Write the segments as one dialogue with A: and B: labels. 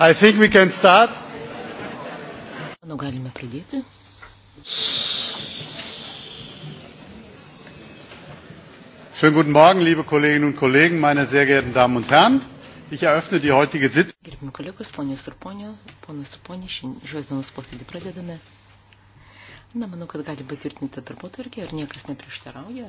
A: I think we can start.
B: Manau, galime pradėti.
A: Schönen guten Morgen, liebe Kolleginnen und Kollegen, meine sehr geehrten Damen und Herren. Ich eröffne die heutige
B: Sitzung. Gerbiami kolegos, ponios ir ponio, ponas ir ponė, šios dienos posėdį pradedame. Na, manau, kad gali patvirtinti darbotvarkė ir niekas neprieštarauja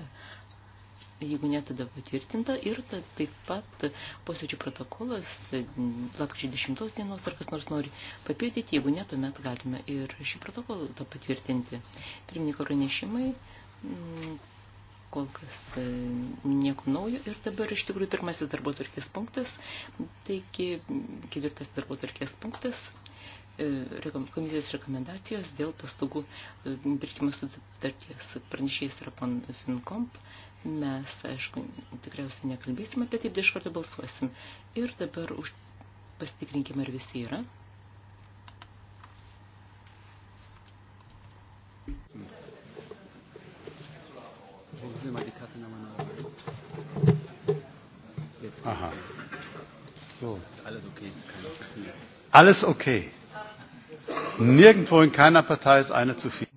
B: jeigu ne, tada patvirtinta ir ta, taip pat posėdžių protokolas lakščių 10 dienos, ar kas nors nori papildyti, jeigu ne, tuomet galime ir šį protokolą tą patvirtinti. Pirmininko pranešimai mm, kol kas e, nieko naujo ir dabar iš tikrųjų pirmasis darbo tvarkės punktas, taigi ketvirtas darbo tvarkės punktas e, komisijos rekomendacijos dėl paslaugų e, pirkimo sutarties pranešėjas yra pan Finkomp Mes, aišku, tikriausiai nekalbėsim apie tai, bet iš karto balsuosim. Ir dabar už... pasitikrinkime, ar visi yra.
A: Aha. So. Alles okay. Alles okay. Nirgendwo in keiner Partei ist eine zu viel.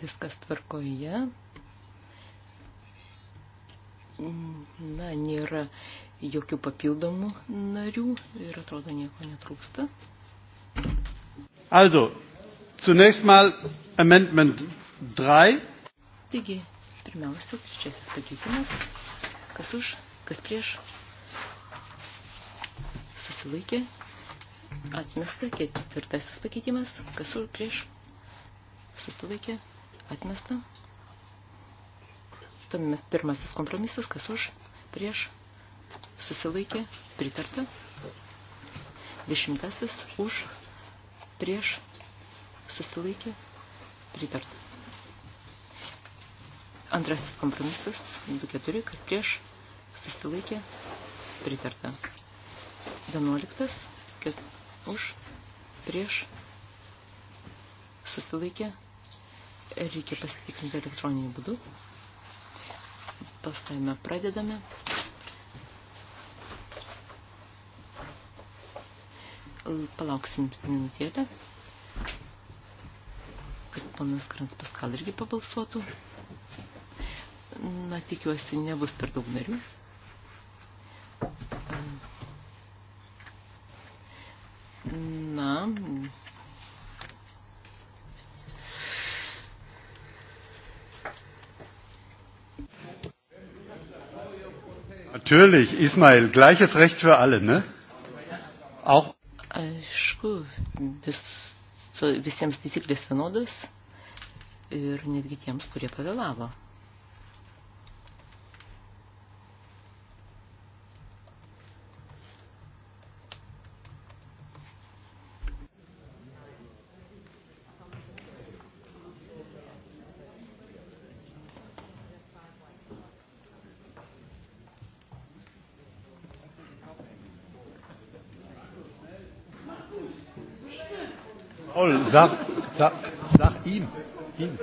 B: Viskas tvarkoje na, nėra jokių papildomų narių ir atrodo nieko netrūksta.
A: Also, zunächst mal Amendment 3.
B: Taigi, pirmiausia, trečiasis pakeitimas. Kas už, kas prieš? Susilaikė. Atmesta ketvirtasis pakeitimas. Kas už, prieš? Susilaikė. Atmesta. Tuomet pirmasis kompromisas, kas už, prieš, susilaikė, pritarta. Dešimtasis už, prieš, susilaikė, pritarta. Antrasis kompromisas, 2-4, kas prieš, susilaikė, pritarta. Vienuoliktas, kad už, prieš, susilaikė, reikia pasitikrinti elektroniniu būdu. Balsavimą pradedame. Palauksim minutėlę, kad ponas Grans Paskal irgi pabalsuotų. Na, tikiuosi, nebus per daug narių.
A: Natürlich, Ismail, gleiches Recht für alle, ne?
B: Auch. Aišku, vis, visiems taisyklės vienodas ir netgi tiems, kurie pavėlavo.
A: Sag, sag, sag ihm. ihm.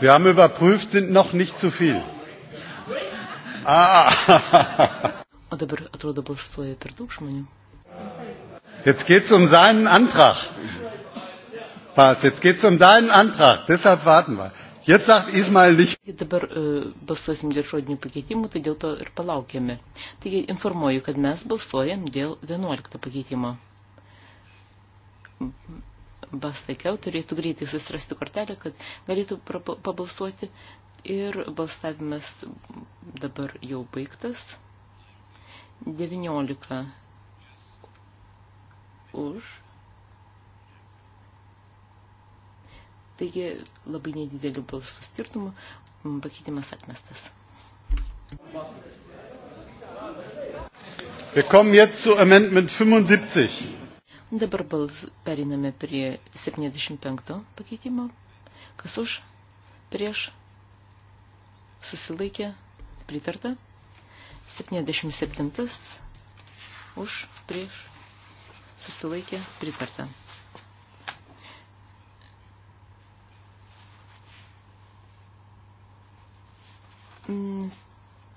A: Wir haben überprüft, sind noch nicht zu viel.
B: Ah. O dabar atrodo balsuoja per daug žmonių.
A: Jetzt geht es um seinen Antrag. Pas, jetzt geht es um deinen
B: Antrag. Deshalb warten wir. Jetzt sagt Ismail nicht. Dabar uh, balsuosim dėl žodinių pakeitimų, tai dėl to ir palaukėme. Taigi informuoju, kad mes balsuojam dėl 11 pakeitimo. Bastekiau turėtų greitai susirasti kortelę, kad galėtų pabalsuoti. Ir balsavimas dabar jau baigtas. 19 už. Taigi labai nedidelių balsų skirtumų pakeitimas atmestas.
A: Wir kommen jetzt zu Amendment 75.
B: Dabar bals, periname prie 75 pakeitimo. Kas už, prieš, susilaikė, pritarta. 77 už, prieš, susilaikė, pritarta. Mm,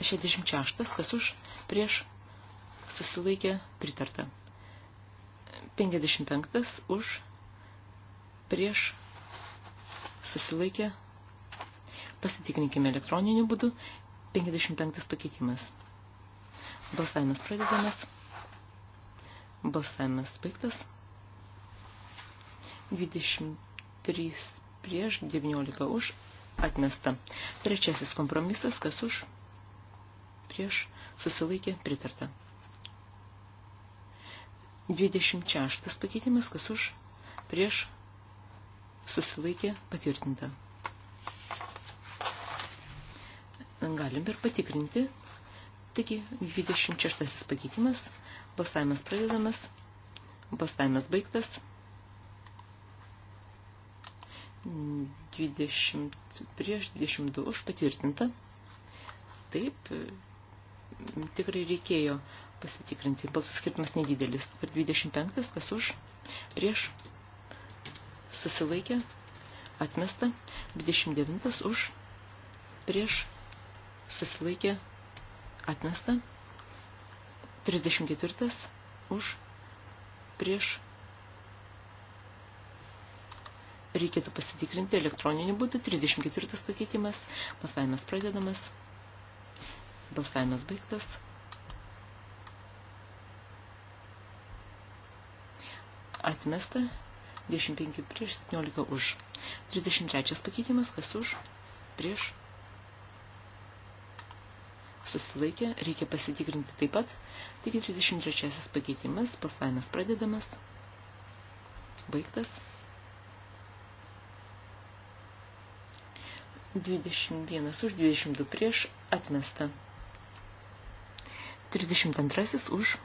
B: 66, kas už, prieš, susilaikė, pritarta. 55, už, prieš, susilaikė, pasitikrinkime elektroniniu būdu, 55 pakeitimas. Balsavimas pradedamas. Balsavimas baigtas. 23 prieš, 19 už, atmesta. Trečiasis kompromisas, kas už, prieš, susilaikė, pritarta. 26 pakeitimas, kas už, prieš, susilaikė, patvirtinta. Galim ir patikrinti. Taigi, 26 pakeitimas – Balsavimas pradedamas. Balsavimas baigtas. 20 prieš 22 už patvirtinta. Taip, tikrai reikėjo pasitikrinti. Balsų skirtumas nedidelis. Per 25, kas už, prieš, susilaikė, atmesta. 29 už, prieš, susilaikė, atmesta. 34 už prieš. Reikėtų pasitikrinti elektroninį būdų. 34 pakeitimas. Balsavimas pradedamas. Balsavimas baigtas. Atmesta. 25 prieš 17 už. 33 pakeitimas. Kas už? Prieš susilaikė, reikia pasitikrinti taip pat. Taigi 33 pakeitimas, pasavimas pradedamas, baigtas. 21 už 22 prieš atmesta. 32 už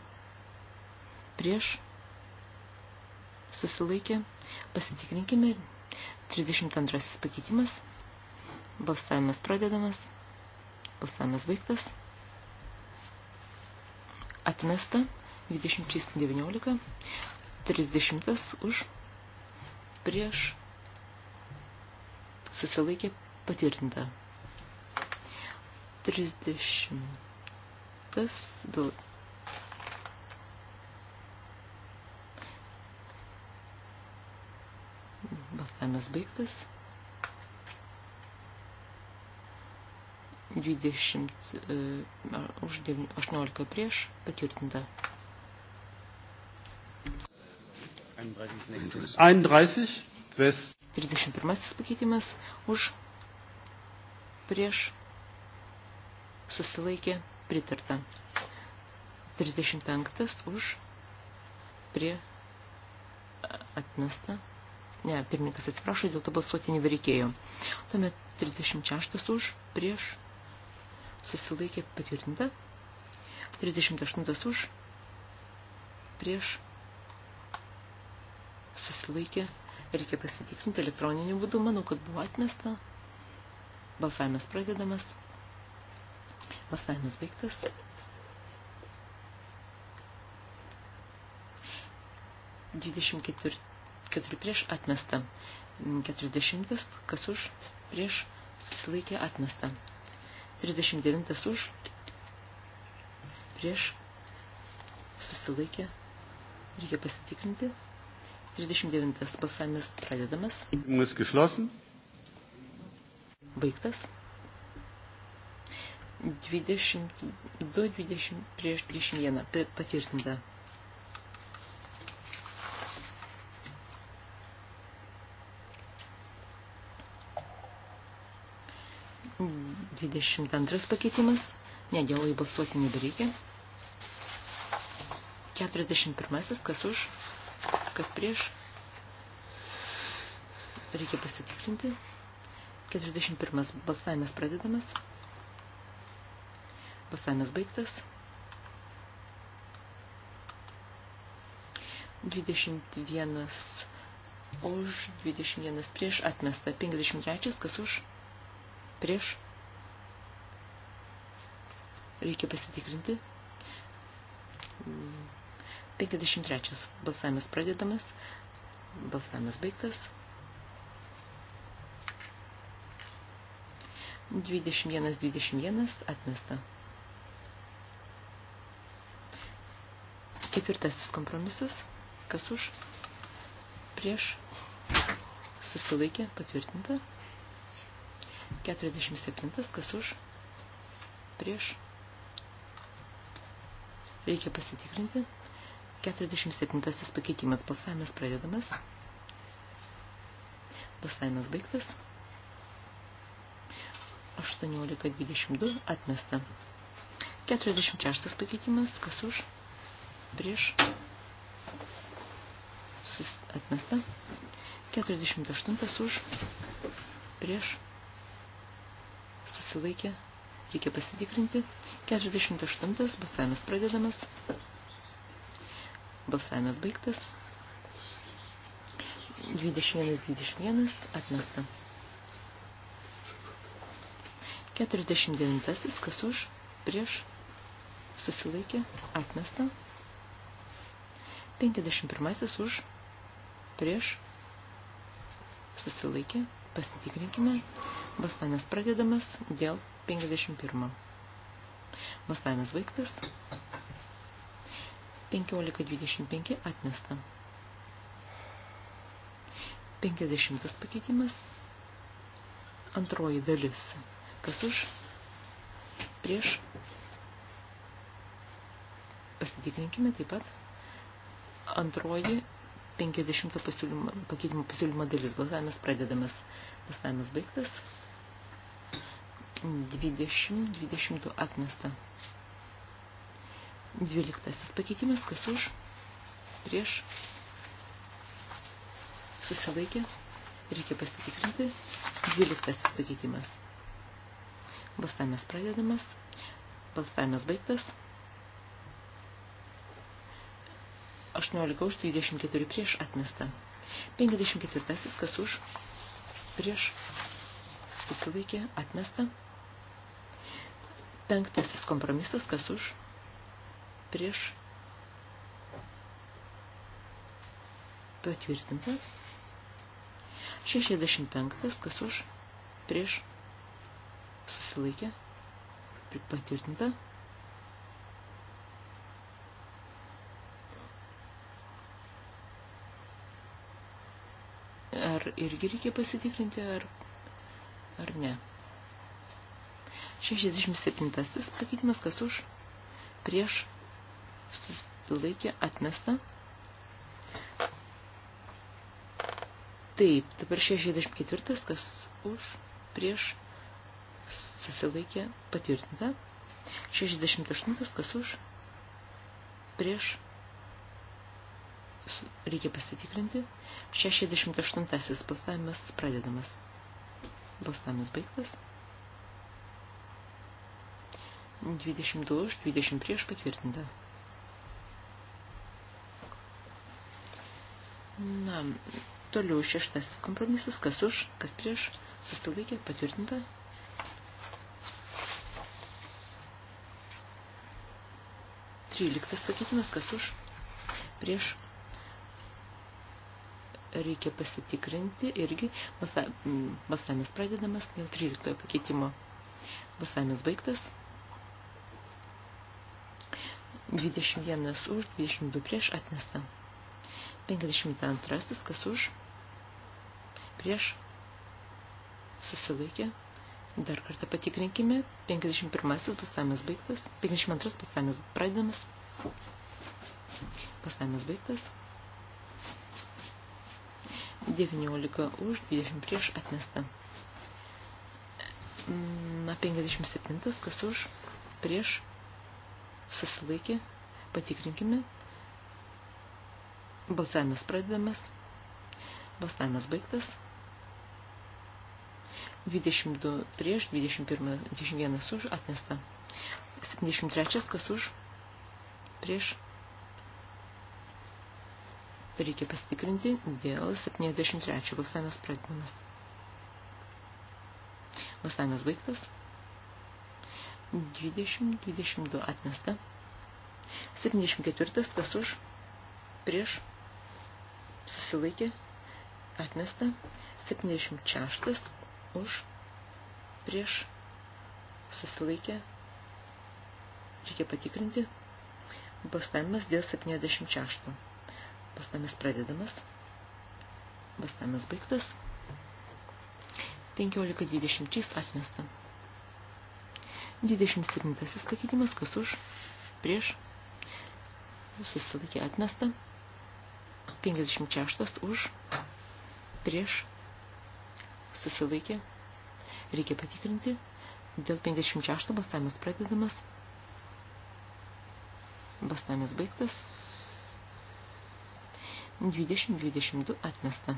B: prieš susilaikė. Pasitikrinkime. 32 pakeitimas. Balsavimas pradedamas. Balsavimas baigtas atmesta 20.19, 30 už, prieš, susilaikė patvirtinta. 30 dėl Bastavimas baigtas. 20 e, už 18 prieš patvirtinta.
A: 31
B: West. 31 pakeitimas už prieš susilaikė pritarta. 35 už prie atmesta. Ne, pirmininkas atsiprašo, dėl to balsuoti nebereikėjo. Tuomet 36 už prieš susilaikė patvirtinta. 38 už, prieš, susilaikė, reikia pasitikrinti elektroniniu būdu, manau, kad buvo atmesta. Balsavimas pradedamas, balsavimas baigtas. Dvidešimt keturi prieš atmesta. Keturiasdešimtas, kas už, prieš, susilaikė atmesta. 39 už, prieš, susilaikė, reikia pasitikrinti. 39 balsavimas pradedamas.
A: Mus geschlossen.
B: Baigtas. 22, 20 prieš 21 patvirtinta. 22 pakeitimas. Ne, dėl jį balsuoti nebereikia. 41. Kas už, kas prieš. Reikia pasitikrinti. 41. Balsavimas pradedamas. Balsavimas baigtas. 21 už, 21 prieš, atmesta. 53. Kas už, prieš Reikia pasitikrinti. 53. Balsavimas pradedamas. Balsavimas baigtas. 21, 21 atmesta. Ketvirtasis kompromisas. Kas už? Prieš. Susilaikė. Patvirtinta. 47. Kas už? Prieš. Reikia pasitikrinti. 47 pakeitimas. Balsavimas pradedamas. Balsavimas baigtas. 18.22 atmesta. 46 pakeitimas. Kas už? Prieš. Sus, atmesta. 48 už. Prieš. Susilaikė. Reikia pasitikrinti. 48. Balsavimas pradedamas. Balsavimas baigtas. 21-21 atmesta. 49. Kas už? Prieš? Susilaikė? Atmesta. 51. Už? Prieš? Susilaikė? Pasitikrinkime. 51. Bastanas pradedamas dėl 51. Bastanas vaiktas. 15.25 atmesta. 50 pakeitimas. Antroji dalis. Kas už? Prieš. Pasitikrinkime taip pat. Antroji 50 pasiūlymo, pakeitimo pasiūlymo dalis. Balsavimas pradedamas. Balsavimas baigtas. 20, 20 atmesta. 12 pakeitimas, kas už, prieš, susilaikė, reikia pasitikrinti, 12 pakeitimas. Balsavimas pradedamas, balsavimas baigtas, 18 už 24 prieš atmesta. 54 kas už, prieš, susilaikė, atmesta. Penktasis kompromisas, kas už, prieš, patvirtintas. 65, kas už, prieš, susilaikė, patvirtinta. Ar irgi reikia pasitikrinti, ar, ar ne? 67 pakeitimas, kas už, prieš, susilaikė, atmesta. Taip, dabar 64, kas už, prieš, susilaikė, patvirtinta. 68, kas už, prieš, reikia pasitikrinti. 68 balsavimas pradedamas. Balsavimas baigtas. 22 už, 20 prieš patvirtinta. Na, toliau šeštasis kompromisas, kas už, kas prieš, susilaikė patvirtinta. Tryliktas pakeitimas, kas už, prieš, reikia pasitikrinti irgi basamis pradedamas dėl 13 pakeitimo. Basamis baigtas. 21 už, 22 prieš atmesta. 52 kas už, prieš susilaikė. Dar kartą patikrinkime. 51 pasavimas baigtas. 52 pasavimas pradedamas. Pasavimas baigtas. 19 už, 20 prieš atmesta. Na, 57 kas už, prieš susilaikė, patikrinkime. Balsavimas pradedamas, balsavimas baigtas. 22 prieš, 21, 21 už, atmesta. 73 kas už, prieš. Reikia pasitikrinti dėl 73 balsavimas pradedamas. Balsavimas baigtas. 20, 22 atmesta. 74, kas už, prieš, susilaikė, atmesta. 76, už, prieš, susilaikė, reikia patikrinti. Bastavimas dėl 76. Bastavimas pradedamas. Bastavimas baigtas. 15.23 atmesta. 27 pakeitimas, kas už, prieš, susilaikė atmesta, 56 už, prieš, susilaikė, reikia patikrinti, dėl 56 bastavimas pradedamas, bastavimas baigtas, 20-22 atmesta.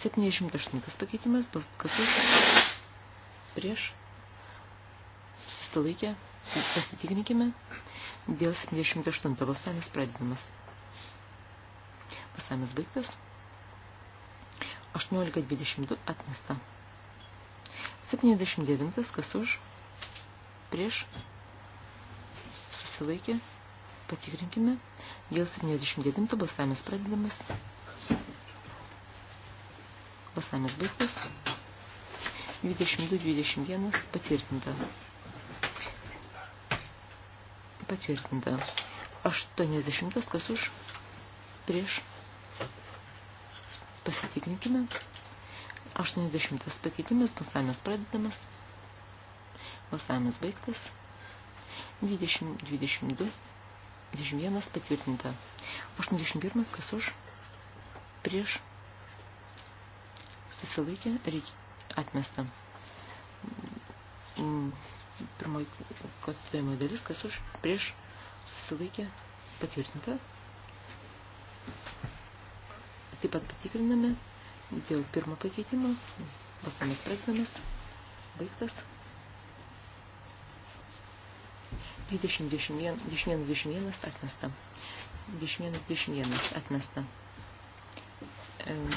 B: 78 pakeitimas, kas už, prieš, susilaikė, pasitikrinkime, dėl 78 balsavimas pradedamas. Balsavimas baigtas. 18.22 atmesta. 79 kas už, prieš, susilaikė, patikrinkime, dėl 79 balsavimas pradedamas. Balsavimas baigtas. 22.21 patvirtinta. Patvirtinta. 80 kas už prieš. Pasitikrinkime. 80 pakeitimas, balsavimas pradedamas. Balsavimas baigtas. 20, 22, 21 patvirtinta. 81 kas už prieš. Susilaikė, reikia atmesta. Pirmoji konstituojamoji dalis, kas už, prieš, susilaikė, patvirtinta. Taip pat patikriname dėl pirmo pakeitimo. Bastamas pradedamas, baigtas. 21-21 atmesta. 21-21 atmesta.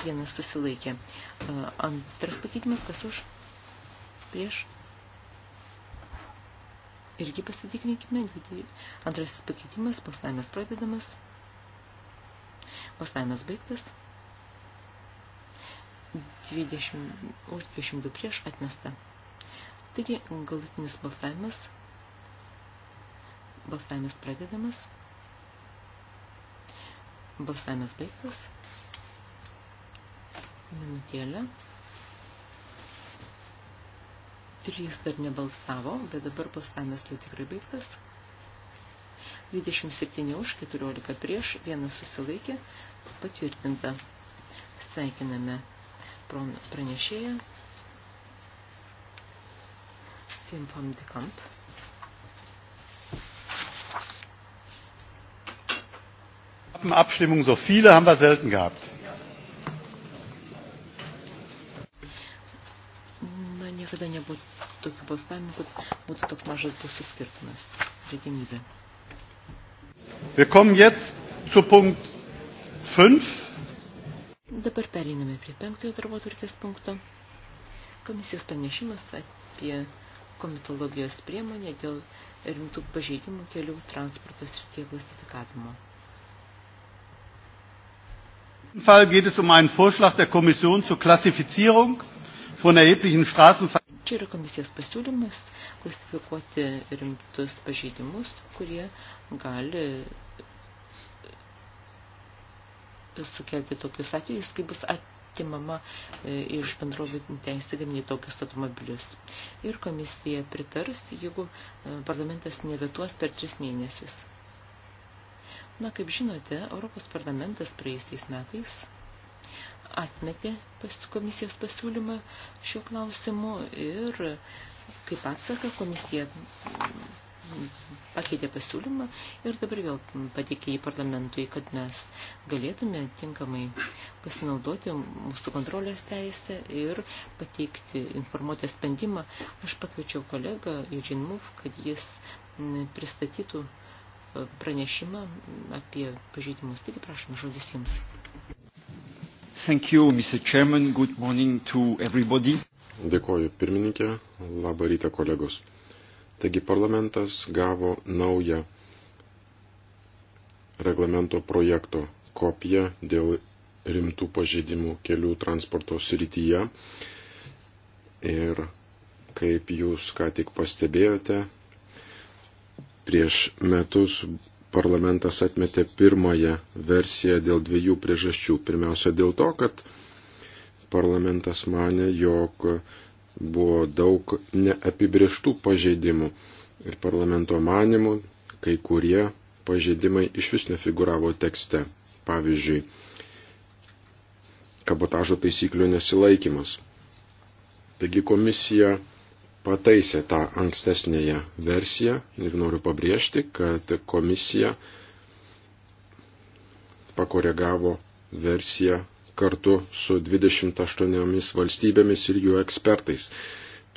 B: Vienas susilaikė. Antras pakeitimas, kas už, prieš, irgi pasitikrinkime. Antrasis pakeitimas, balsavimas pradedamas. Balsavimas baigtas. 20, už 22 prieš atmesta. Taigi galutinis balsavimas. Balsavimas pradedamas. Balsavimas baigtas. Minutėlę. Trys dar nebalsavo, bet dabar balsavimas jau tikrai baigtas. 27 už, 14 prieš, vienas susilaikė, patvirtinta. Sveikiname pranešėją. Fimpam de Kamp.
A: Abstimmung so viele haben wir selten gehabt.
B: tokių balsavimų, kad būtų toks mažas būsų skirtumas. Retenybė.
A: Wir kommen jetzt zu Punkt
B: 5. Dabar pereiname prie penktojo darbo turkės punkto. Komisijos pranešimas apie komitologijos priemonė dėl rimtų pažeidimų kelių transporto srityje klasifikavimo.
A: Fall geht es um einen Vorschlag der Kommission zur Klassifizierung
B: von erheblichen Straßen Čia yra komisijos pasiūlymas klasifikuoti rimtus pažeidimus, kurie gali sukelti tokius atvejus, kai bus atimama e, iš bendrovių teisė gaminti tokius automobilius. Ir komisija pritars, jeigu e, parlamentas nevetuos per tris mėnesius. Na, kaip žinote, Europos parlamentas praėjusiais metais atmetė komisijos pasiūlymą šiuo klausimu ir kaip atsaka komisija pakeitė pasiūlymą ir dabar vėl pateikė į parlamentui, kad mes galėtume tinkamai pasinaudoti mūsų kontrolės teisę ir pateikti informuotą sprendimą. Aš pakviečiau kolegą Eugene Move, kad jis pristatytų pranešimą apie pažeidimus. Taigi prašom žodis jums.
C: Thank you, Mr. Chairman. Good morning to everybody. Dėkoju pirmininkė, labą rytą kolegos. Taigi parlamentas gavo naują reglamento projekto kopiją dėl rimtų pažeidimų kelių transporto srityje. Ir kaip jūs ką tik pastebėjote, prieš metus parlamentas atmetė pirmąją versiją dėl dviejų priežasčių. Pirmiausia, dėl to, kad parlamentas mane, jog buvo daug neapibrieštų pažeidimų ir parlamento manimų kai kurie pažeidimai iš vis nefiguravo tekste. Pavyzdžiui, kabotažo taisyklių nesilaikimas. Taigi komisija pataisė tą ankstesnėje versiją ir noriu pabrėžti, kad komisija pakoregavo versiją kartu su 28 valstybėmis ir jų ekspertais.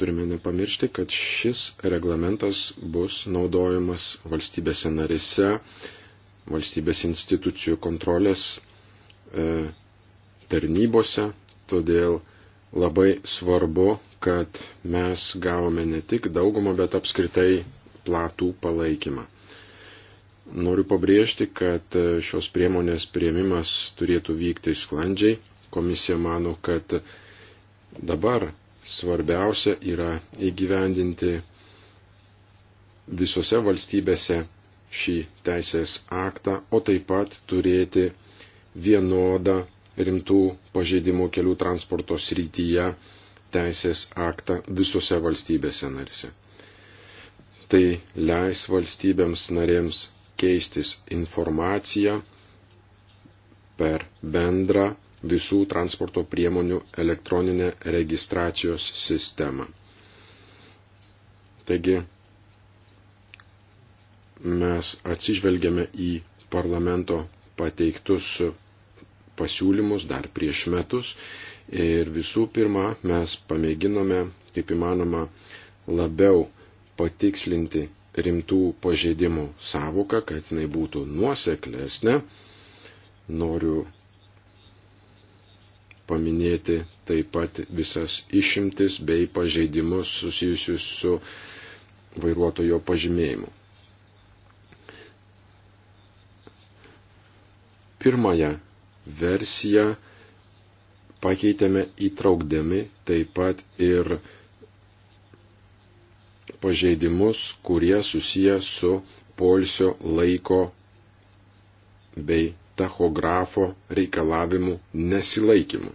C: Turime nepamiršti, kad šis reglamentas bus naudojamas valstybėse narėse, valstybės institucijų kontrolės e, tarnybose, todėl labai svarbu kad mes gavome ne tik daugumą, bet apskritai platų palaikymą. Noriu pabrėžti, kad šios priemonės prieimimas turėtų vykti sklandžiai. Komisija mano, kad dabar svarbiausia yra įgyvendinti visose valstybėse šį teisės aktą, o taip pat turėti vienodą rimtų pažeidimų kelių transporto srityje teisės aktą visose valstybėse narise. Tai leis valstybėms narėms keistis informaciją per bendrą visų transporto priemonių elektroninę registracijos sistemą. Taigi mes atsižvelgiame į parlamento pateiktus pasiūlymus dar prieš metus Ir visų pirma, mes pamėginome, kaip įmanoma, labiau patikslinti rimtų pažeidimų savoką, kad jinai būtų nuoseklesnė. Noriu paminėti taip pat visas išimtis bei pažeidimus susijusius su vairuotojo pažymėjimu. Pirmąją versiją pakeitėme įtraukdami taip pat ir pažeidimus, kurie susiję su polsio laiko bei tachografo reikalavimų nesilaikymu.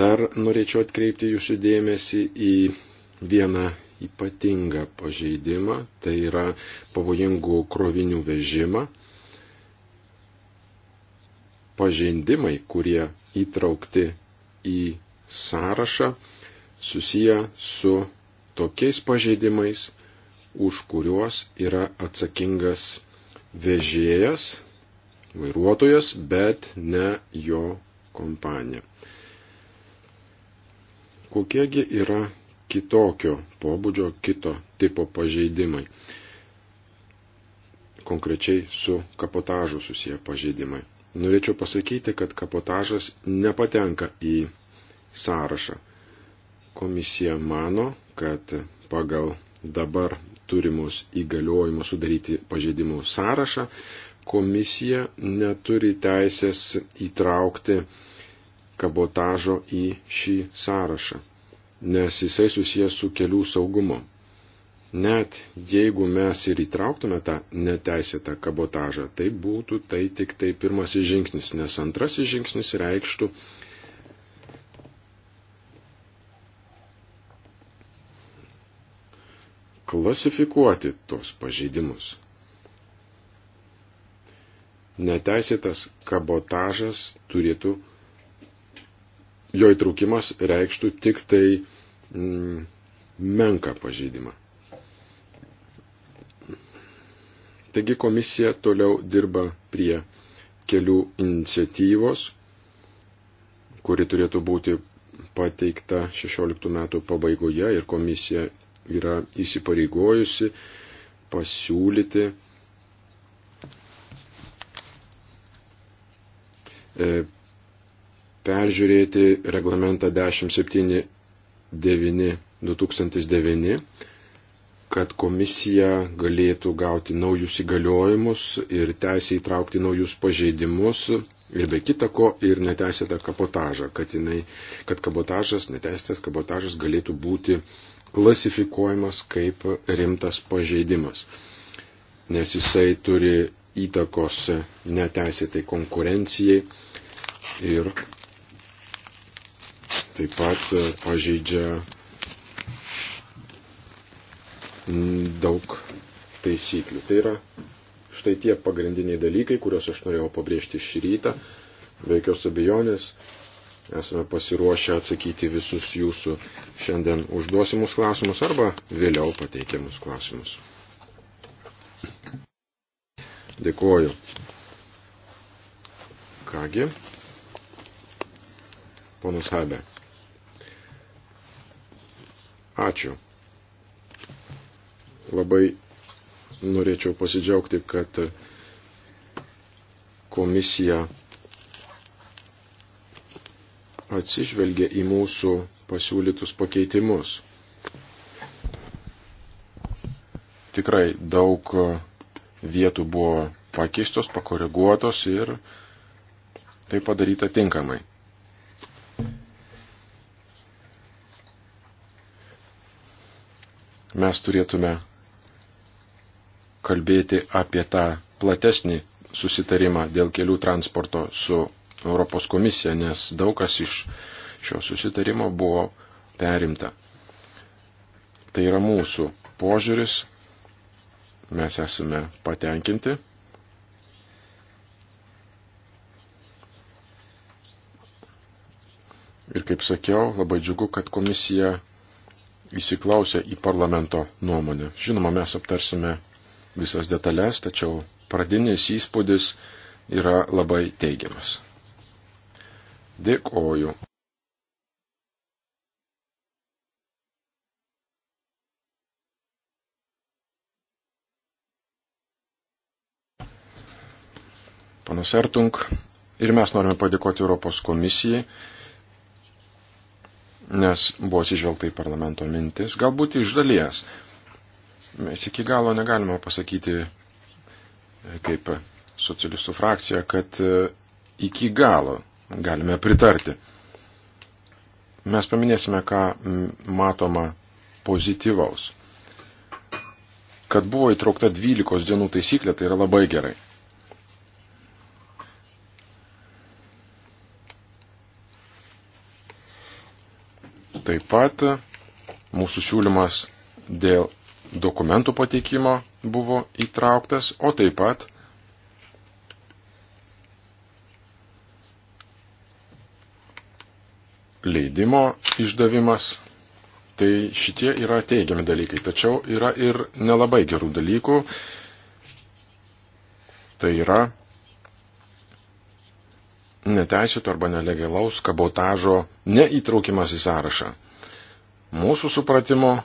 C: Dar norėčiau atkreipti jūsų dėmesį į vieną ypatingą pažeidimą, tai yra pavojingų krovinių vežimą pažeidimai, kurie įtraukti į sąrašą, susiję su tokiais pažeidimais, už kuriuos yra atsakingas vežėjas, vairuotojas, bet ne jo kompanija. Kokiegi yra kitokio pobūdžio, kito tipo pažeidimai? Konkrečiai su kapotažu susiję pažeidimai. Norėčiau pasakyti, kad kapotažas nepatenka į sąrašą. Komisija mano, kad pagal dabar turimus įgaliojimus sudaryti pažeidimų sąrašą, komisija neturi teisės įtraukti kabotažo į šį sąrašą, nes jisai susijęs su kelių saugumu. Net jeigu mes ir įtrauktume tą neteisėtą kabotažą, tai būtų tai tik tai pirmasis žingsnis, nes antrasis žingsnis reikštų klasifikuoti tos pažeidimus. Neteisėtas kabotažas turėtų, jo įtraukimas reikštų tik tai mm, menką pažeidimą. Taigi komisija toliau dirba prie kelių iniciatyvos, kuri turėtų būti pateikta 16 metų pabaigoje ir komisija yra įsipareigojusi pasiūlyti e, peržiūrėti reglamentą 1079 2009 kad komisija galėtų gauti naujus įgaliojimus ir teisę įtraukti naujus pažeidimus ir be kita ko ir neteisėtą kabotažą, kad, jinai, kad kabotažas, neteisėtas kabotažas galėtų būti klasifikuojamas kaip rimtas pažeidimas, nes jisai turi įtakos neteisėtai konkurencijai ir taip pat pažeidžia Mm, daug taisyklių. Tai yra štai tie pagrindiniai dalykai, kuriuos aš norėjau pabrėžti šį rytą. Be jokios abejonės esame pasiruošę atsakyti visus jūsų šiandien užduosimus klausimus arba vėliau pateikiamus klausimus. Dėkuoju. Kągi, ponas Habe. Ačiū labai norėčiau pasidžiaugti, kad komisija atsižvelgia į mūsų pasiūlytus pakeitimus. Tikrai daug vietų buvo pakeistos, pakoreguotos ir tai padaryta tinkamai. Mes turėtume kalbėti apie tą platesnį susitarimą dėl kelių transporto su Europos komisija, nes daug kas iš šio susitarimo buvo perimta. Tai yra mūsų požiūris, mes esame patenkinti. Ir kaip sakiau, labai džiugu, kad komisija įsiklausė į parlamento nuomonę. Žinoma, mes aptarsime visas detalės, tačiau pradinis įspūdis yra labai teigiamas. Dėkoju. Panas Ertung, ir mes norime padėkoti Europos komisijai, nes buvo atsižvelgta į parlamento mintis, galbūt iš dalies, Mes iki galo negalime pasakyti, kaip socialistų frakcija, kad e, iki galo galime pritarti. Mes paminėsime, ką matoma pozityvaus. Kad buvo įtraukta 12 dienų taisyklė, tai yra labai gerai. Taip pat mūsų siūlymas dėl dokumentų pateikimo buvo įtrauktas, o taip pat leidimo išdavimas. Tai šitie yra teigiami dalykai, tačiau yra ir nelabai gerų dalykų. Tai yra neteisėto arba nelegalaus kabotažo neįtraukimas į sąrašą. Mūsų supratimo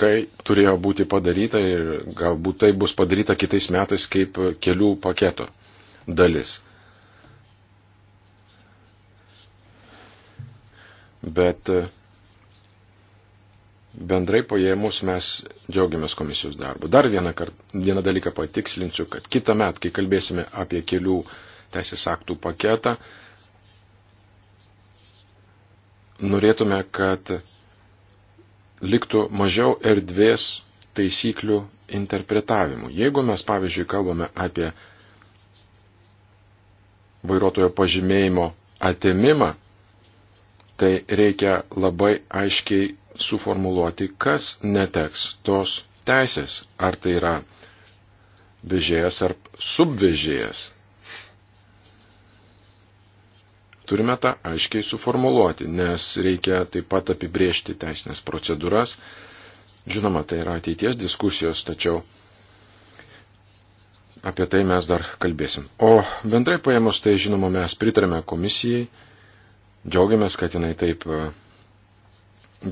C: tai turėjo būti padaryta ir galbūt tai bus padaryta kitais metais kaip kelių paketo dalis. Bet e, bendrai paėmus mes džiaugiamės komisijos darbu. Dar vieną, kart, vieną dalyką patikslinsiu, kad kitą metą, kai kalbėsime apie kelių teisės aktų paketą, norėtume, kad liktų mažiau erdvės taisyklių interpretavimui. Jeigu mes, pavyzdžiui, kalbame apie vairuotojo pažymėjimo atimimą, tai reikia labai aiškiai suformuluoti, kas neteks tos teisės. Ar tai yra vežėjas ar subvežėjas. Turime tą aiškiai suformuluoti, nes reikia taip pat apibriežti teisinės procedūras. Žinoma, tai yra ateities diskusijos, tačiau apie tai mes dar kalbėsim. O bendrai paėmus, tai žinoma, mes pritarėme komisijai, džiaugiamės, kad jinai taip e,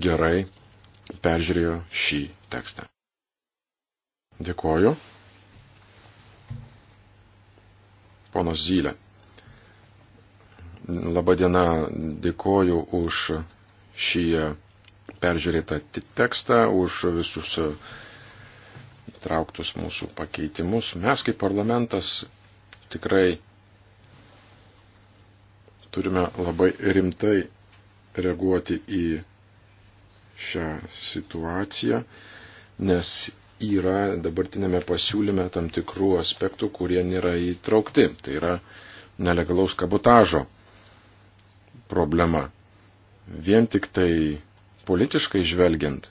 C: gerai peržiūrėjo šį tekstą. Dėkoju. Ponas Zylė. Labadiena, dėkoju už šį peržiūrėtą tekstą, už visus trauktus mūsų pakeitimus. Mes kaip parlamentas tikrai turime labai rimtai reaguoti į šią situaciją, nes yra dabartinėme pasiūlyme tam tikrų aspektų, kurie nėra įtraukti. Tai yra nelegalaus kabotažo problema. Vien tik tai politiškai žvelgiant,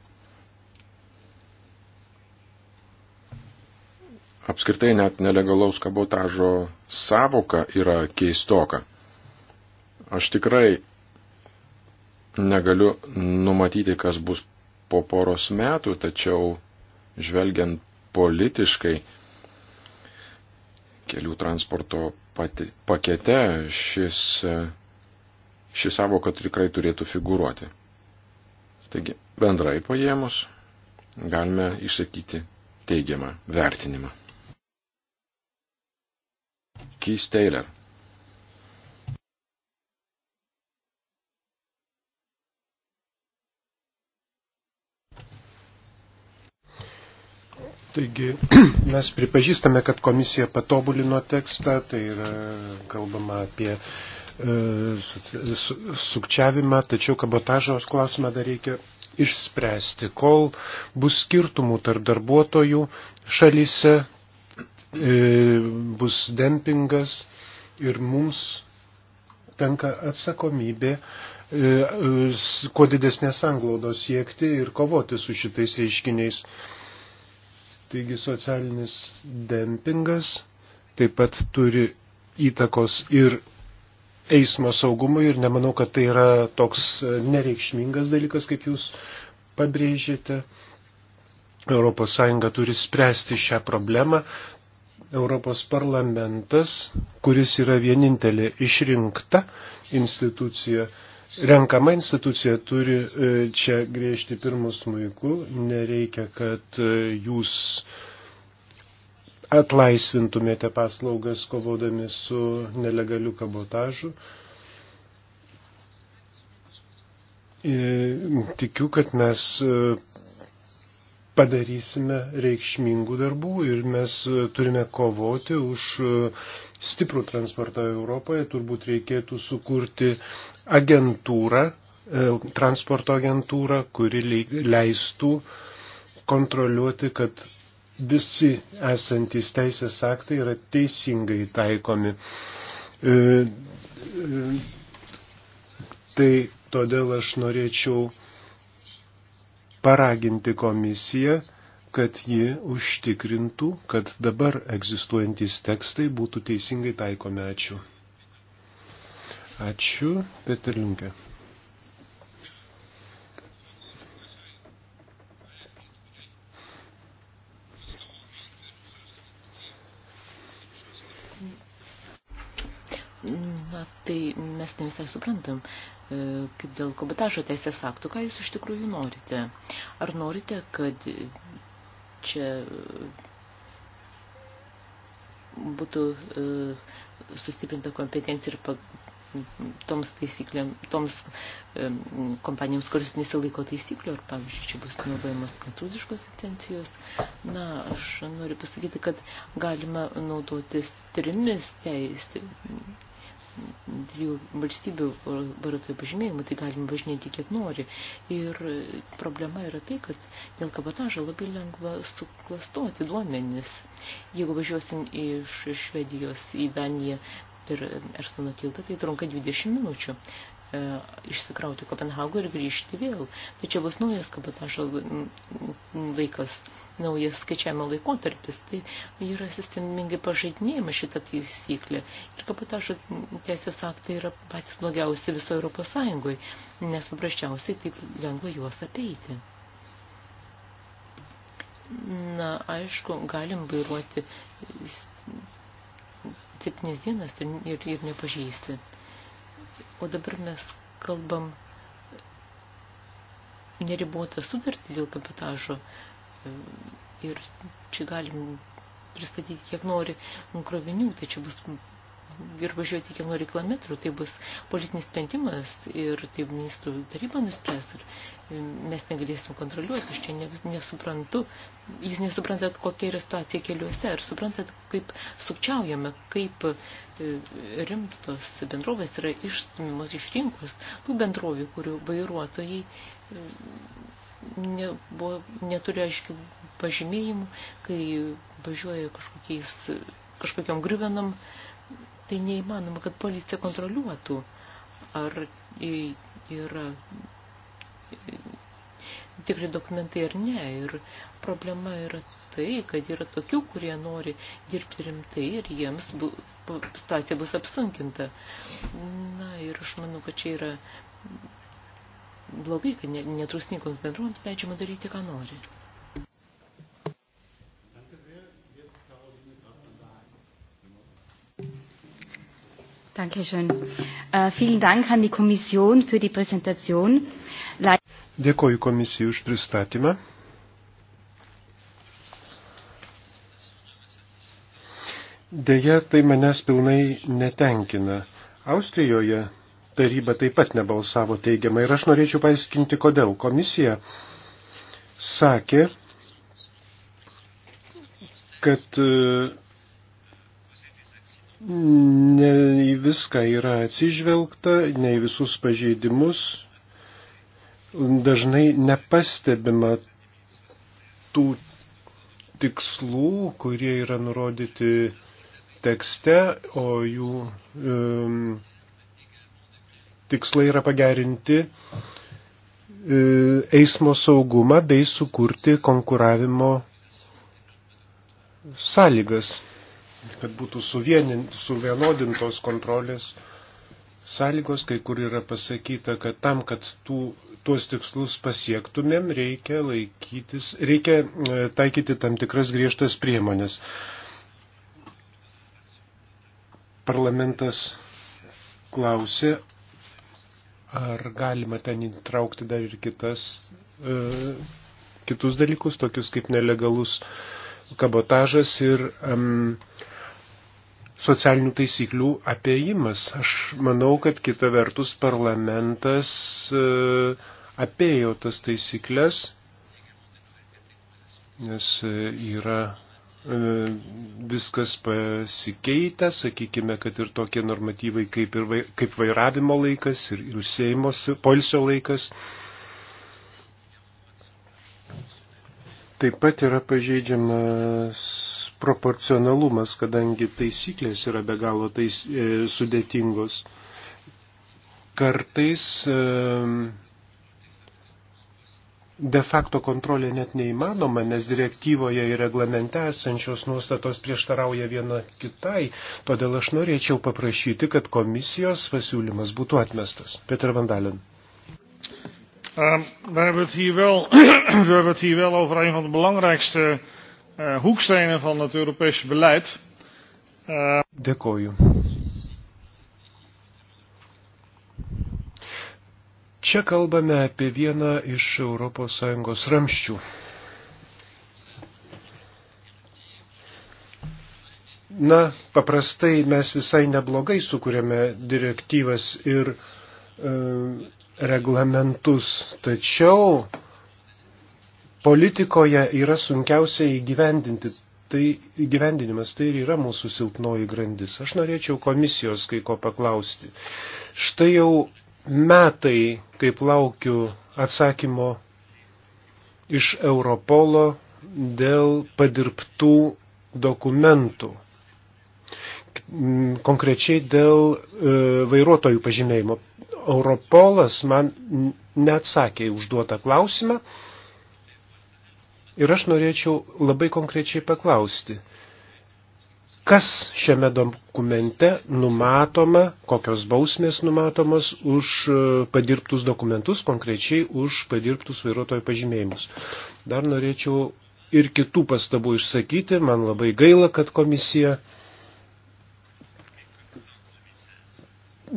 C: apskritai net nelegalaus kabotažo savoka yra keistoka. Aš tikrai negaliu numatyti, kas bus po poros metų, tačiau žvelgiant politiškai kelių transporto pakete šis ši savoka tikrai turėtų figuruoti. Taigi, bendrai paėmus, galime išsakyti teigiamą vertinimą. Keith Taylor.
D: Taigi mes pripažįstame, kad komisija patobulino tekstą, tai yra kalbama apie uh, E, sukčiavimą, tačiau kabotažo klausimą dar reikia išspręsti. Kol bus skirtumų tarp darbuotojų šalyse, e, bus dempingas ir mums tenka atsakomybė e, kuo didesnės anglaudos siekti ir kovoti su šitais reiškiniais. Taigi socialinis dempingas taip pat turi įtakos ir eismo saugumui ir nemanau, kad tai yra toks nereikšmingas dalykas, kaip jūs pabrėžėte. ES turi spręsti šią problemą. Europos parlamentas, kuris yra vienintelė išrinkta institucija, renkama institucija turi e, čia griežti pirmus muiku, nereikia, kad e, jūs atlaisvintumėte paslaugas kovodami su nelegaliu kabotažu. Tikiu, kad mes e, padarysime reikšmingų darbų ir mes e, turime kovoti už e, stiprų transportą Europoje. Turbūt reikėtų sukurti agentūrą, transporto agentūrą, kuri leistų kontroliuoti, kad visi esantys teisės aktai yra teisingai taikomi. E, e, tai todėl aš norėčiau paraginti komisiją, kad ji užtikrintų, kad dabar egzistuojantys tekstai būtų teisingai taikomi. Ačiū. Ačiū, Peterlinkė.
B: mes ne visai suprantam, e, kaip dėl kabutažo teisės aktų, ką jūs iš tikrųjų norite. Ar norite, kad čia būtų e, sustiprinta kompetencija ir toms taisyklėm, toms e, kompanijoms, kuris nesilaiko taisyklių, ar pavyzdžiui, čia bus naudojamos prancūziškos intencijos. Na, aš noriu pasakyti, kad galima naudotis trimis teisė dviejų valstybių uh, vairuotojų pažymėjimų, tai galim važinėti kiek nori. Ir uh, problema yra tai, kad dėl kabotažo labai lengva suklastoti duomenis. Jeigu važiuosim iš Švedijos į Daniją per um, Erstono tiltą, tai trunka 20 minučių e, išsikrauti Kopenhagų ir grįžti vėl. Tačiau bus naujas kabotažo laikas, naujas skaičiavimo laikotarpis. Tai yra sistemingai pažeidinėjama šita taisyklė. Ir kabotažo teisės aktai yra patys blogiausi viso Europos Sąjungoje, nes paprasčiausiai taip lengva juos apeiti. Na, aišku, galim vairuoti septynis dienas ir, ir, ir nepažįsti. O dabar mes kalbam neribotą sutartį dėl kapitažo e, ir čia galim pristatyti kiek nori krovinių, tai čia bus ir važiuoti iki nori kilometrų, tai bus politinis sprendimas ir tai ministrų taryba nuspręs ir e, mes negalėsim kontroliuoti. Aš čia ne, nesuprantu, jūs nesuprantat, kokia yra situacija keliuose ir suprantat, kaip sukčiaujame, kaip e, rimtos bendrovės yra išstumimos iš rinkos tų bendrovių, kurių vairuotojai e, ne, buvo, neturi aiškių pažymėjimų, kai važiuoja kažkokiais, kažkokiam griuvenam, tai neįmanoma, kad policija kontroliuotų, ar yra tikri dokumentai ar ne. Ir problema yra tai, kad yra tokių, kurie nori dirbti rimtai ir jiems bu, situacija bus apsunkinta. Na ir aš manau, kad čia yra blogai, kad netrusnikoms bendruoms leidžiama daryti, ką nori. Dankeschön. Uh, vielen Dank an die Kommission für die Präsentation.
D: Le Dėkoju komisijai už pristatymą. Deja, tai manęs pilnai netenkina. Austrijoje taryba taip pat nebalsavo teigiamai ir aš norėčiau paaiškinti, kodėl. Komisija sakė, kad uh, ne į viską yra atsižvelgta, ne į visus pažeidimus, dažnai nepastebima tų tikslų, kurie yra nurodyti tekste, o jų um, tikslai yra pagerinti um, eismo saugumą bei sukurti konkuravimo sąlygas kad būtų suvienodintos kontrolės sąlygos, kai kur yra pasakyta, kad tam, kad tų, tuos tikslus pasiektumėm, reikia, laikytis, reikia e, taikyti tam tikras griežtas priemonės. Parlamentas klausė, ar galima ten įtraukti dar ir kitas, e, kitus dalykus, tokius kaip nelegalus kabotažas ir um, e, socialinių taisyklių apėjimas. Aš manau, kad kita vertus parlamentas e, apėjo tas taisyklės, nes e, yra e, viskas pasikeitę, sakykime, kad ir tokie normatyvai kaip, ir, kaip vairavimo laikas ir ilsėjimos polsio laikas. Taip pat yra pažeidžiamas proporcionalumas, kadangi taisyklės yra be galo tais, e, sudėtingos. Kartais e, de facto kontrolė net neįmanoma, nes direktyvoje ir reglamente esančios nuostatos prieštarauja viena kitai, todėl aš norėčiau paprašyti, kad komisijos pasiūlymas būtų atmestas. Peter Vandalin. Um, ehm, we hebben het hier wel over een van de belangrijkste uh, uh, hoekstenen van het Europese beleid. Uh... Dėkoju. Čia kalbame apie vieną iš ES ramščių. Na, paprastai mes visai neblogai sukūrėme direktyvas ir e, reglamentus, tačiau politikoje yra sunkiausiai įgyvendinti. Tai įgyvendinimas tai ir yra mūsų silpnoji grandis. Aš norėčiau komisijos kai ko paklausti. Štai jau metai, kaip laukiu atsakymo iš Europolo dėl padirbtų dokumentų. Konkrečiai dėl e, vairuotojų pažymėjimo. Europolas man neatsakė užduotą klausimą. E, Ir aš norėčiau labai konkrečiai paklausti, kas šiame dokumente numatoma, kokios bausmės numatomos už e, padirbtus dokumentus, konkrečiai už padirbtus vairuotojo pažymėjimus. Dar norėčiau ir kitų pastabų išsakyti, man labai gaila, kad komisija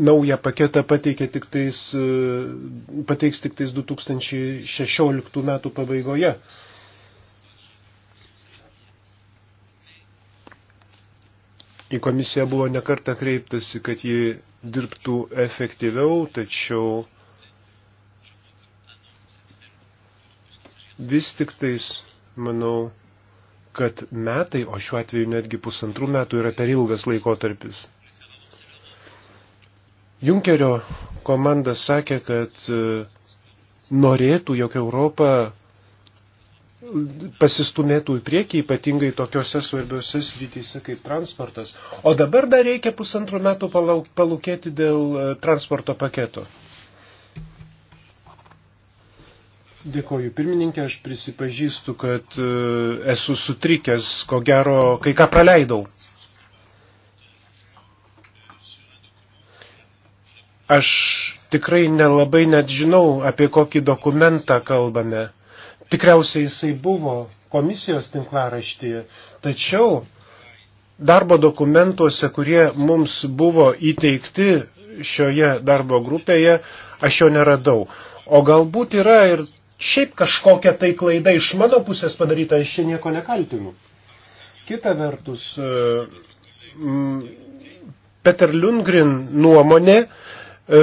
D: naują paketą pateikė tik tais, e, pateiks tik tais 2016 metų pabaigoje. Į komisiją buvo nekarta kreiptasi, kad ji dirbtų efektyviau, tačiau vis tik tais, manau, kad metai, o šiuo atveju netgi pusantrų metų yra per ilgas laikotarpis. Junkerio komanda sakė, kad e, norėtų, jog Europa pasistumėtų į priekį, ypatingai tokiuose svarbiuose srityse kaip transportas. O dabar dar reikia pusantrų metų palūkėti dėl e, transporto paketo. Dėkoju pirmininkė, aš prisipažįstu, kad e, esu sutrikęs, ko gero, kai ką praleidau. Aš tikrai nelabai net žinau, apie kokį dokumentą kalbame. Tikriausiai jisai buvo komisijos tinklaraštyje, tačiau darbo dokumentuose, kurie mums buvo įteikti šioje darbo grupėje, aš jo neradau. O galbūt yra ir šiaip kažkokia tai klaida iš mano pusės padaryta, aš čia nieko nekaltinu. Kita vertus, e, Peter Lundgren nuomonė e,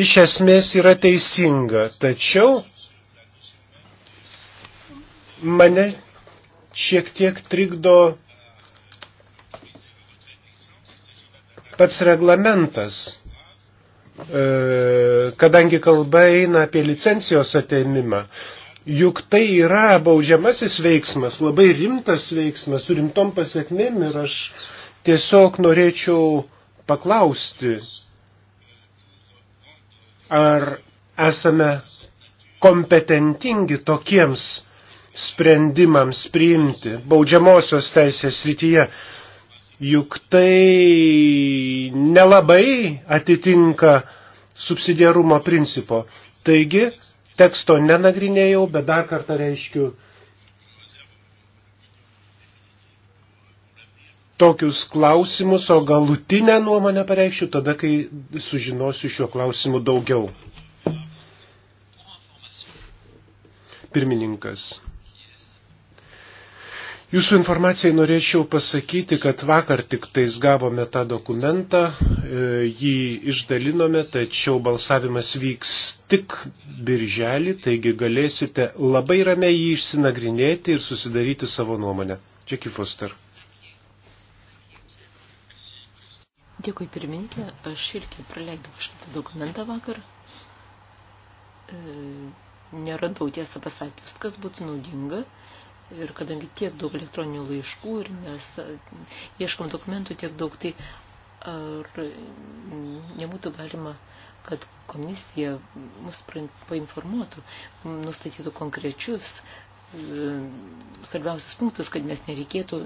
D: iš esmės yra teisinga, tačiau Mane šiek tiek trikdo pats reglamentas, e, kadangi kalba eina apie licencijos ateimimą. Juk tai yra baudžiamasis veiksmas, labai rimtas veiksmas, su rimtom pasiekmėm ir aš tiesiog norėčiau paklausti, ar esame kompetentingi tokiems sprendimams priimti baudžiamosios teisės srityje, juk tai nelabai atitinka subsidiarumo principo. Taigi, teksto nenagrinėjau, bet dar kartą reiškiu tokius klausimus, o galutinę nuomonę pareikšiu tada, kai sužinosiu šiuo klausimu daugiau. Pirmininkas. Jūsų informacijai norėčiau pasakyti, kad vakar tik tais gavome tą dokumentą, e, jį išdalinome, tačiau balsavimas vyks tik birželį, taigi galėsite labai ramiai jį išsinagrinėti ir susidaryti savo nuomonę. Džeki Foster.
B: Dėkui pirmininkė, aš irgi praleidau šitą dokumentą vakar. E, neradau tiesą pasakius, kas būtų naudinga. E, Ir kadangi tiek daug elektroninių laiškų ir mes ieškom dokumentų tiek daug, tai ar nebūtų galima, kad komisija mus painformuotų, nustatytų konkrečius e, svarbiausius punktus, kad mes nereikėtų,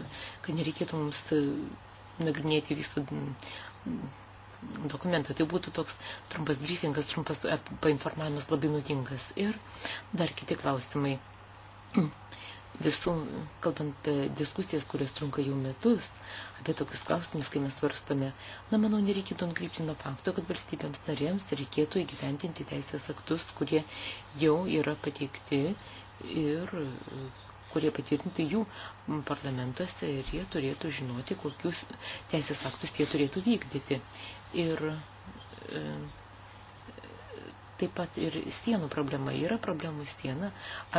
B: kad nereikėtų mums e, nagrinėti visų dokumentą. Tai būtų toks trumpas briefingas, trumpas e, painformavimas labai naudingas. Ir dar kiti klausimai visų, kalbant apie diskusijas, kurios trunka jau metus, apie tokius klausimus, kai mes svarstome, na, manau, nereikėtų nukrypti nuo fakto, kad valstybėms narėms reikėtų įgyventinti teisės aktus, kurie jau yra pateikti ir e, kurie patvirtinti jų parlamentuose ir jie turėtų žinoti, kokius teisės aktus jie turėtų vykdyti. Ir e, Taip pat ir sienų problema yra problemų siena,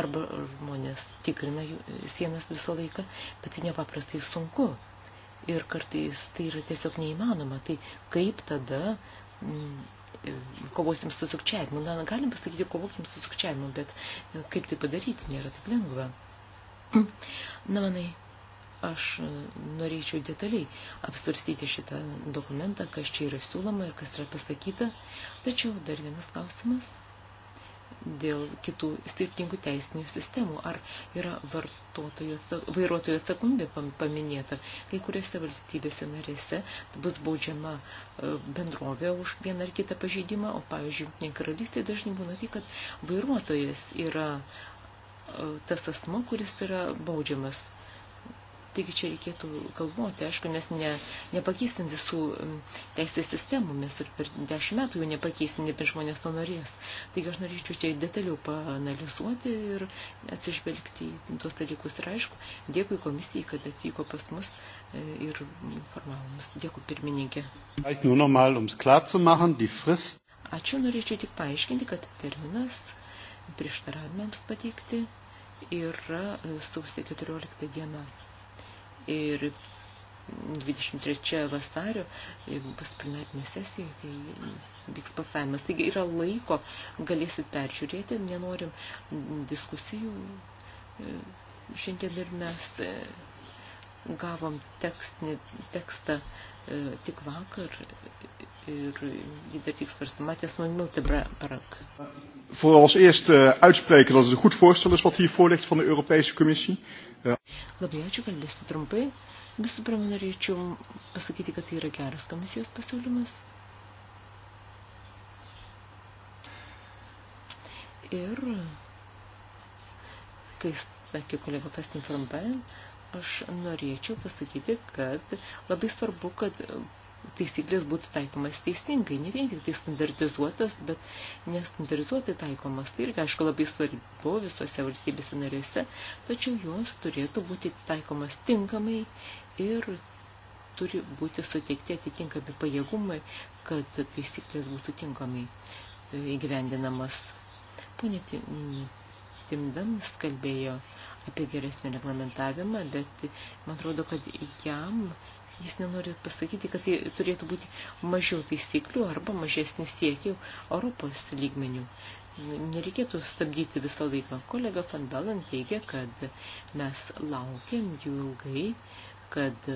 B: arba žmonės tikrina sienas visą laiką, bet tai nepaprastai sunku. Ir kartais tai yra tiesiog neįmanoma. Tai kaip tada m, mm, kovosim su sukčiavimu? Na, galim pasakyti, kovokim su sukčiavimu, bet kaip tai padaryti nėra taip lengva. Na, manai, Aš norėčiau detaliai apsvarstyti šitą dokumentą, kas čia yra siūloma ir kas yra pasakyta. Tačiau dar vienas klausimas dėl kitų skirtingų teisinių sistemų. Ar yra vartotojų, vairuotojų atsakomybė paminėta? Kai kuriuose valstybėse narėse bus baudžiama e, bendrovė už vieną ar kitą pažeidimą, o pavyzdžiui, nekaralystėje dažnai būna tai, kad vairuotojas yra e, tas asmo, kuris yra baudžiamas Taigi čia reikėtų galvoti, aišku, mes ne, nepakeisim visų teisės sistemų, mes ir per dešimt metų jų nepakeisim, ne per žmonės to norės. Taigi aš norėčiau čia detaliau paanalizuoti ir atsižvelgti į tuos dalykus. Ir aišku, dėkui komisijai, kad atvyko pas mus e, ir informavo mus. Dėkui pirmininkė. Ačiū, norėčiau tik paaiškinti, kad terminas prieštaravimams pateikti yra e, sausio 14 diena ir 23 vasario bus plenarinė sesija, kai vyks balsavimas. Taigi yra laiko, galėsit peržiūrėti, nenorim diskusijų. E, šiandien ir mes e, gavom tekstinį, tekstą tik vakar ir jį dar tik svarstama, tiesą minutę brak.
D: Voor als eerst uh,
A: э, uitspreken dat het een goed voorstel is wat hier voor ligt van de Europese Commissie. Uh.
B: Labai ačiū, kalbėsiu trumpai. Visų pirma, norėčiau pasakyti, kad tai yra geras komisijos pasiūlymas. Ir, kai sakė kolega Pestin Fromben, uh, aš norėčiau pasakyti, kad labai svarbu, kad taisyklės būtų taikomas teisingai, ne vien tik tai standartizuotas, bet nestandartizuotai taikomas. Tai irgi, aišku, labai svarbu visose valstybėse narėse, tačiau jos turėtų būti taikomas tinkamai ir turi būti suteikti atitinkami pajėgumai, kad taisyklės būtų tinkamai įgyvendinamas. Pone Timdans kalbėjo apie geresnį reglamentavimą, bet man atrodo, kad jam jis nenori pasakyti, kad tai turėtų būti mažiau taisyklių arba mažesnis siekiai Europos lygmenių. Nereikėtų stabdyti visą laiką. Kolega Van Bellen teigia, kad mes laukiam jų ilgai, kad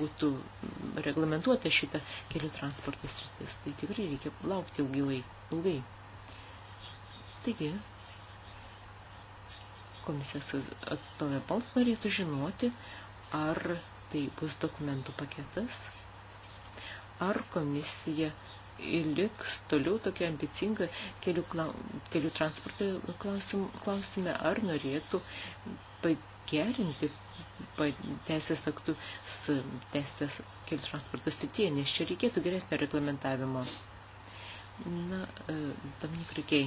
B: būtų reglamentuota šita kelių transporto sritis. Tai tikrai reikia laukti ilgai. ilgai. Taigi, komisijos atstovė Pals norėtų žinoti, ar tai bus dokumentų paketas, ar komisija liks toliau tokia ambicinga kelių, kelių transporto klausim, klausime, ar norėtų pagerinti teisės aktų teisės kelių transporto srityje, nes čia reikėtų geresnio reglamentavimo. Na, e, Dominik Rikiai.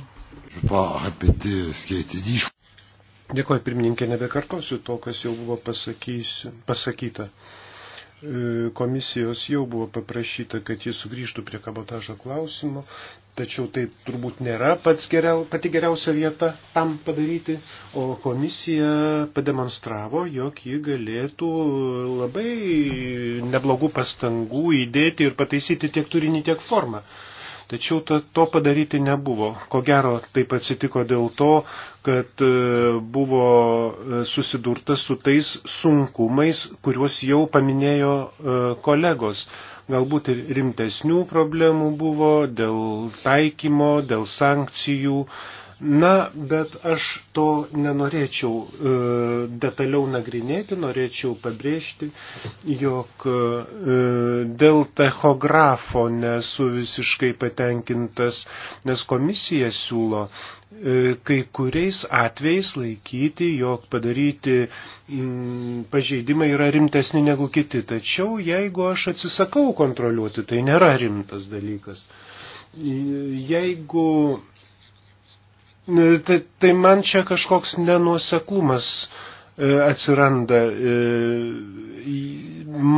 D: Dėkoju, pirmininkė, nebekartosiu to, kas jau buvo pasakysiu, pasakyta. E, komisijos jau buvo paprašyta, kad jis sugrįžtų prie kabotažo klausimo, tačiau tai turbūt nėra geriau, pati geriausia vieta tam padaryti, o komisija pademonstravo, jog ji galėtų labai neblogų pastangų įdėti ir pataisyti tiek turinį, tiek formą. Tačiau to, to padaryti nebuvo. Ko gero taip atsitiko dėl to, kad e, buvo e, susidurta su tais sunkumais, kuriuos jau paminėjo e, kolegos. Galbūt ir rimtesnių problemų buvo dėl taikymo, dėl sankcijų, uh, Na, bet aš to nenorėčiau e, detaliau nagrinėti, norėčiau pabrėžti, jog e, dėl techografo nesu visiškai patenkintas, nes komisija siūlo e, kai kuriais atvejais laikyti, jog padaryti m, pažeidimai yra rimtesni negu kiti. Tačiau jeigu aš atsisakau kontroliuoti, tai nėra rimtas dalykas. Jeigu Tai, tai man čia kažkoks nenuoseklumas e, atsiranda. E,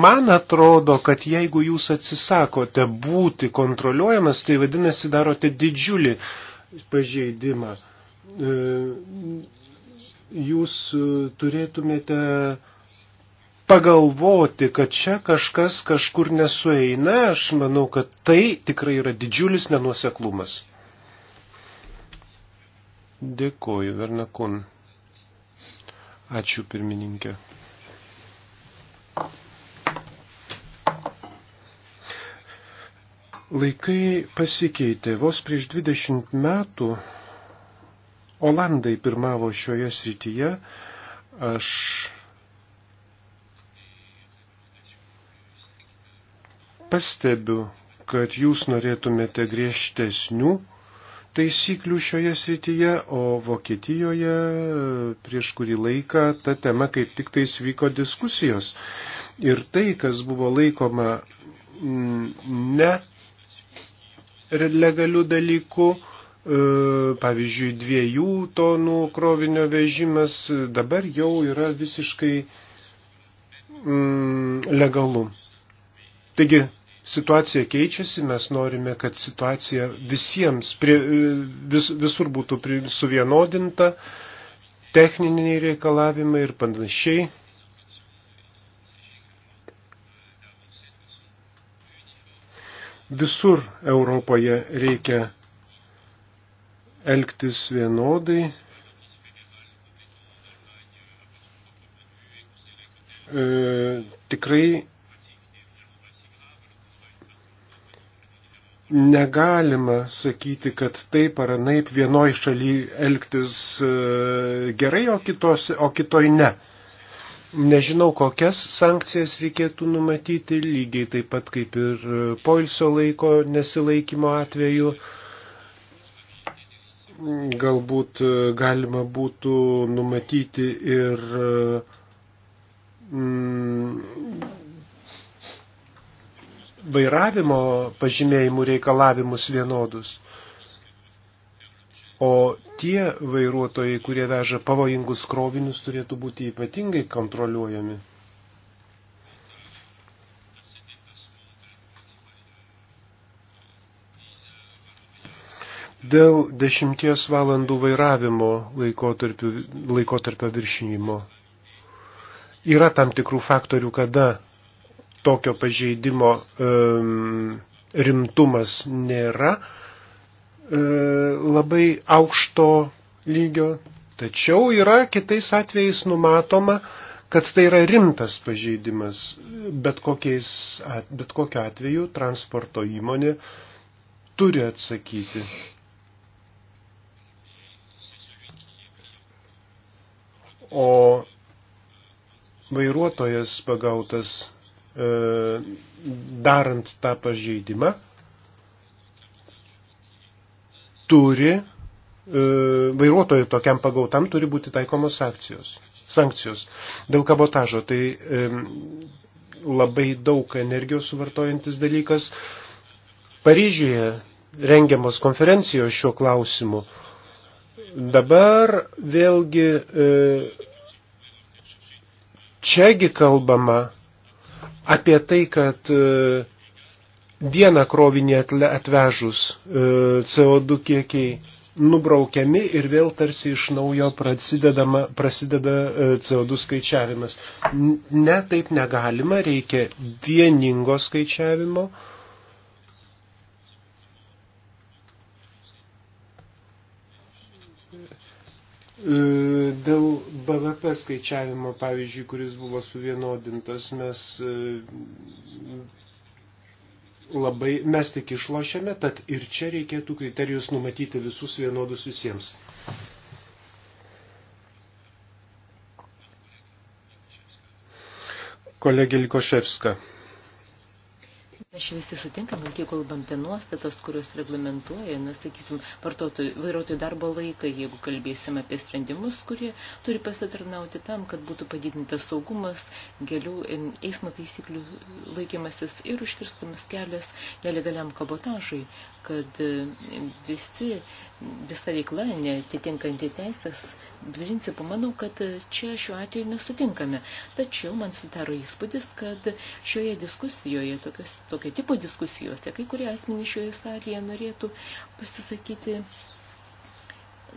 D: man atrodo, kad jeigu jūs atsisakote būti kontroliuojamas, tai vadinasi darote didžiulį pažeidimą. E, jūs turėtumėte pagalvoti, kad čia kažkas kažkur nesueina, aš manau, kad tai tikrai yra didžiulis nenuoseklumas. Dėkoju, Vernakon. Ačiū pirmininkė. Laikai pasikeitė. Vos prieš 20 metų Olandai pirmavo šioje srityje. Aš pastebiu, kad jūs norėtumėte griežtesnių taisyklių šioje srityje, o Vokietijoje e, prieš kurį laiką ta tema kaip tik tais vyko diskusijos. Ir tai, kas buvo laikoma mm, ne legalių dalykų, e, pavyzdžiui, dviejų tonų krovinio vežimas e, dabar jau yra visiškai mm, legalu. Taigi, situacija keičiasi, mes norime, kad situacija visiems prie, vis, visur būtų prie, suvienodinta, techniniai reikalavimai ir panašiai. Visur Europoje reikia elgtis vienodai. E, tikrai negalima sakyti, kad taip ar anaip vienoj šaly elgtis e, gerai, o, kitos, o kitoj ne. Nežinau, kokias sankcijas reikėtų numatyti, lygiai taip pat kaip ir e, poilsio laiko nesilaikymo atveju. Galbūt e, galima būtų numatyti ir mm, vairavimo pažymėjimų reikalavimus vienodus. O tie vairuotojai, kurie veža pavojingus krovinius, turėtų būti ypatingai kontroliuojami. Dėl dešimties valandų vairavimo laikotarpio, laikotarpio viršinimo yra tam tikrų faktorių, kada tokio pažeidimo um, rimtumas nėra e, labai aukšto lygio, tačiau yra kitais atvejais numatoma, kad tai yra rimtas pažeidimas. Bet, kokiais, bet kokiu atveju transporto įmonė turi atsakyti. O vairuotojas pagautas E, darant tą pažeidimą, turi, e, vairuotojui tokiam pagautam turi būti taikomos sankcijos. sankcijos. Dėl kabotažo tai e, labai daug energijos suvartojantis dalykas. Paryžiuje rengiamos konferencijos šiuo klausimu. Dabar vėlgi čiagi kalbama apie tai, kad e, vieną krovinį atvežus e, CO2 kiekiai nubraukiami ir vėl tarsi iš naujo prasideda e, CO2 skaičiavimas. Ne, taip negalima, reikia vieningo skaičiavimo E, dėl BVP skaičiavimo, pavyzdžiui, kuris buvo suvienodintas, mes e, labai, mes tik išlošiame, tad ir čia reikėtų kriterijus numatyti visus vienodus visiems. Kolegė Likoševska.
B: Mes visi sutinkame, kiek kalbam apie nuostatas, kurios reglamentuoja, na, sakysim, vairuotojų darbo laiką, jeigu kalbėsim apie sprendimus, kurie turi pasitarnauti tam, kad būtų padidintas saugumas, gelių eismo taisyklių laikymasis ir užkirstamas kelias nelegaliam kabotažui, kad e, visi, visa veikla netitinkanti teisės principų. Manau, kad e, čia šiuo atveju nesutinkame. Tačiau man sudaro įspūdis, kad šioje diskusijoje tokios, tokios tokio tipo diskusijose. Kai kurie asmenys šioje salėje norėtų pasisakyti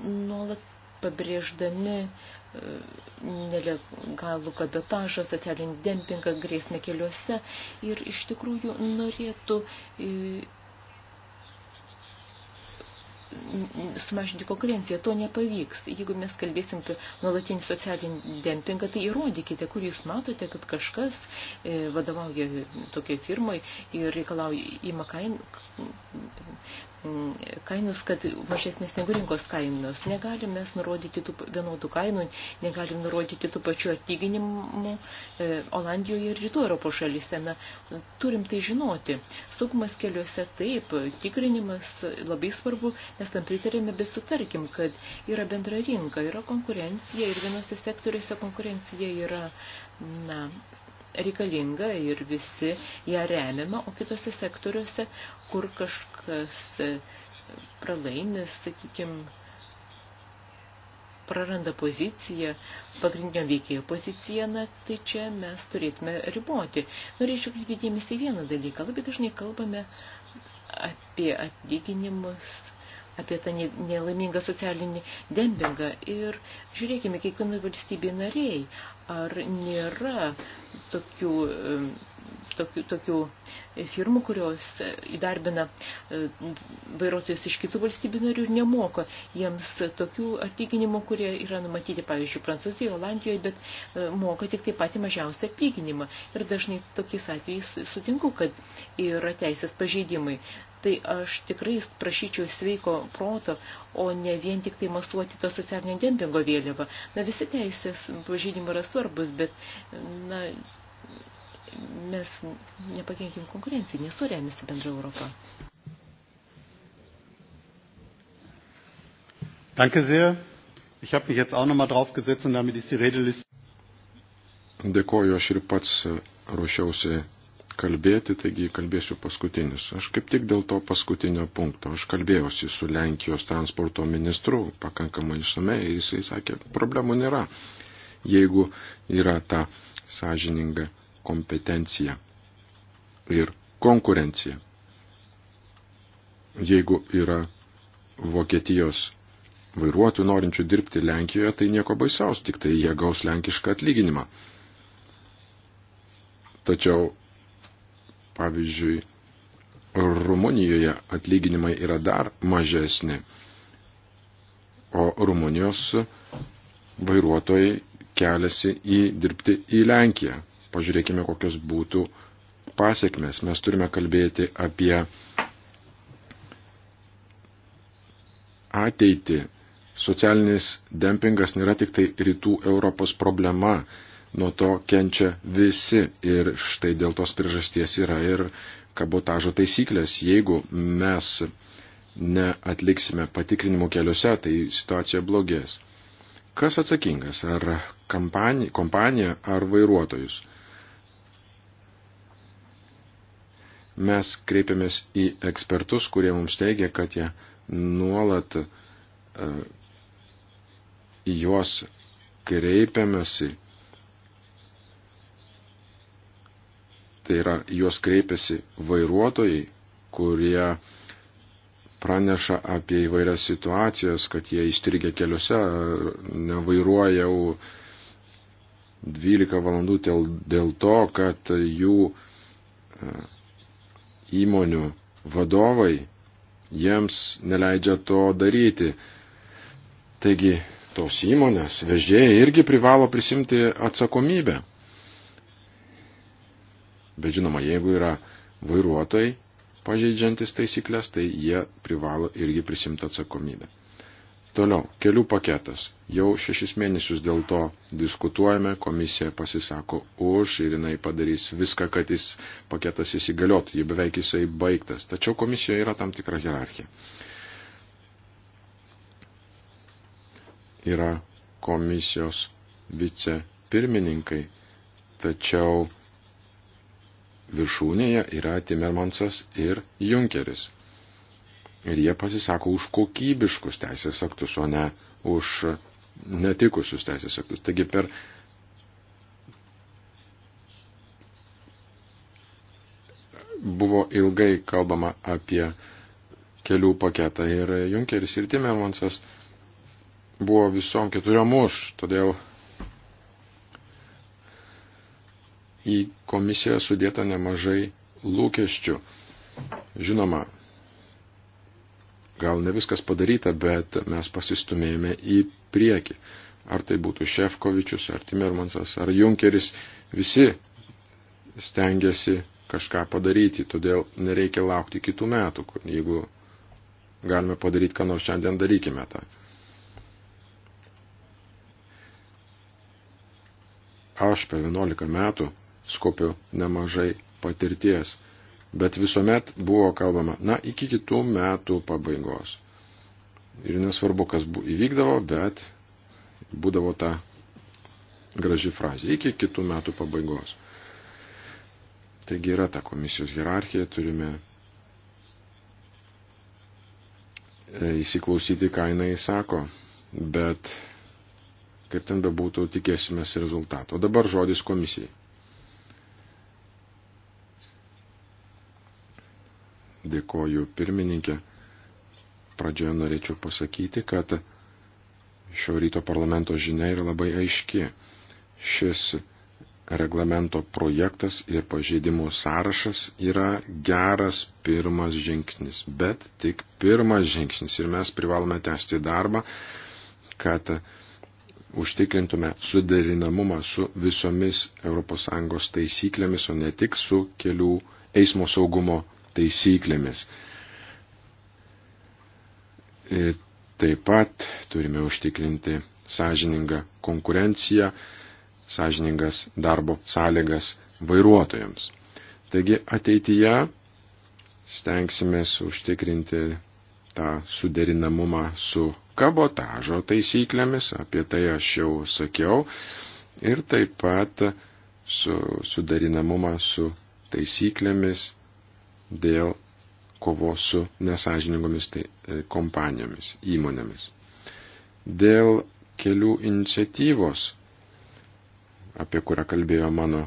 B: nuolat pabrėždami e, nelegalų kabetažą, socialinį dempingą, grėsmę keliuose ir iš tikrųjų norėtų e, sumažinti konkurenciją. To nepavyks. Jeigu mes kalbėsim apie nuolatinį socialinį dempingą, tai įrodykite, kur jūs matote, kad kažkas e, vadovauja tokiai firmai ir reikalauja įma kainą Mm, kainos, kad mažesnės negu rinkos kainos. Negalim mes nurodyti tų vienodų kainų, negalim nurodyti tų pačių atlyginimų e, Olandijoje ir rytų Europos šalyse. Na, turim tai žinoti. Saugumas keliuose taip, tikrinimas labai svarbu, mes tam pritarėme, bet sutarkim, kad yra bendra rinka, yra konkurencija ir vienose sektoriuose konkurencija yra na, reikalinga ir visi ją remiama, o kitose sektoriuose, kur kažkas e, pralaimi, sakykime, praranda poziciją, pagrindinio veikėjo poziciją, na, tai čia mes turėtume riboti. Norėčiau kreipti dėmesį į vieną dalyką. Labai dažnai kalbame apie atlyginimus, apie tą nelaimingą socialinį dempingą. Ir žiūrėkime, kiekvienai valstybei nariai, ar nėra tokių, tokių, tokių firmų, kurios įdarbina e, vairuotojus iš kitų valstybių narių ir nemoko jiems tokių atlyginimų, kurie yra numatyti, pavyzdžiui, Prancūzijoje, Olandijoje, bet e, moka tik tai patį mažiausią atlyginimą. Ir dažnai tokiais atvejais sutinku, kad yra teisės pažeidimai. Tai aš tikrai prašyčiau sveiko proto, o ne vien tik tai masuoti to socialinio dempingo vėliavą. Na, visi teisės pažydimai yra svarbus svarbus, bet na, mes nepakenkim konkurencijai, nes tuo remiasi bendra Europa.
A: Danke sehr. Ich habe mich jetzt auch nochmal draufgesetzt und damit ist die Redeliste.
C: Dėkoju, aš ir pats e, ruošiausi kalbėti, taigi kalbėsiu paskutinis. Aš kaip tik dėl to paskutinio punkto. Aš kalbėjausi su Lenkijos transporto ministru pakankamai išsamei ir jisai sakė, problemų nėra jeigu yra ta sąžininga kompetencija ir konkurencija. Jeigu yra Vokietijos vairuotojų norinčių dirbti Lenkijoje, tai nieko baisaus, tik tai jie gaus lenkišką atlyginimą. Tačiau, pavyzdžiui, Rumunijoje atlyginimai yra dar mažesni, o Rumunijos vairuotojai keliasi į dirbti į Lenkiją. Pažiūrėkime, kokios būtų pasiekmes. Mes turime kalbėti apie ateitį. Socialinis dempingas nėra tik tai rytų Europos problema, nuo to kenčia visi ir štai dėl tos priežasties yra ir kabotažo taisyklės. Jeigu mes neatliksime patikrinimų keliuose, tai situacija blogės. Kas atsakingas? Ar kampaniją, kompaniją ar vairuotojus. Mes kreipiamės į ekspertus, kurie mums teigia, kad jie nuolat e, į uh, juos kreipiamasi. Tai yra, juos kreipiasi vairuotojai, kurie praneša apie įvairias situacijas, kad jie įstrigė keliuose, nevairuoja jau 12 valandų dėl to, kad jų e, įmonių vadovai jiems neleidžia to daryti. Taigi tos įmonės, vežėjai irgi privalo prisimti atsakomybę. Bet žinoma, jeigu yra vairuotojai pažeidžiantis taisyklės, tai jie privalo irgi prisimti atsakomybę. Toliau, kelių paketas. Jau šešis mėnesius dėl to diskutuojame, komisija pasisako už ir jinai padarys viską, kad jis paketas įsigaliotų, jį beveik jisai baigtas. Tačiau komisijoje yra tam tikra hierarchija. Yra komisijos vicepirmininkai, tačiau viršūnėje yra Timermansas ir Junkeris. Ir jie pasisako už kokybiškus teisės aktus, o ne už netikusius teisės aktus. Taigi per buvo ilgai kalbama apie kelių paketą ir Junkeris ir Timmermansas buvo visom keturiom už, todėl į komisiją sudėta nemažai lūkesčių. Žinoma, Gal ne viskas padaryta, bet mes pasistumėjome į priekį. Ar tai būtų Šefkovičius, ar Timermansas, ar Junkeris, visi stengiasi kažką padaryti, todėl nereikia laukti kitų metų, jeigu galime padaryti, ką nors šiandien darykime tą. Aš per 11 metų skopiu nemažai patirties bet visuomet buvo kalbama, na, iki kitų metų pabaigos. Ir nesvarbu, kas bu, įvykdavo, bet būdavo ta graži frazė, iki kitų metų pabaigos. Taigi yra ta komisijos hierarchija, turime e, įsiklausyti, ką jinai sako, bet kaip ten bebūtų, tikėsimės rezultato. O dabar žodis komisijai. Dėkoju pirmininkė. Pradžioje norėčiau pasakyti, kad šio ryto parlamento žinia yra labai aiški. Šis reglamento projektas ir pažeidimų sąrašas yra geras pirmas žingsnis, bet tik pirmas žingsnis ir mes privalome tęsti darbą, kad užtikrintume suderinamumą su visomis ES taisyklėmis, o ne tik su kelių eismo saugumo taisyklėmis. Ir e, taip pat turime užtikrinti sąžiningą konkurenciją, sąžiningas darbo sąlygas vairuotojams. Taigi ateityje stengsime užtikrinti tą suderinamumą su kabotažo taisyklėmis, apie tai aš jau sakiau, ir taip pat su suderinamumą su taisyklėmis dėl kovos su nesažiningomis tai, e, kompanijomis, įmonėmis. Dėl kelių iniciatyvos, apie kurią kalbėjo mano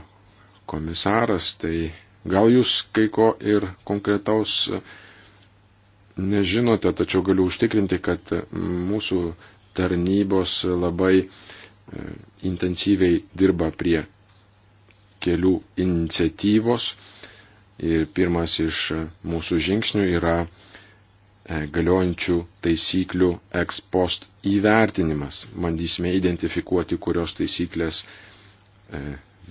C: komisaras, tai gal jūs kai ko ir konkretaus e, nežinote, tačiau galiu užtikrinti, kad e, mūsų tarnybos labai intensyviai dirba prie kelių iniciatyvos Ir pirmas iš mūsų žingsnių yra e, galiojančių taisyklių ekspost įvertinimas. Bandysime identifikuoti, kurios taisyklės e,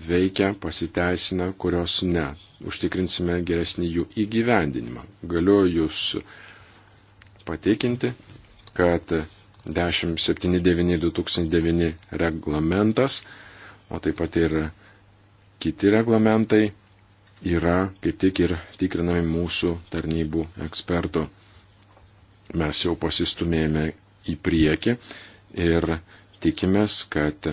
C: veikia, pasiteisina, kurios ne. Užtikrinsime geresnį jų įgyvendinimą. Galiu jūs patikinti, kad 1079-2009 reglamentas, o taip pat ir kiti reglamentai yra kaip tik ir tikrinami mūsų tarnybų ekspertų. Mes jau pasistumėjome į priekį ir tikimės, kad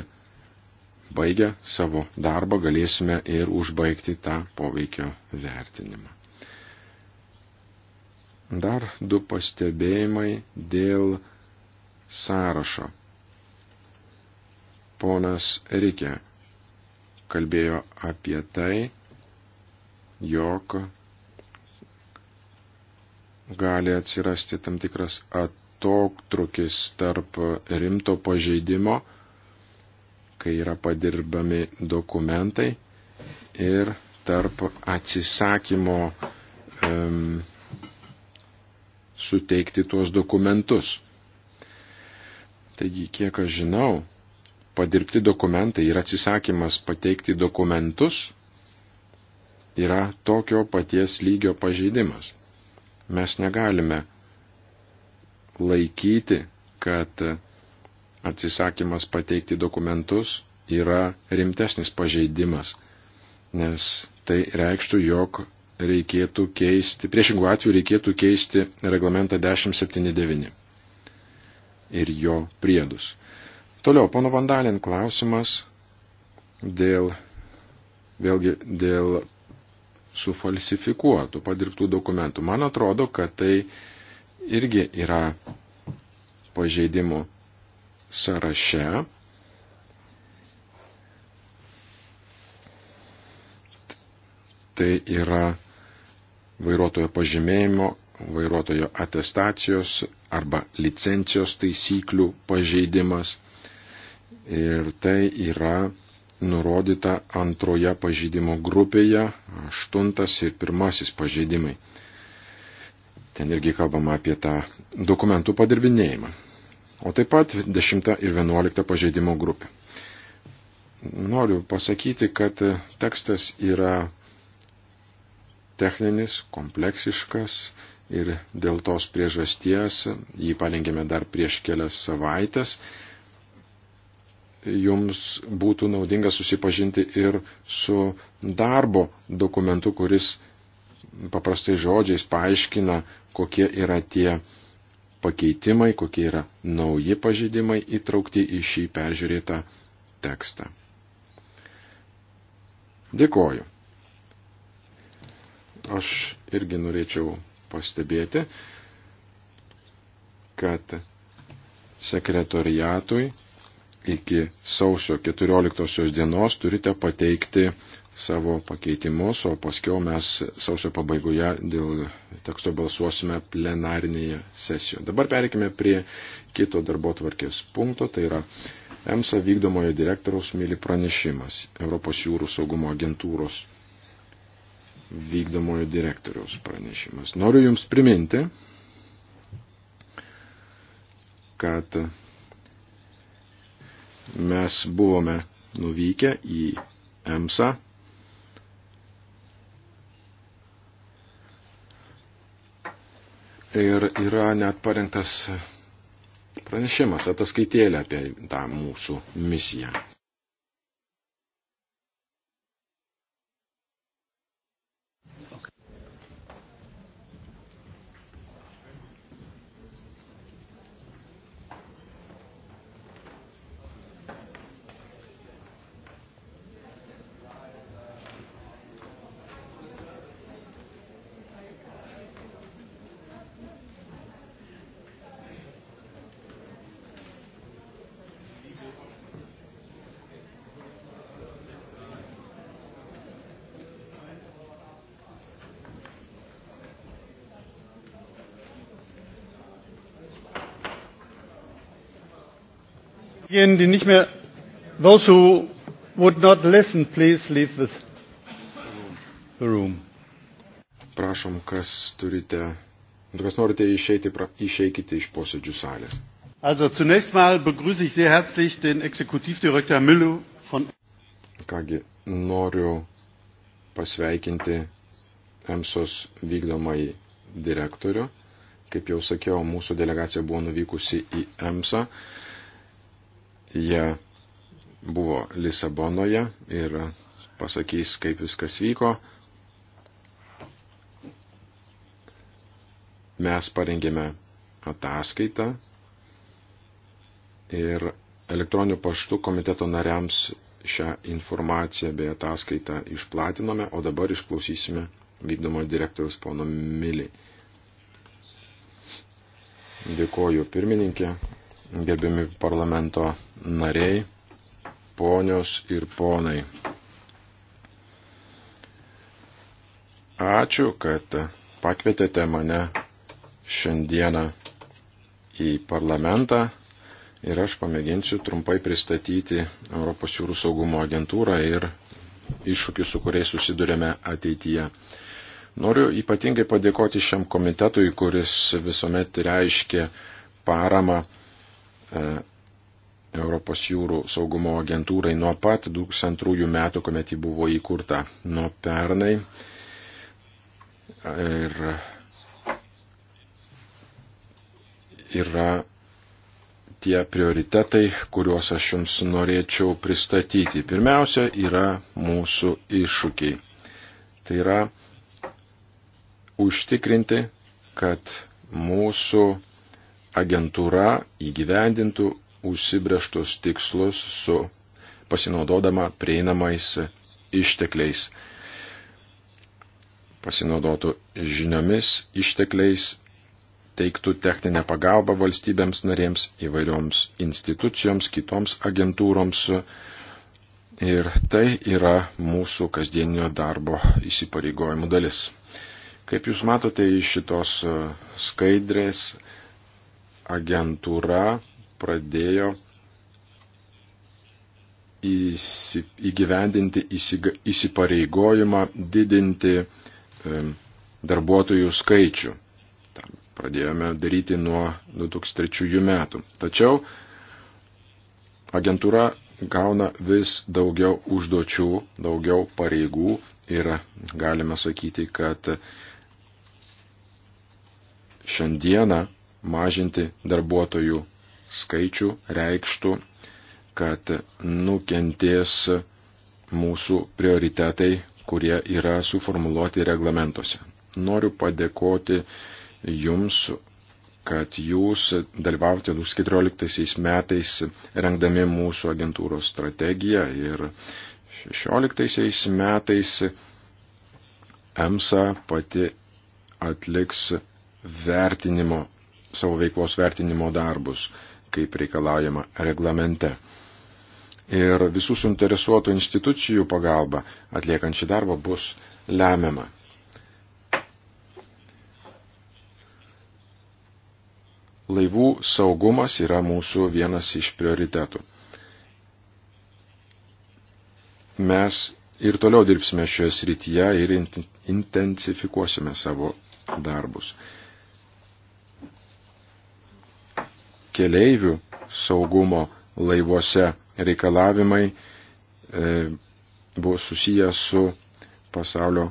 C: baigę savo darbą galėsime ir užbaigti tą poveikio vertinimą. Dar du pastebėjimai dėl sąrašo. Ponas Rikė kalbėjo apie tai, jog gali atsirasti tam tikras atotrukis tarp rimto pažeidimo, kai yra padirbami dokumentai, ir tarp atsisakymo um, suteikti tuos dokumentus. Taigi, kiek aš žinau, padirbti dokumentai ir atsisakymas pateikti dokumentus yra tokio paties lygio pažeidimas. Mes negalime laikyti, kad atsisakymas pateikti dokumentus yra rimtesnis pažeidimas, nes tai reikštų, jog reikėtų keisti, priešingų atveju reikėtų keisti reglamentą 1079 ir jo priedus. Toliau, pono Vandalin klausimas dėl, vėlgi, dėl sufalsifikuotų, padirbtų dokumentų. Man atrodo, kad tai irgi yra pažeidimų sąraše. Tai yra vairuotojo pažymėjimo, vairuotojo atestacijos arba licencijos taisyklių pažeidimas. Ir tai yra nurodyta antroje pažeidimo grupėje, aštuntas ir pirmasis pažeidimai. Ten irgi kalbama apie tą dokumentų padirbinėjimą. O taip pat 10 ir 11 pažeidimo grupė. Noriu pasakyti, kad tekstas yra techninis, kompleksiškas ir dėl tos priežasties jį palengėme dar prieš kelias savaitės jums būtų naudinga susipažinti ir su darbo dokumentu, kuris paprastai žodžiais paaiškina, kokie yra tie pakeitimai, kokie yra nauji pažydimai įtraukti į šį peržiūrėtą tekstą. Dėkoju. Aš irgi norėčiau pastebėti, kad sekretoriatui iki sausio 14 dienos turite pateikti savo pakeitimus, o paskiau mes sausio pabaigoje dėl teksto balsuosime plenarinėje sesijoje. Dabar pereikime prie kito darbo tvarkės punkto, tai yra EMSA vykdomojo direktoriaus myli pranešimas Europos jūrų saugumo agentūros vykdomojo direktoriaus pranešimas. Noriu Jums priminti, kad mes buvome nuvykę į EMSA. Ir yra net parengtas pranešimas, ataskaitėlė apie tą mūsų misiją.
A: Those who would not listen, please leave the
C: room. Prašom, kas turite, kas norite išeiti, pra, išeikite iš posėdžių salės.
A: Also zunächst mal begrüße ich sehr herzlich den Exekutivdirektor Müller von.
C: Kągi, noriu pasveikinti EMSOS vykdomai direktorių. Kaip jau sakiau, mūsų delegacija buvo nuvykusi į EMSA. Jie buvo Lisabonoje ir pasakys, kaip viskas vyko. Mes parengėme ataskaitą ir elektroniniu paštu komiteto nariams šią informaciją bei ataskaitą išplatinome, o dabar išklausysime vykdomo direktorius pono Milį. Dėkoju pirmininkė, gerbiami parlamento nariai, ponios ir ponai. Ačiū, kad pakvietėte mane šiandieną į parlamentą ir aš pamėginsiu trumpai pristatyti Europos jūrų saugumo agentūrą ir iššūkius, su kuriais susidurėme ateityje. Noriu ypatingai padėkoti šiam komitetui, kuris visuomet reiškia paramą E, Europos jūrų saugumo agentūrai nuo pat 2002 metų, kuomet ji buvo įkurta nuo pernai. Ir yra tie prioritetai, kuriuos aš jums norėčiau pristatyti. Pirmiausia yra mūsų iššūkiai. Tai yra užtikrinti, kad mūsų agentūra įgyvendintų užsibrieštus tikslus su pasinaudodama prieinamais ištekliais, pasinaudotų žiniomis, ištekliais, teiktų techninę pagalbą valstybėms narėms, įvairioms institucijoms, kitoms agentūroms. Ir tai yra mūsų kasdieninio darbo įsipareigojimų dalis. Kaip jūs matote iš šitos skaidrės, agentūra pradėjo įgyvendinti įsipareigojimą didinti darbuotojų skaičių. Tam pradėjome daryti nuo 2003 metų. Tačiau agentūra gauna vis daugiau užduočių, daugiau pareigų ir galime sakyti, kad šiandieną mažinti darbuotojų skaičių reikštų, kad nukentės mūsų prioritetai, kurie yra suformuluoti reglamentuose. Noriu padėkoti Jums, kad Jūs dalyvavote 2014 metais rengdami mūsų agentūros strategiją ir 2016 metais EMSA pati atliks vertinimo savo veiklos vertinimo darbus, kaip reikalaujama reglamente. Ir visų suinteresuotų institucijų pagalba atliekant šį darbą bus lemiama. Laivų saugumas yra mūsų vienas iš prioritetų. Mes ir toliau dirbsime šioje srityje ir intensifikuosime savo darbus. keleivių saugumo laivuose reikalavimai e, buvo susijęs su pasaulio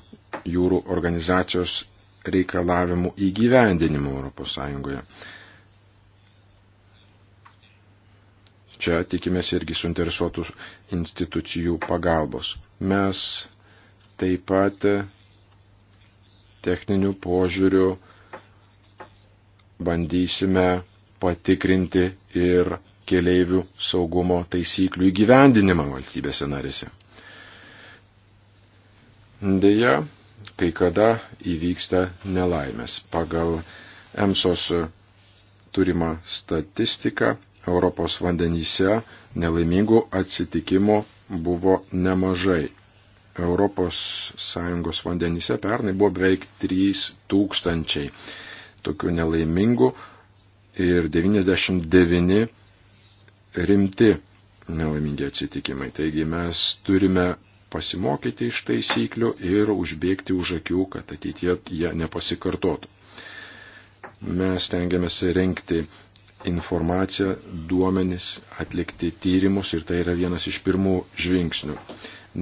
C: jūrų organizacijos reikalavimų įgyvendinimu ES. Čia tikimės irgi suinteresuotų institucijų pagalbos. Mes taip pat techninių požiūrių bandysime patikrinti ir keleivių saugumo taisyklių įgyvendinimą valstybėse narėse. Deja, kai kada įvyksta nelaimės. Pagal EMSOS turimą statistiką Europos vandenyse nelaimingų atsitikimų buvo nemažai. ES vandenyse pernai buvo beveik 3 tūkstančiai tokių nelaimingų ir 99 rimti nelaimingi atsitikimai. Taigi mes turime pasimokyti iš taisyklių ir užbėgti už akių, kad ateitie jie nepasikartotų. Mes tengiamės renkti informaciją, duomenis, atlikti tyrimus ir tai yra vienas iš pirmų žvingsnių.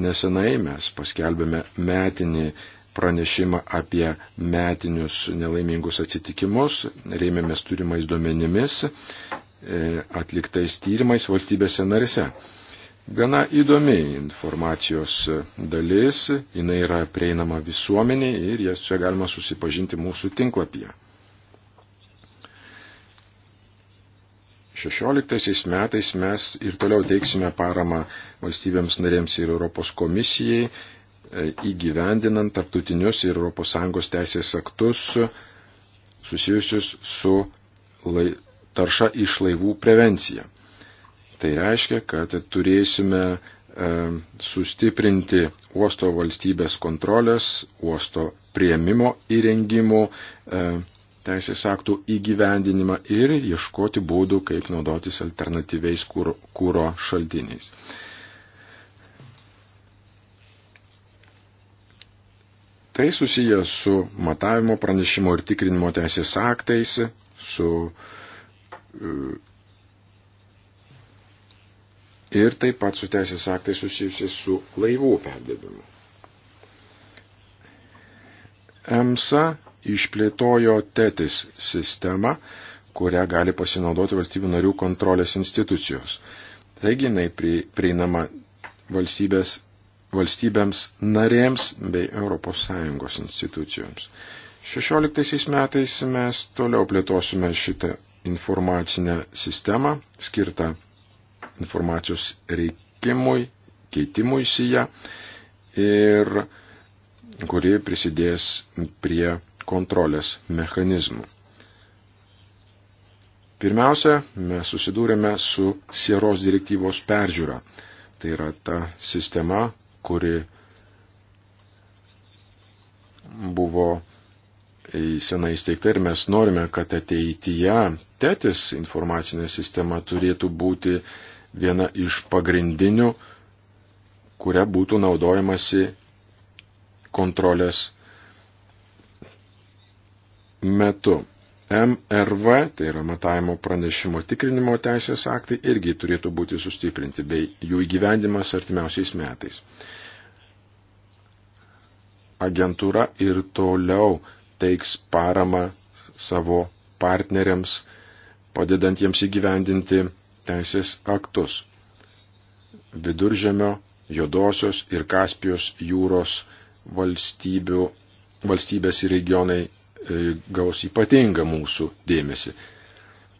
C: Nesenai mes paskelbėme metinį pranešimą apie metinius nelaimingus atsitikimus, rėmėmės turimais duomenimis, e, atliktais tyrimais valstybėse narise. Gana įdomi informacijos dalis, jinai yra prieinama visuomeniai ir jas čia galima susipažinti mūsų tinklapyje. 2016 metais mes ir toliau teiksime paramą valstybėms narėms ir Europos komisijai, E, įgyvendinant tarptautinius ir ES teisės aktus susijusius su lai, tarša iš laivų prevencija. Tai reiškia, kad turėsime e, sustiprinti uosto valstybės kontrolės, uosto prieimimo įrengimo, e, teisės aktų įgyvendinimą ir ieškoti būdų, kaip naudotis alternatyviais kūro šaltiniais. Tai susijęs su matavimo pranešimo ir tikrinimo teisės aktais, su e, ir taip pat su teisės aktais susijusiais su laivų perdirbimu. EMSA išplėtojo TETIS sistemą, kurią gali pasinaudoti valstybių narių kontrolės institucijos. Taigi jinai prieinama valstybės valstybėms narėms bei ES institucijoms. 16 metais mes toliau plėtosime šitą informacinę sistemą skirtą informacijos reikimui, keitimui į ją ir kuri prisidės prie kontrolės mechanizmų. Pirmiausia, mes susidūrėme su sieros direktyvos peržiūra. Tai yra ta sistema, kuri buvo senai įsteigta ir mes norime, kad ateityje tetis informacinė sistema turėtų būti viena iš pagrindinių, kuria būtų naudojamasi kontrolės metu. MRV, tai yra matavimo pranešimo tikrinimo teisės aktai, irgi turėtų būti sustiprinti, bei jų įgyvendimas artimiausiais metais. Agentūra ir toliau teiks paramą savo partneriams, padedant jiems įgyvendinti teisės aktus. Viduržemio, Jodosios ir Kaspijos jūros valstybių, valstybės ir regionai E, gaus ypatingą mūsų dėmesį.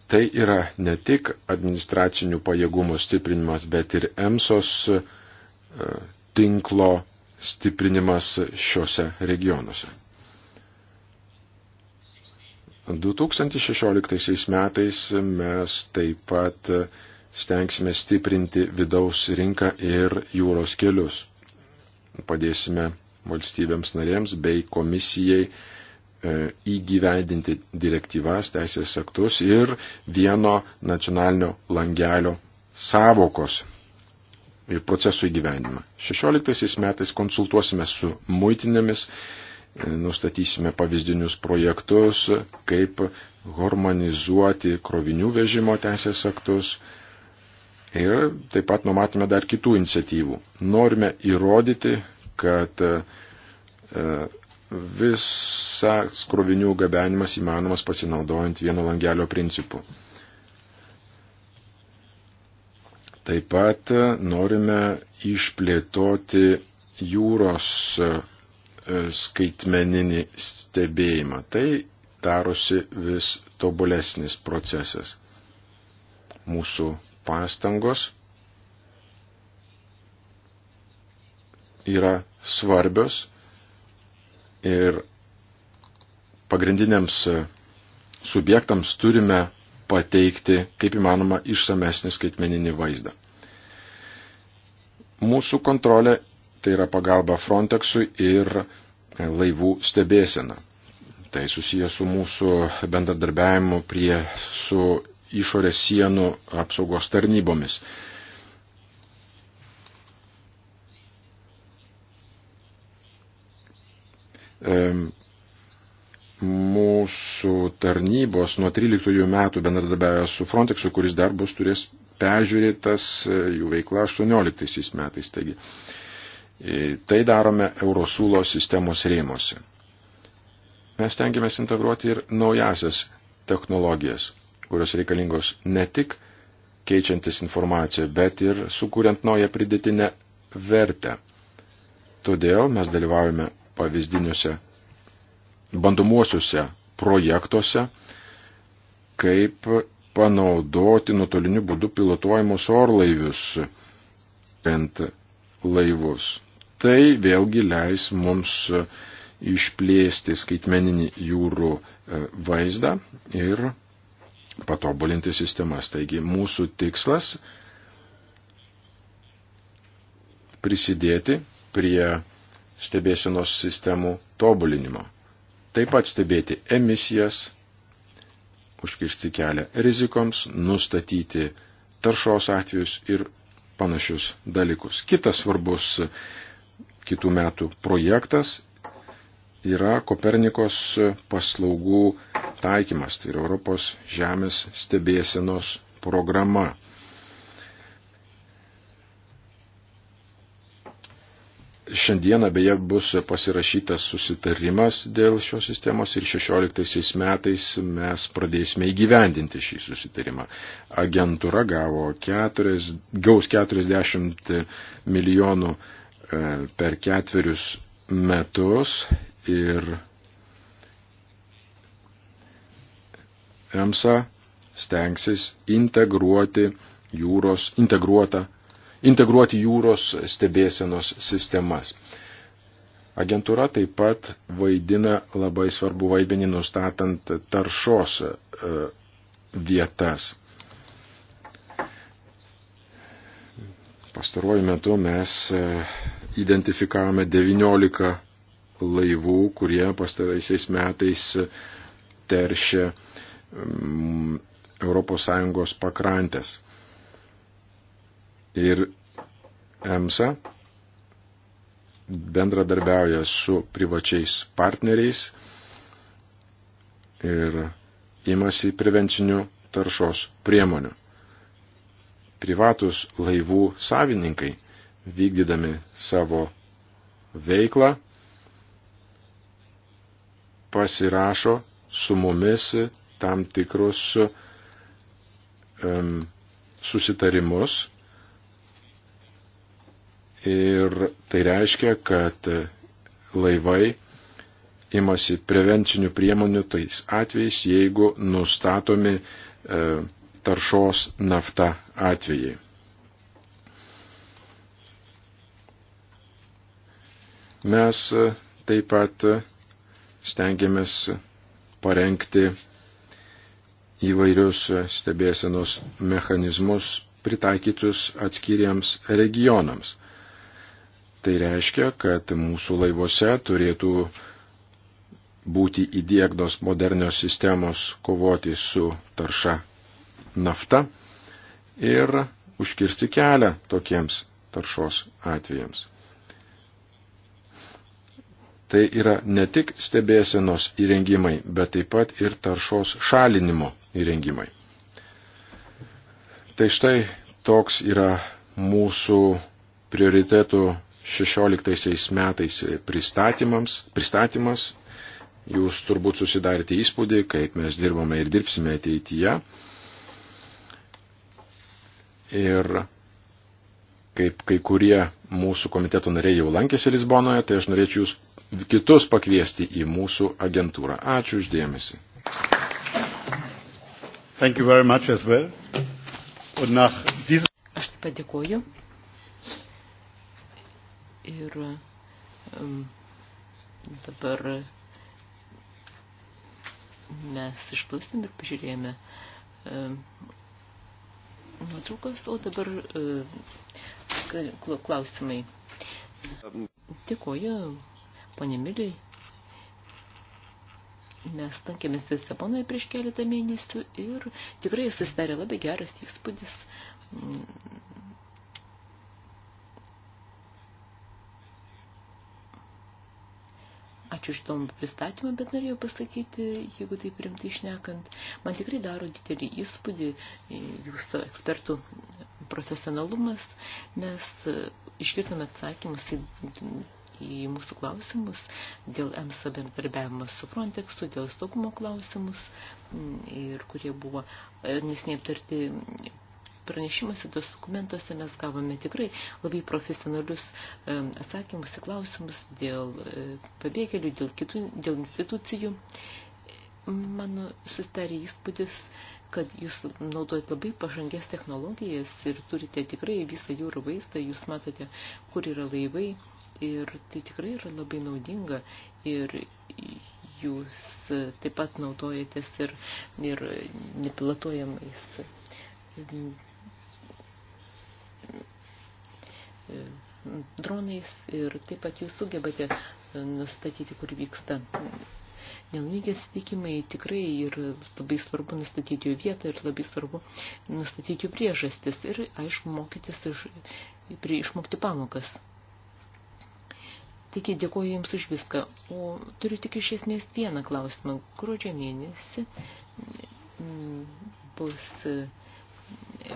C: Tai yra ne tik administracinių pajėgumų stiprinimas, bet ir EMSOS e, tinklo stiprinimas šiuose regionuose. 2016 metais mes taip pat stengsime stiprinti vidaus rinką ir jūros kelius. Padėsime valstybėms narėms bei komisijai E, įgyvendinti direktyvas, teisės aktus ir vieno nacionalinio langelio savokos ir procesų įgyvendimą. 16 metais konsultuosime su muitinėmis, e, nustatysime pavyzdinius projektus, kaip harmonizuoti krovinių vežimo teisės aktus ir taip pat numatome dar kitų iniciatyvų. Norime įrodyti, kad e, visas krovinių gabenimas įmanomas pasinaudojant vieno langelio principu. Taip pat norime išplėtoti jūros e, skaitmeninį stebėjimą. Tai darosi vis tobulesnis procesas. Mūsų pastangos yra svarbios ir pagrindiniams e, subjektams turime pateikti kaip įmanoma išsamesnį skaitmeninį vaizdą. Mūsų kontrolė tai yra pagalba Frontexui ir laivų stebėsena. Tai susijęs su mūsų bendradarbiavimu prie su išorės sienų apsaugos tarnybomis. mūsų tarnybos nuo 13 metų bendradarbiavę su Frontexu, kuris dar bus turės peržiūrėtas e, jų veikla 18 metais. Taigi, e, tai darome Eurosūlo sistemos rėmose. Mes tengiamės integruoti ir naujasias technologijas, kurios reikalingos ne tik keičiantis informaciją, bet ir sukūrent naują pridėtinę vertę. Todėl mes dalyvaujame pavyzdiniuose bandomuosiuose projektuose, kaip panaudoti nuotoliniu būdu pilotuojamus orlaivius pent laivus. Tai vėlgi leis mums išplėsti skaitmeninį jūrų e, vaizdą ir patobulinti sistemas. Taigi mūsų tikslas prisidėti prie stebėsenos sistemų tobulinimo. Taip pat stebėti emisijas, užkirsti kelią rizikoms, nustatyti taršos atvejus ir panašius dalykus. Kitas svarbus kitų metų projektas yra Kopernikos paslaugų taikymas, tai yra Europos žemės stebėsenos programa. Šiandieną beje bus pasirašytas susitarimas dėl šios sistemos ir 16 metais mes pradėsime įgyvendinti šį susitarimą. Agentūra gavo 4, gaus 40 milijonų e, per ketverius metus ir EMSA stengsis integruoti jūros, integruotą integruoti jūros stebėsenos sistemas. Agentūra taip pat vaidina labai svarbu vaidmenį nustatant taršos e, vietas. Pastaruoju metu mes e, identifikavome 19 laivų, kurie pastaraisiais metais teršia ES pakrantės ir EMSA bendradarbiauja su privačiais partneriais ir imasi prevencinių taršos priemonių. Privatus laivų savininkai, vykdydami savo veiklą, pasirašo su mumis tam tikrus um, susitarimus Ir tai reiškia, kad laivai imasi prevencinių priemonių tais atvejais, jeigu nustatomi e, taršos nafta atvejai. Mes e, taip pat e, stengiamės parengti įvairius e, stebėsenos mechanizmus pritaikytus atskiriams regionams. Tai reiškia, kad mūsų laivuose turėtų būti įdėktos modernios sistemos kovoti su tarša nafta ir užkirsti kelią tokiems taršos atvejams. Tai yra ne tik stebėsenos įrengimai, bet taip pat ir taršos šalinimo įrengimai. Tai štai toks yra mūsų prioritetų 16 metais pristatymas. Jūs turbūt susidarėte įspūdį, kaip mes dirbame ir dirbsime ateityje. Ir kaip kai kurie mūsų komiteto nariai jau lankėsi Lisbonoje, tai aš norėčiau jūs kitus pakviesti į mūsų agentūrą. Ačiū uždėmesi.
A: Well. Nach...
B: Aš taip pat dėkuoju. Ir dabar mes išklausėm ir pažiūrėjome nuotraukas, o dabar klausimai. Dėkuoju, ponė Miliai. Mes lankėmės Lisabonoje prieš keletą mėnesių ir tikrai susidarė labai geras įspūdis Ačiū už tom pristatymą, bet norėjau pasakyti, jeigu taip rimtai išnekant, man tikrai daro didelį įspūdį e, jūsų ekspertų profesionalumas. Mes e, išgirdome atsakymus į, į mūsų klausimus dėl EMSA bendarbiavimo su Frontexu, dėl saugumo klausimus, ir kurie buvo e, nesneaptarti pranešimuose, tos dokumentuose mes gavome tikrai labai profesionalius e, atsakymus į klausimus dėl e, pabėgėlių, dėl kitų, dėl institucijų. Mano susitarė įspūdis, kad jūs naudojate labai pažangės technologijas ir turite tikrai visą jūrų vaizdą, jūs matote, kur yra laivai ir tai tikrai yra labai naudinga ir jūs taip pat naudojatės ir, ir nepilotuojamais dronais ir taip pat jūs sugebate nustatyti, kur vyksta nelaimingi atsitikimai tikrai ir labai svarbu nustatyti jų vietą ir labai svarbu nustatyti jų priežastis ir, aišku, mokytis iš, prie, išmokti pamokas. Taigi, dėkuoju Jums už viską. O turiu tik iš esmės vieną klausimą. Gruodžio mėnesį mm, bus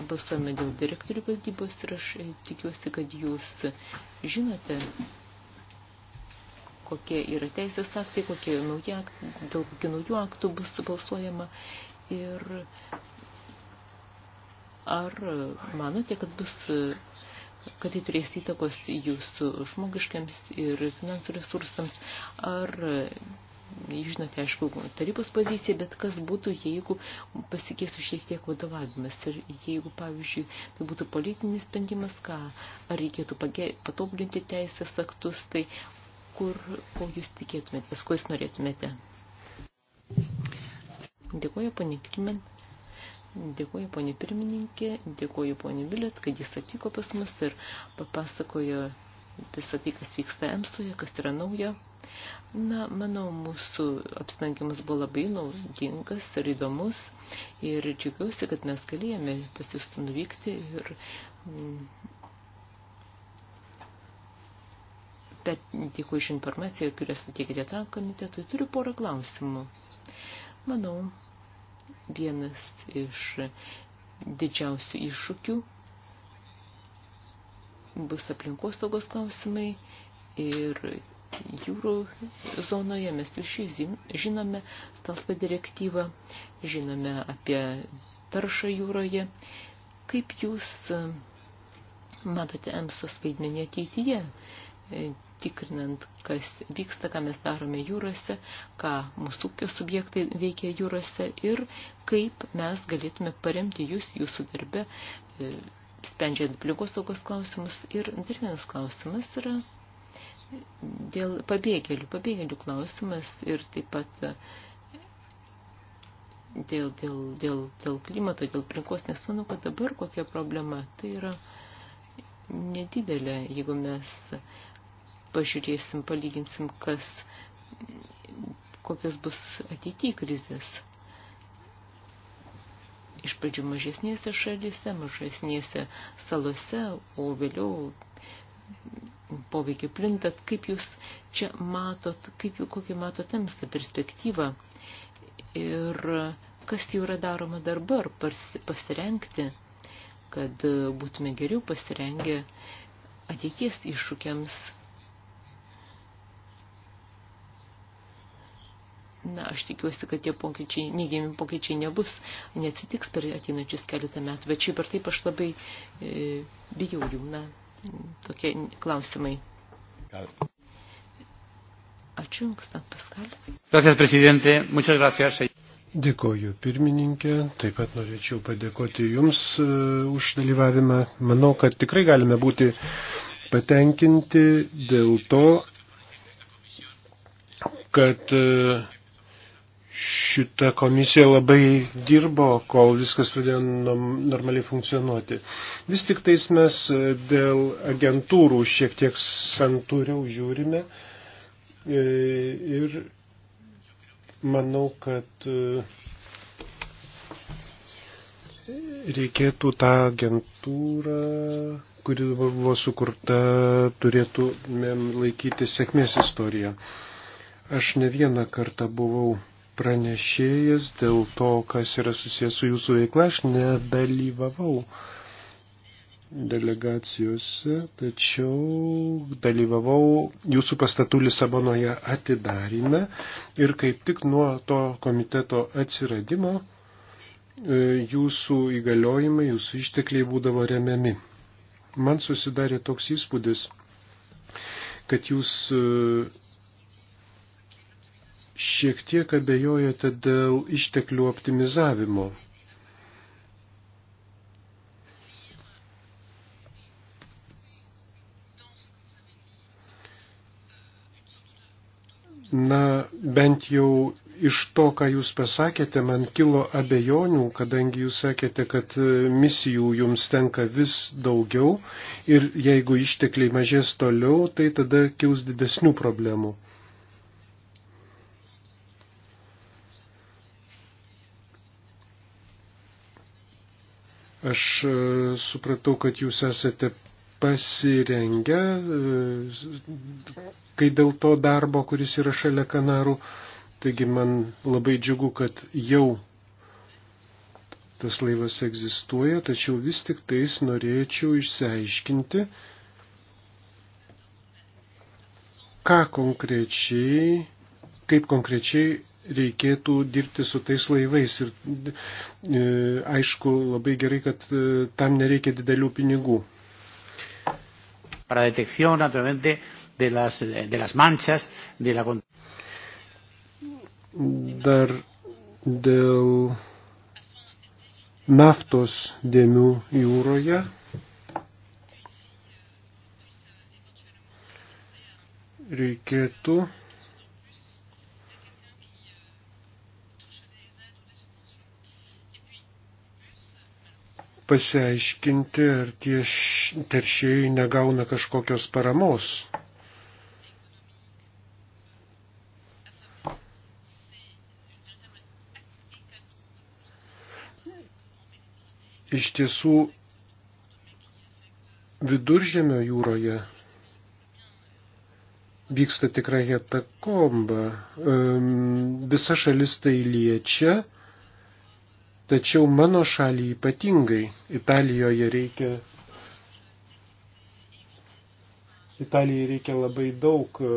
B: balsuojame dėl direktorių valdybos ir aš e, tikiuosi, kad jūs žinote, kokie yra teisės aktai, kokie nauji aktai, dėl kokių naujų aktų bus balsuojama ir ar manote, kad bus kad tai turės įtakos jūsų žmogiškiams ir finansų resursams, ar žinote, aišku, tarybos pozicija, bet kas būtų, jeigu pasikeistų šiek tiek vadovavimas ir jeigu, pavyzdžiui, tai būtų politinis sprendimas, ką, ar reikėtų patobulinti teisės aktus, tai kur, ko jūs tikėtumėte, ko jūs norėtumėte. Dėkuoju, ponė Krimen. Dėkuoju, ponė pirmininkė, dėkuoju, ponė Vilet, kad jis atvyko pas mus ir papasakojo visą tai, kas vyksta EMSOje, kas yra naujo. Na, manau, mūsų apsilankimas buvo labai naudingas ir įdomus ir džiugiausi, kad mes galėjome pas jūs nuvykti ir mm, bet dėkui iš informaciją, kurią suteikėte tam komitetui, turiu porą klausimų. Manau, vienas iš didžiausių iššūkių bus aplinkosaugos klausimai ir jūrų zonoje mes iš jų žinome stalspa direktyvą, žinome apie taršą jūroje. Kaip jūs e, matote EMSOS vaidmenį ateityje, e, tikrinant, kas vyksta, ką mes darome jūrose, ką mūsų ūkio subjektai veikia jūrose ir kaip mes galėtume paremti jūs jūsų darbe sprendžiant aplinkosaugos klausimus. Ir dar vienas klausimas yra dėl pabėgėlių, pabėgėlių klausimas ir taip pat dėl, dėl, dėl, dėl klimato, dėl aplinkos, nes manau, kad dabar kokia problema, tai yra nedidelė, jeigu mes pažiūrėsim, palyginsim, kas, kokios bus ateityje krizės iš pradžių mažesnėse šalyse, mažesnėse salose, o vėliau poveikį plintat, kaip jūs čia matot, kaip jūs kokį matot tamsą perspektyvą ir kas jau yra daroma dabar, pasirenkti, kad būtume geriau pasirengę ateities iššūkiams Na, aš tikiuosi, kad tie pokyčiai, neigiami pokyčiai nebus, neatsitiks per ateinančius keletą metų, bet šiaip ar taip aš labai e, bijau jų, na, tokie klausimai. Ačiū, Kstat Paskal.
A: Gracias, prezidente. Muchas gracias.
D: Dėkoju pirmininkė, taip pat norėčiau padėkoti Jums e, už dalyvavimą. Manau, kad tikrai galime būti patenkinti dėl to, kad uh, šita komisija labai dirbo, kol viskas pradėjo normaliai funkcionuoti. Vis tik tais mes e, dėl agentūrų šiek tiek santūriau žiūrime e, ir manau, kad e, reikėtų tą agentūrą, kuri buvo sukurta, turėtumėm laikyti sėkmės istoriją. Aš ne vieną kartą buvau pranešėjas dėl to, kas yra susijęs su jūsų veikla. Aš nedalyvavau delegacijose, tačiau dalyvavau jūsų pastatų Lisabonoje atidarime ir kaip tik nuo to komiteto atsiradimo e, jūsų įgaliojimai, jūsų ištekliai būdavo remiami. Man susidarė toks įspūdis, kad jūs e, šiek tiek abejojate dėl išteklių optimizavimo. Na, bent jau iš to, ką jūs pasakėte, man kilo abejonių, kadangi jūs sakėte, kad misijų jums tenka vis daugiau ir jeigu ištekliai mažės toliau, tai tada kils didesnių problemų. Aš e, supratau, kad jūs esate pasirengę, e, kai dėl to darbo, kuris yra šalia Kanarų. Taigi man labai džiugu, kad jau tas laivas egzistuoja, tačiau vis tik tais norėčiau išsiaiškinti, ką konkrečiai, kaip konkrečiai reikėtų dirbti su tais laivais. Ir e, aišku, labai gerai, kad e, tam nereikia didelių pinigų. Para detección, naturalmente, de las, de las manchas, de la... Dar dėl naftos dėmių jūroje. Reikėtų pasiaiškinti, ar tie teršėjai negauna kažkokios paramos. Iš tiesų, viduržėmio jūroje vyksta tikrai hetakomba. Visa šalis tai liečia Tačiau mano šaliai ypatingai Italijoje reikia. Italijai reikia labai daug e,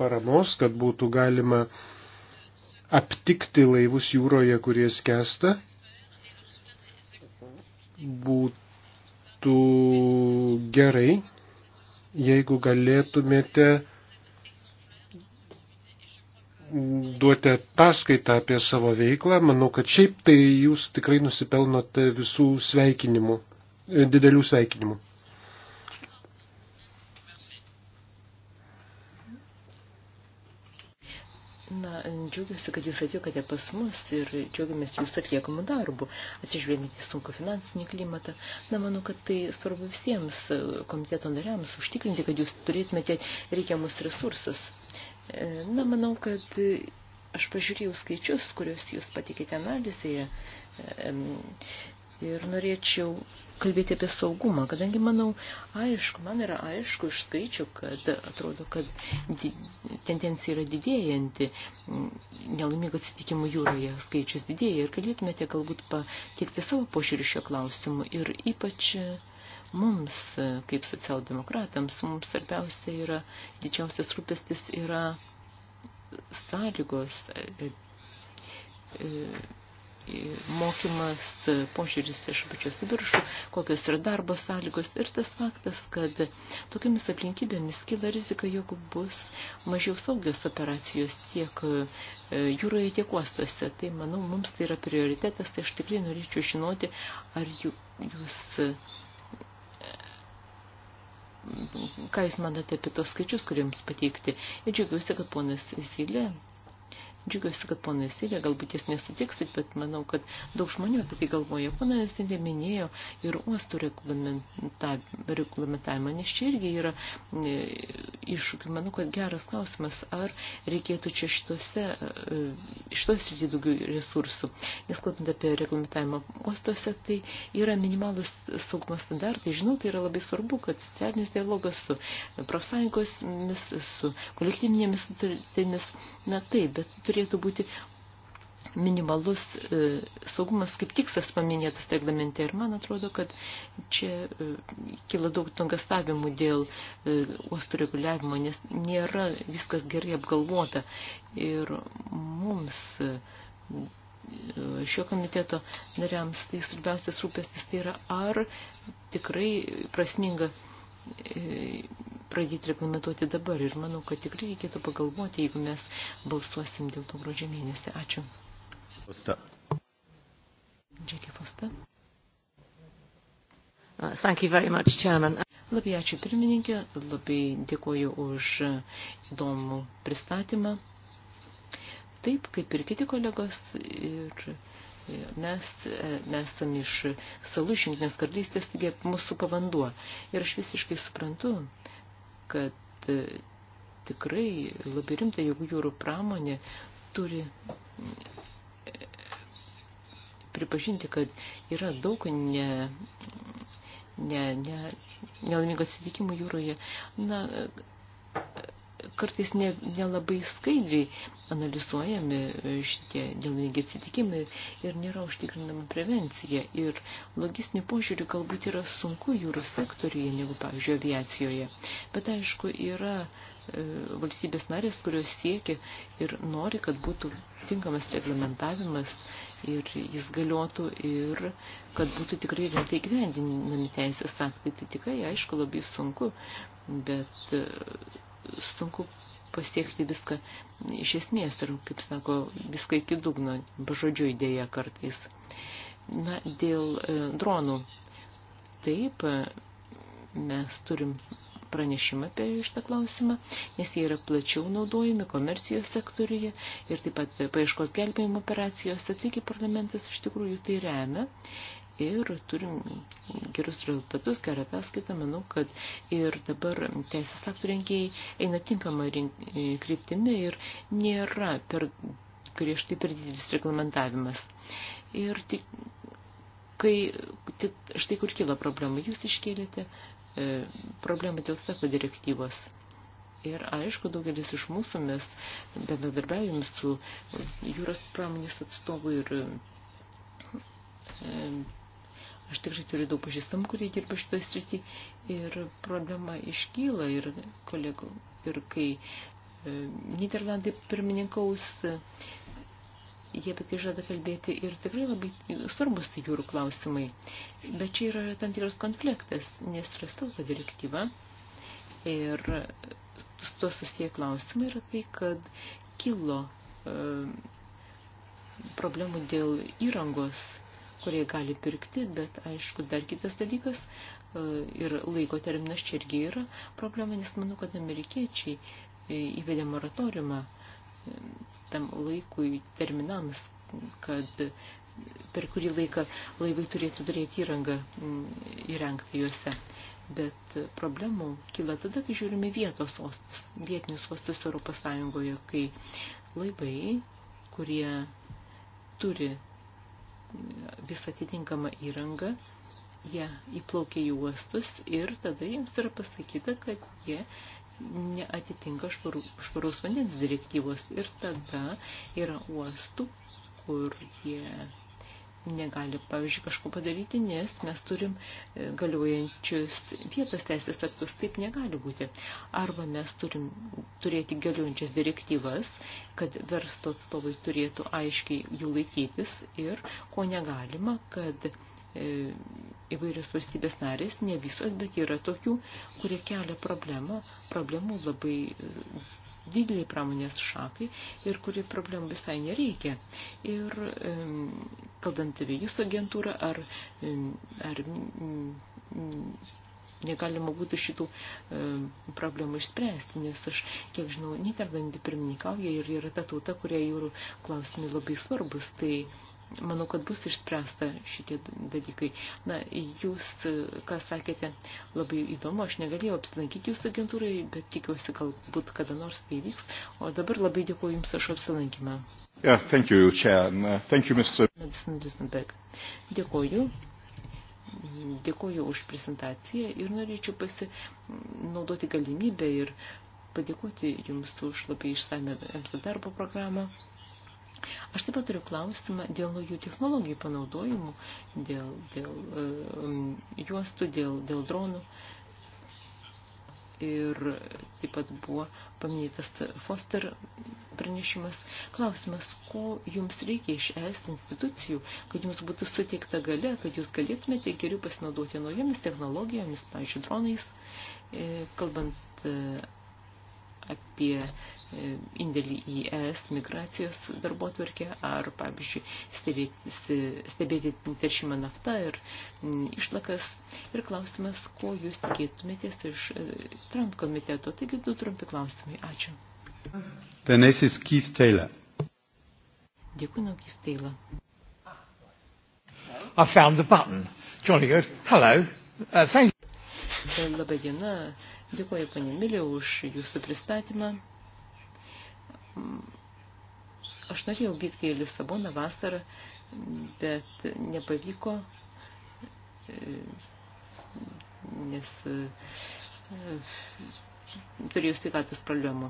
D: paramos, kad būtų galima aptikti laivus jūroje, kurie skęsta. Būtų gerai, jeigu galėtumėte duoti paskaitą apie savo veiklą. Manau, kad šiaip tai jūs tikrai nusipelnote visų sveikinimų, e, didelių sveikinimų.
B: Na, džiaugiuosi, kad jūs atvykote pas mus ir džiaugiamės jūsų atliekamų darbų, atsižvelgiant į sunku finansinį klimatą. Na, manau, kad tai svarbu visiems komiteto nariams užtikrinti, kad jūs turėtumėte reikiamus resursus. E, na, manau, kad aš pažiūrėjau skaičius, kuriuos jūs patikite analizėje e, ir norėčiau kalbėti apie saugumą, kadangi manau, aišku, man yra aišku iš skaičių, kad atrodo, kad di, tendencija yra didėjanti, nelaimingų atsitikimų jūroje skaičius didėja ir galėtumėte galbūt pateikti savo požiūrį šio klausimu ir ypač uh, mums, kaip socialdemokratams, mums svarbiausia yra, didžiausias rūpestis yra sąlygos, e, e, e, mokymas, požiūris iš apačios į viršų, kokios yra darbo sąlygos ir tas faktas, kad tokiamis aplinkybėmis kyla rizika, jog bus mažiau saugios operacijos tiek jūroje, tiek uostuose. Tai, manau, mums tai yra prioritetas, tai aš tikrai norėčiau žinoti, ar jūs ką jūs manote apie tos skaičius, kuriems pateikti. Ir džiaugiuosi, kad ponas Zylė Džiugiuosi, kad ponas Sirija, galbūt jis nesutiksit, bet manau, kad daug žmonių apie tai galvoja. Ponas Sirija minėjo ir uostų reglamentavimą, nes čia irgi yra e, iššūkių. Manau, kad geras klausimas, ar reikėtų čia šitose, šitos srityje daugiau resursų. Nes kalbant apie reglamentavimą uostuose, tai yra minimalus saugumo standartai. Žinau, tai yra labai svarbu, kad socialinis dialogas su profsąjungos, su kolektyvinėmis sutartimis, na taip, bet turi turėtų būti minimalus e, saugumas kaip tikslas paminėtas reglamente. Ir man atrodo, kad čia e, kila daug tungastavimų dėl e, uostų reguliavimo, nes nėra viskas gerai apgalvota. Ir mums šio komiteto nariams tai svarbiausias rūpestis tai yra, ar tikrai prasminga pradėti reglamentuoti dabar ir manau, kad tikrai reikėtų pagalvoti, jeigu mes balsuosim dėl to gruodžio mėnesį. Ačiū. Fosta. Jackie Fosta. Uh, thank you very much, Chairman. Labai ačiū pirmininkė, labai dėkuoju už įdomų pristatymą. Taip, kaip ir kiti kolegos, ir mes, mes esam iš salų iš Junktinės karalystės, taigi mūsų pavanduo. Ir aš visiškai suprantu, kad e, tikrai labai rimta, jeigu jūrų pramonė turi e, pripažinti, kad yra daug ne, ne, ne, nelaimingų atsitikimų jūroje. Na, kartais ne, nelabai skaidriai analizuojami e, šitie nelaimingi atsitikimai ir nėra užtikrinama prevencija. Ir logistiniu požiūriu galbūt yra sunku jūrų sektoriuje negu, pavyzdžiui, aviacijoje. Bet aišku, yra e, valstybės narės, kurios siekia ir nori, kad būtų tinkamas reglamentavimas ir jis galiotų ir kad būtų tikrai rimtai gyvendinami teisės aktai. Tai tikrai, aišku, labai sunku, bet e, sunku pasiekti viską iš esmės ir, kaip sako, viską iki dugno, žodžiu idėja kartais. Na, dėl e, dronų. Taip, e, mes turim pranešimą apie šitą klausimą, nes jie yra plačiau naudojami komercijos sektoriuje ir taip pat paieškos gelbėjimo operacijose. Taigi parlamentas iš tikrųjų tai remia ir turim gerus rezultatus, gerą ataskaitą, manau, kad ir dabar teisės aktų rengėjai eina tinkama kryptimi ir nėra per griežtai per didelis reglamentavimas. Ir tik, kai, tik štai kur kyla problema, jūs iškėlėte e, problemą dėl savo direktyvos. Ir aišku, daugelis iš mūsų mes bendradarbiavim su jūros pramonės atstovu ir e, Aš tikrai turiu daug pažįstamų, kurie dirba šitoje srityje ir problema iškyla ir, kolegų, ir kai e, Niderlandai pirmininkaus, e, jie apie tai žada kalbėti ir tikrai labai svarbus tai jūrų klausimai. Bet čia yra tam tikras konfliktas, nes yra stalko direktyva ir su to susiję klausimai yra tai, kad kilo e, problemų dėl įrangos kurie gali pirkti, bet aišku, dar kitas dalykas e, ir laiko terminas čia irgi yra problema, nes manau, kad amerikiečiai e, įvedė moratoriumą e, tam laikui terminams, kad per kurį laiką laivai turėtų turėti įrangą įrengti juose. Bet problemų kyla tada, kai žiūrime vietos ostus, vietinius ostus Europos Sąjungoje, kai laivai, kurie turi visą atitinkamą įrangą, jie įplaukia į uostus ir tada jiems yra pasakyta, kad jie neatitinka švaraus vandens direktyvos ir tada yra uostų, kur jie negali, pavyzdžiui, kažko padaryti, nes mes turim e, galiojančius vietos teisės aktus, taip negali būti. Arba mes turim turėti galiojančias direktyvas, kad versto atstovai turėtų aiškiai jų laikytis ir ko negalima, kad e, įvairios valstybės narės, ne visos, bet yra tokių, kurie kelia problemą, problemų labai dideliai pramonės šakai ir kuri problemų visai nereikia. Ir kalbant apie jūsų agentūrą, ar, ar negalima būtų šitų e, problemų išspręsti, nes aš, kiek žinau, Niderlandai pirmininkauja ir yra ta tauta, kurie jūrų klausimai labai svarbus. Tai manau, kad bus išspręsta šitie dalykai. Na, jūs, ką sakėte, labai įdomu, aš negalėjau apsilankyti jūsų agentūrai, bet tikiuosi, galbūt kada nors tai vyks. O dabar labai dėkuoju Jums už apsilankymą.
A: Yeah, thank you, Chair. Uh, thank you, Mr.
B: Madison Lisenberg. Dėkuoju. Dėkuoju už prezentaciją ir norėčiau pasinaudoti galimybę ir padėkoti Jums už labai išsame darbą programą. Aš taip pat turiu klausimą dėl naujų technologijų panaudojimų, dėl, dėl um, juostų, dėl, dėl dronų. Ir taip pat buvo paminėtas Foster pranešimas. Klausimas, ko jums reikia iš ES institucijų, kad jums būtų suteikta gale, kad jūs galėtumėte geriau pasinaudoti naujomis technologijomis, pavyzdžiui, dronais, e, kalbant e, apie indėlį į ES migracijos darbotvarkę ar, pavyzdžiui, stebėti, stebėti teršimą naftą ir mm, išlakas. Ir klausimas, ko jūs tikėtumėtės iš e, Trant komiteto. Taigi du trumpi klausimai. Ačiū.
A: Tenesis Keith Taylor.
B: Dėkui, no nu, Keith Taylor. I found the button. Jolly good. Hello. Uh, thank you. Labai diena. Dėkuoju, panė Milė, už jūsų pristatymą. Aš norėjau vykti į Lisaboną vasarą, bet nepavyko, nes e, turėjau sveikatos problemų.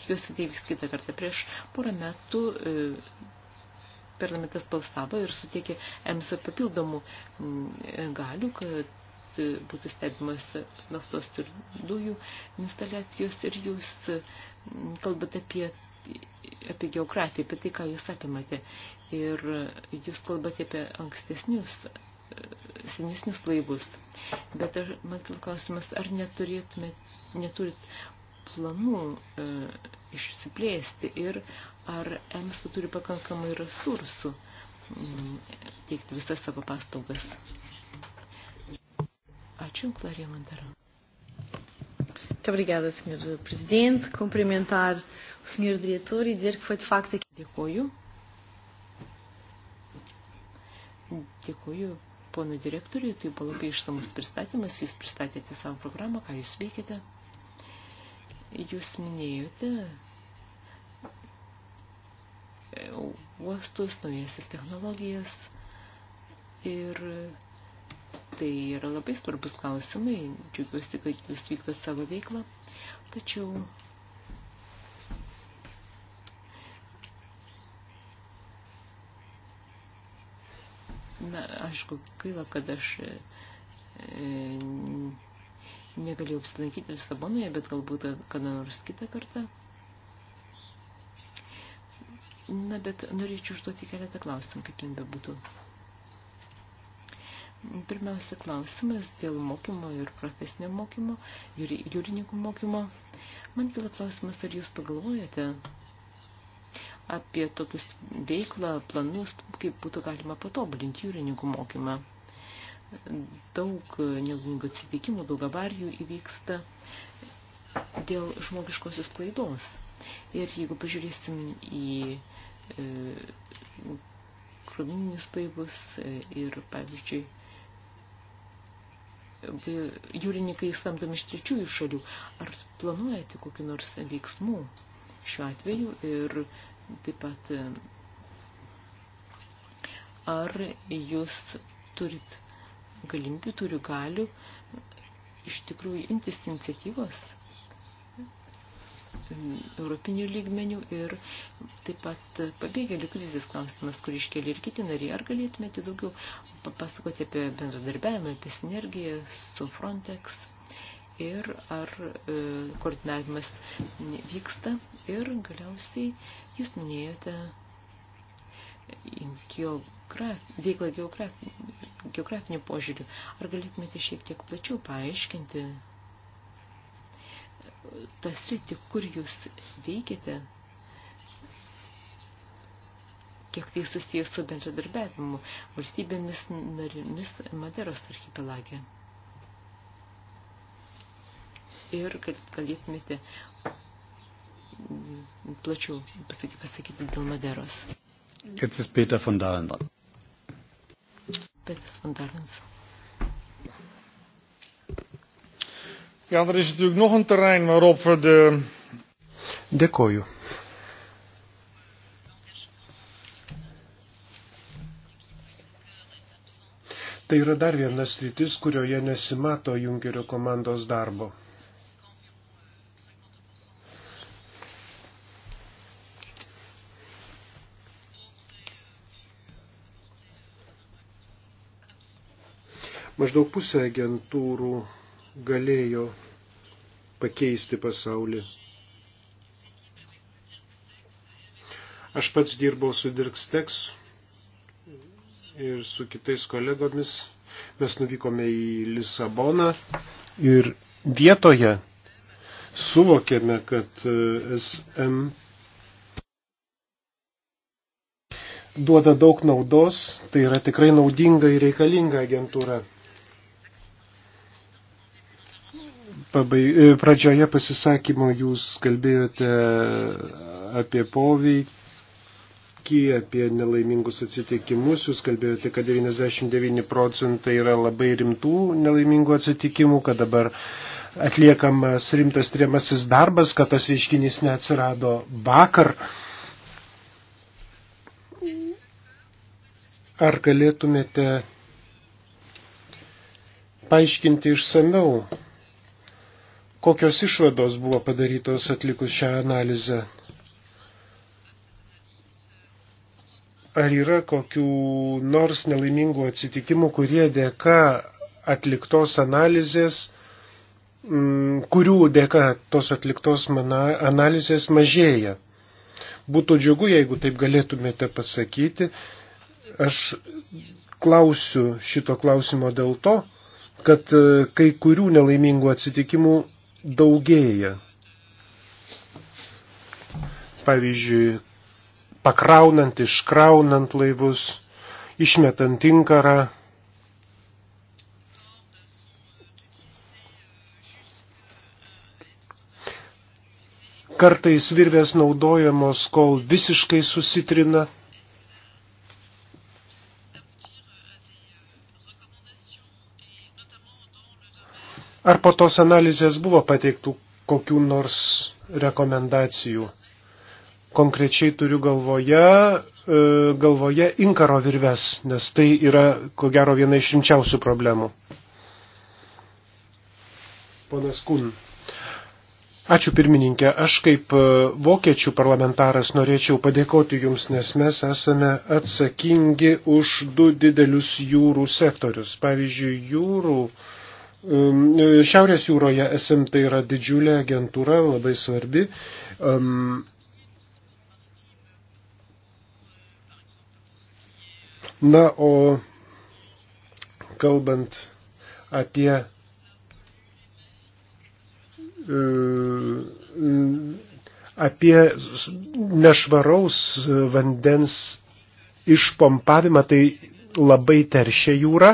B: Tikiuosi, tai vyks kitą kartą. Prieš porą metų e, parlamentas balsavo ir sutiekė EMSO papildomų mm, galių, kad būtų stebimas naftos ir dujų instaliacijos ir jūs mm, kalbate apie apie geografiją, apie tai, ką jūs apimate. Ir jūs kalbate apie ankstesnius, senesnius laivus. Bet ar, man kil klausimas, ar neturėtume, neturit planų e, išsiplėsti ir ar EMSA turi pakankamai resursų m, mm, teikti visas savo paslaugas. Ačiū, Klarija Mandara. Muito obrigada, Sr. Presidente. Cumprimentar o Sr. Diretor e dizer que foi de facto aqui. Dėkoju. Dėkoju ponui direktoriui, e tai buvo labai išsamus pristatymas, jūs pristatėte savo programą, ką jūs veikėte. E jūs eh, minėjote uostus, naujasis technologijas ir Tai yra labai svarbus klausimai, džiugiuosi, kad jūs vykdot savo veiklą, tačiau Na, aišku, gaila, kad aš e, negalėjau apsilankyti Lisabonoje, bet galbūt kada nors kitą kartą. Na, bet norėčiau užduoti keletą klausimų, kaip ten bebūtų. būtų. Pirmiausia, klausimas dėl mokymo ir profesinio mokymo, jūrininkų mokymo. Man kila klausimas, ar jūs pagalvojate apie tokius veiklą, planus, kaip būtų galima patobulinti jūrininkų mokymą. Daug nelaimingų atsitikimų, daug avarijų įvyksta dėl žmogiškosios klaidos. Ir jeigu pažiūrėsim į e, krovininius laivus e, ir, pavyzdžiui, E, jūrininkai samdomi iš trečiųjų šalių. Ar planuojate kokiu nors veiksmų šiuo atveju ir taip pat e, ar jūs turit galimybių, turi galių iš tikrųjų imtis iniciatyvos europinių lygmenių ir taip pat pabėgėlių krizės klausimas, kurį iškėlė ir kiti nariai. Ar galėtumėte daugiau papasakoti apie bendradarbiavimą, apie sinergiją su Frontex ir ar e, koordinavimas vyksta ir galiausiai jūs minėjote geograf, veiklą geograf, geografinių požiūrių. Ar galėtumėte šiek tiek plačiau paaiškinti tą sritį, kur jūs veikiate, kiek tai susijęs su bendradarbiavimu valstybėmis narimis Maderos archipelagė. Ir kad galėtumėte plačiau pasakyti, pasakyti dėl Maderos. Jetzt ist
A: Peter von Dahlen dran.
B: Peter von Dahlens.
C: Ja, er is natuurlijk nog een terrein waarop we de.
D: Dėkoju. Tai yra dar vienas rytis, kurioje nesimato Junkerio komandos darbo. Maždaug pusė agentūrų galėjo pakeisti pasaulį. Aš pats dirbau su Dirksteks ir su kitais kolegomis. Mes nuvykome į Lisaboną ir vietoje suvokėme, kad e, SM duoda daug naudos, tai yra tikrai naudinga ir reikalinga agentūra. pabai, e, pradžioje pasisakymo jūs kalbėjote apie poveikį, apie nelaimingus atsitikimus. Jūs kalbėjote, kad 99 procentai yra labai rimtų nelaimingų atsitikimų, kad dabar atliekamas rimtas triamasis darbas, kad tas reiškinys neatsirado vakar. Ar galėtumėte paaiškinti išsameu Kokios išvados buvo padarytos atlikus šią analizę? Ar yra kokių nors nelaimingų atsitikimų, kurie dėka atliktos analizės, mm, kurių dėka tos atliktos analizės mažėja? Būtų džiugu, jeigu taip galėtumėte pasakyti. Aš klausiu šito klausimo dėl to, kad e, kai kurių nelaimingų atsitikimų daugėja. Pavyzdžiui, pakraunant, iškraunant laivus, išmetant inkarą. Kartais virvės naudojamos, kol visiškai susitrina Ar po tos analizės buvo pateiktų kokių nors rekomendacijų? Konkrečiai turiu galvoje, e, galvoje inkaro virves, nes tai yra, ko gero, viena iš rimčiausių problemų. Ponas Kun. Ačiū pirmininkė, aš kaip e, vokiečių parlamentaras norėčiau padėkoti Jums, nes mes esame atsakingi už du didelius jūrų sektorius. Pavyzdžiui, jūrų uh, E, Šiaurės jūroje SM tai yra didžiulė agentūra, labai svarbi. Na, o kalbant apie e, apie nešvaraus vandens išpompavimą, tai labai teršia jūrą.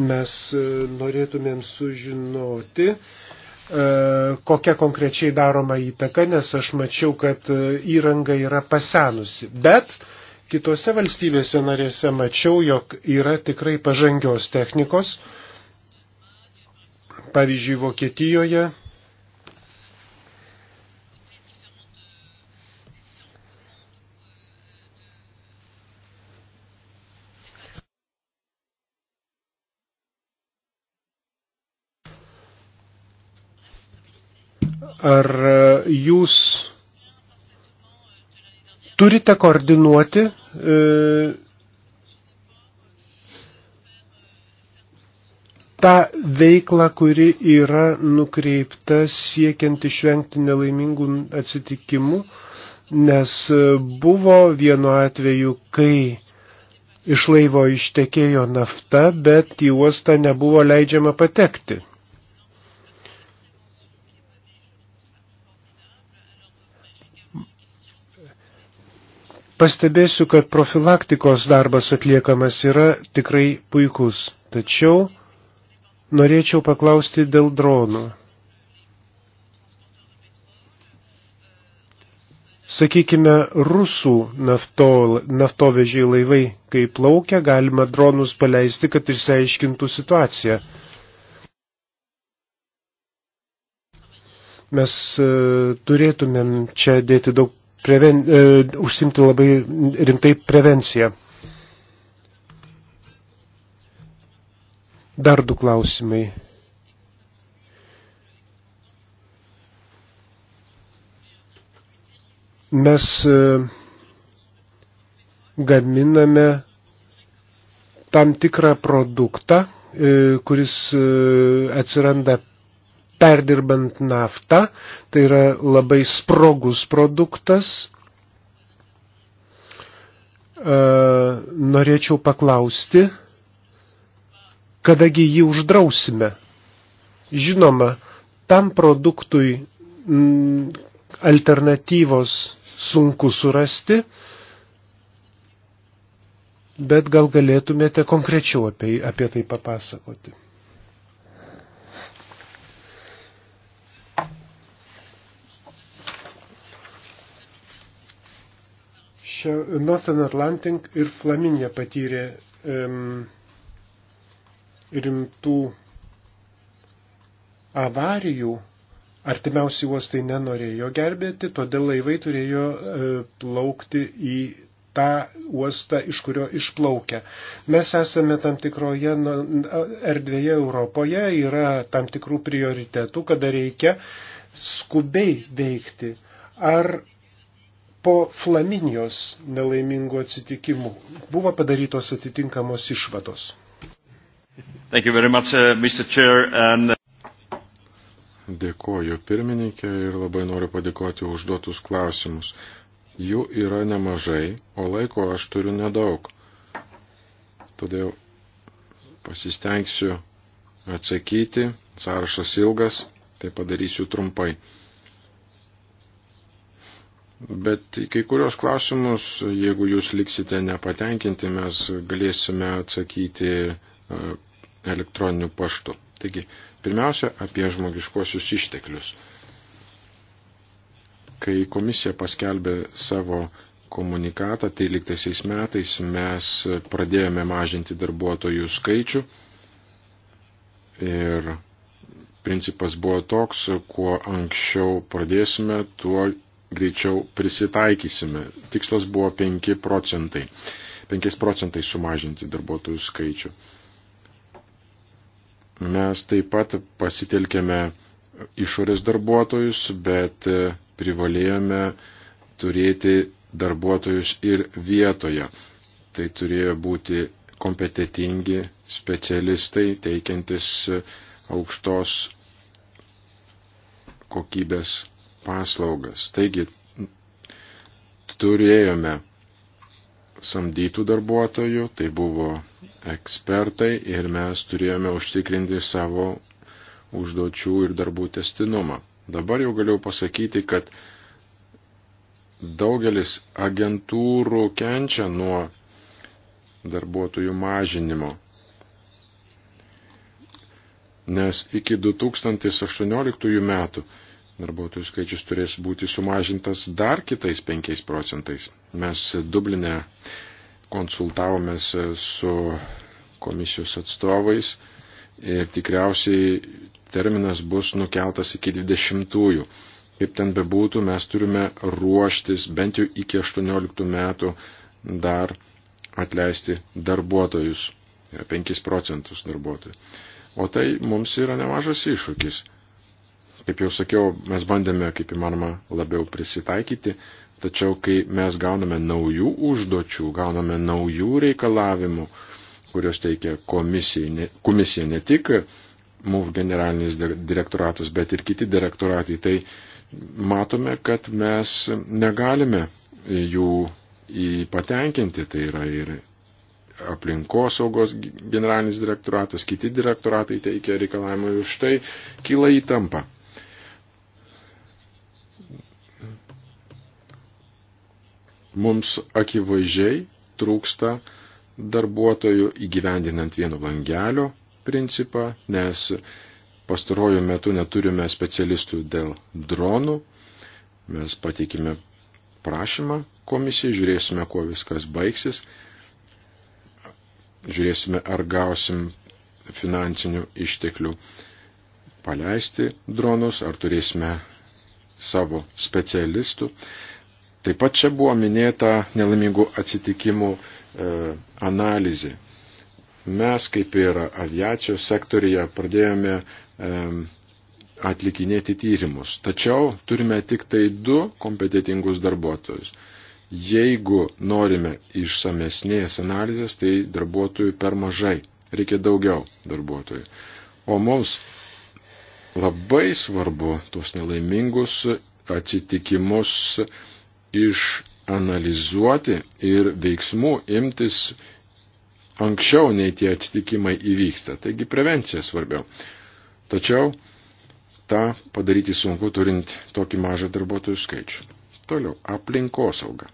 D: Mes e, norėtumėm sužinoti, e, kokia konkrečiai daroma įtaka, nes aš mačiau, kad e, įranga yra pasenusi. Bet kitose valstybėse narėse mačiau, jog yra tikrai pažangios technikos. Pavyzdžiui, Vokietijoje Ar e, jūs turite koordinuoti e, tą veiklą, kuri yra nukreipta siekiant išvengti nelaimingų atsitikimų, nes e, buvo vienu atveju, kai iš laivo ištekėjo nafta, bet į uostą nebuvo leidžiama patekti. Pastebėsiu, kad profilaktikos darbas atliekamas yra tikrai puikus, tačiau norėčiau paklausti dėl dronų. sakykime, rusų nafto, naftovežiai laivai, kai plaukia, galima dronus paleisti, kad išsiaiškintų situaciją. Mes e, turėtumėm čia dėti daug preven, e, užsimti labai rimtai prevenciją. Dar du klausimai. Mes e, gaminame tam tikrą produktą, e, kuris e, atsiranda perdirbant naftą, tai yra labai sprogus produktas. E, norėčiau paklausti, kadagi jį uždrausime. Žinoma, tam produktui alternatyvos sunku surasti, bet gal galėtumėte konkrečiau apie, apie tai papasakoti. čia Northern Atlantic ir Flaminė patyrė um, rimtų avarijų. Artimiausi uostai nenorėjo gerbėti, todėl laivai turėjo e, plaukti į tą uostą, iš kurio išplaukia. Mes esame tam tikroje erdvėje Europoje, yra tam tikrų prioritetų, kada reikia skubiai veikti. Ar po Flaminijos nelaimingų atsitikimų buvo padarytos atitinkamos išvados.
C: Much, uh, Chair, and... Uh, Dėkoju pirmininkė ir labai noriu padėkoti užduotus klausimus. Jų yra nemažai, o laiko aš turiu nedaug. Todėl pasistengsiu atsakyti, sąrašas ilgas, tai padarysiu trumpai. Bet kai kurios klausimus, jeigu jūs liksite nepatenkinti, mes galėsime atsakyti e, elektroniniu paštu. Taigi, pirmiausia, apie žmogiškuosius išteklius. Kai komisija paskelbė savo komunikatą 13 metais, mes pradėjome mažinti darbuotojų skaičių ir principas buvo toks, kuo anksčiau pradėsime, tuo greičiau prisitaikysime. Tikslas buvo 5 procentai. 5 procentai sumažinti darbuotojų skaičių. Mes taip pat pasitelkėme išorės darbuotojus, bet privalėjome turėti darbuotojus ir vietoje. Tai turėjo būti kompetitingi specialistai, teikiantis aukštos kokybės paslaugas. Taigi turėjome samdytų darbuotojų, tai buvo ekspertai ir mes turėjome užtikrinti savo užduočių ir darbų testinumą. Dabar jau galiu pasakyti, kad daugelis agentūrų kenčia nuo darbuotojų mažinimo. Nes iki 2018 metų darbuotojų skaičius turės būti sumažintas dar kitais 5 procentais. Mes Dublinė konsultavomės su komisijos atstovais ir tikriausiai terminas bus nukeltas iki 20-ųjų. Kaip ten bebūtų, mes turime ruoštis bent jau iki 18 metų dar atleisti darbuotojus. Tai yra 5 procentus darbuotojų. O tai mums yra nemažas iššūkis. Kaip jau sakiau, mes bandėme kaip įmanoma labiau prisitaikyti, tačiau kai mes gauname naujų užduočių, gauname naujų reikalavimų, kurios teikia komisija, komisija ne tik MUV generalinis direktoratas, bet ir kiti direktoratai, tai matome, kad mes negalime jų patenkinti, tai yra ir aplinkosaugos generalinis direktoratas, kiti direktoratai teikia reikalavimą ir už tai kyla įtampa. mums akivaizdžiai trūksta darbuotojų įgyvendinant vieno langelio principą, nes pastarojų metų neturime specialistų dėl dronų. Mes pateikime prašymą komisijai, žiūrėsime, kuo viskas baigsis, žiūrėsime, ar gausim finansinių išteklių paleisti dronus, ar turėsime savo specialistų. Taip pat čia buvo minėta nelamingų atsitikimų e, analizė. Mes, kaip ir aviacijos sektorija, pradėjome e, atlikinėti tyrimus. Tačiau turime tik tai du kompetitingus darbuotojus. Jeigu norime išsamesnės analizės, tai darbuotojų per mažai. Reikia daugiau darbuotojų. O mums labai svarbu tuos nelaimingus atsitikimus išanalizuoti ir veiksmų imtis anksčiau, nei tie atsitikimai įvyksta. Taigi prevencija svarbiau. Tačiau tą padaryti sunku turint tokį mažą darbuotojų skaičių. Toliau, aplinkosauga.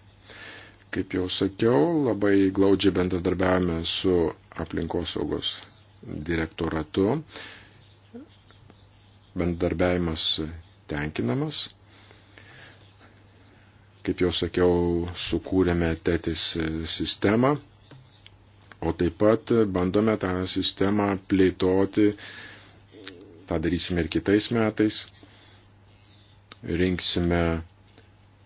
C: Kaip jau sakiau, labai glaudžiai bendradarbiavame su aplinkosaugos direktoratu. Bendradarbiavimas tenkinamas. Kaip jau sakiau, sukūrėme tetis sistemą, o taip pat bandome tą sistemą plėtoti, tą darysime ir kitais metais, rinksime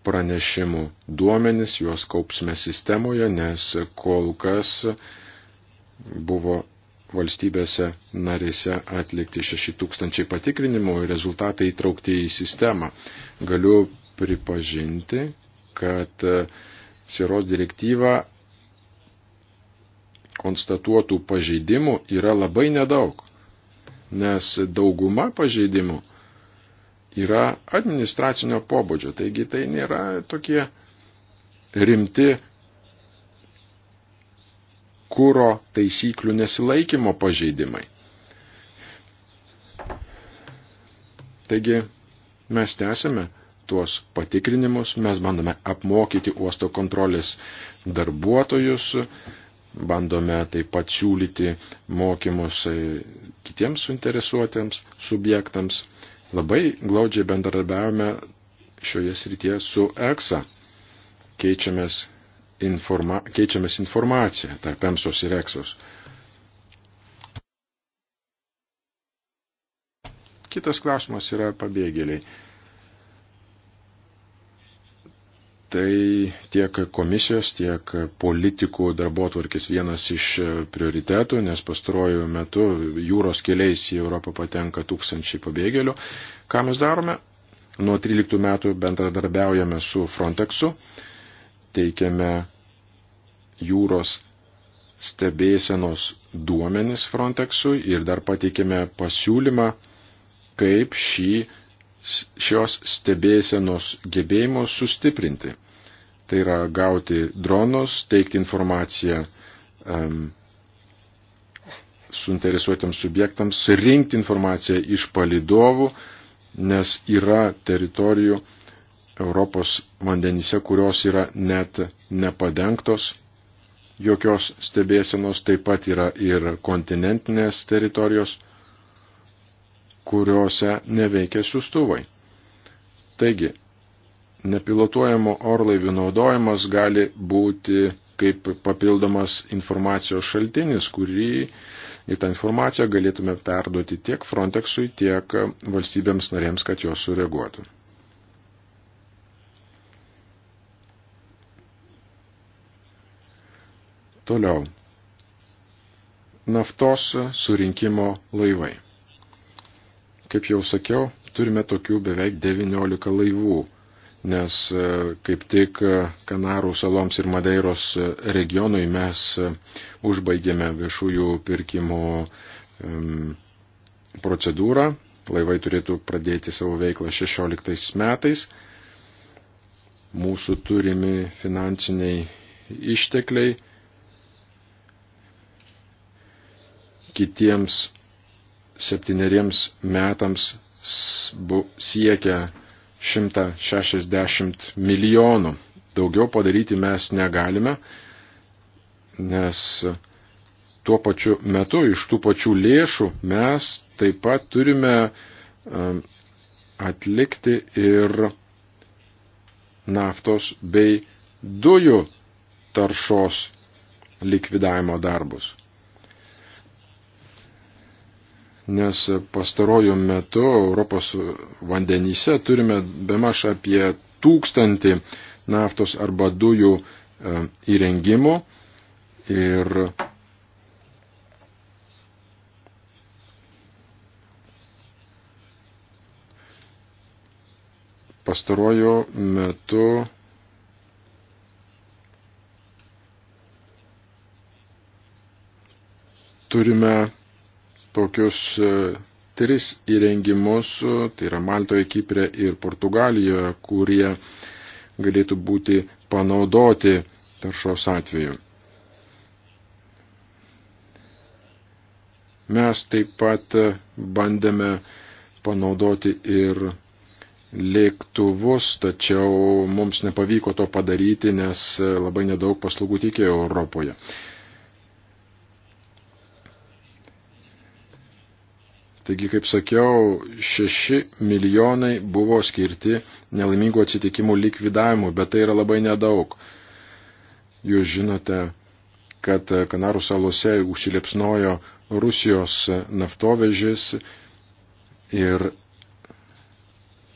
C: pranešimų duomenis, juos kaupsime sistemoje, nes kol kas buvo valstybėse narėse atlikti 6000 patikrinimų ir rezultatai įtraukti į sistemą. Galiu pripažinti, kad e, siros direktyva konstatuotų pažeidimų yra labai nedaug, nes dauguma pažeidimų yra administracinio pobūdžio, taigi tai nėra tokie rimti kūro taisyklių nesilaikymo pažeidimai. Taigi mes tęsime tuos patikrinimus, mes bandome apmokyti uosto kontrolės darbuotojus, bandome taip pat siūlyti mokymus e, kitiems suinteresuotiems subjektams. Labai glaudžiai bendradarbiavome šioje srityje su EXA. Keičiamės, informa keičiamės informaciją tarp EMSOS ir EXOS. Kitas klausimas yra pabėgėliai. tai tiek komisijos, tiek politikų darbo tvarkis vienas iš prioritetų, nes pastarojų metų jūros keliais į Europą patenka tūkstančiai pabėgėlių. Ką mes darome? Nuo 13 metų bendradarbiaujame su Frontexu, teikiame jūros stebėsenos duomenis Frontexui ir dar pateikėme pasiūlymą, kaip šį šios stebėsenos gebėjimo sustiprinti. Tai yra gauti dronus, teikti informaciją um, suinteresuotams subjektams, rinkti informaciją iš palidovų, nes yra teritorijų Europos vandenyse, kurios yra net nepadengtos jokios stebėsenos, taip pat yra ir kontinentinės teritorijos kuriuose neveikia siustuvai. Taigi, nepilotuojamo orlaivių naudojimas gali būti kaip papildomas informacijos šaltinis, kurį į tą informaciją galėtume perduoti tiek Frontexui, tiek valstybėms narėms, kad jos sureaguotų. Toliau. Naftos surinkimo laivai. Kaip jau sakiau, turime tokių beveik 19 laivų, nes e, kaip tik e, Kanarų saloms ir Madeiros e, regionui mes užbaigėme viešųjų pirkimų procedūrą. Laivai turėtų pradėti savo veiklą 16 metais. Mūsų turimi finansiniai ištekliai kitiems septyneriems metams siekia 160 milijonų. Daugiau padaryti mes negalime, nes tuo pačiu metu iš tų pačių lėšų mes taip pat turime um, atlikti ir naftos bei dujų taršos likvidavimo darbus nes pastarojų metu Europos vandenyse turime bemaž apie tūkstantį naftos arba dujų e, įrengimų ir pastarojų metu turime tokius e, tris įrengimus, e, tai yra Maltoje, Kiprė ir Portugalijoje, kurie galėtų būti panaudoti taršos atveju. Mes taip pat e, bandėme panaudoti ir lėktuvus, tačiau mums nepavyko to padaryti, nes labai nedaug paslaugų tikėjo Europoje. Taigi, kaip sakiau, 6 milijonai buvo skirti nelaimingų atsitikimų likvidavimui, bet tai yra labai nedaug. Jūs žinote, kad Kanarų salose užsilepsnojo Rusijos naftovežis ir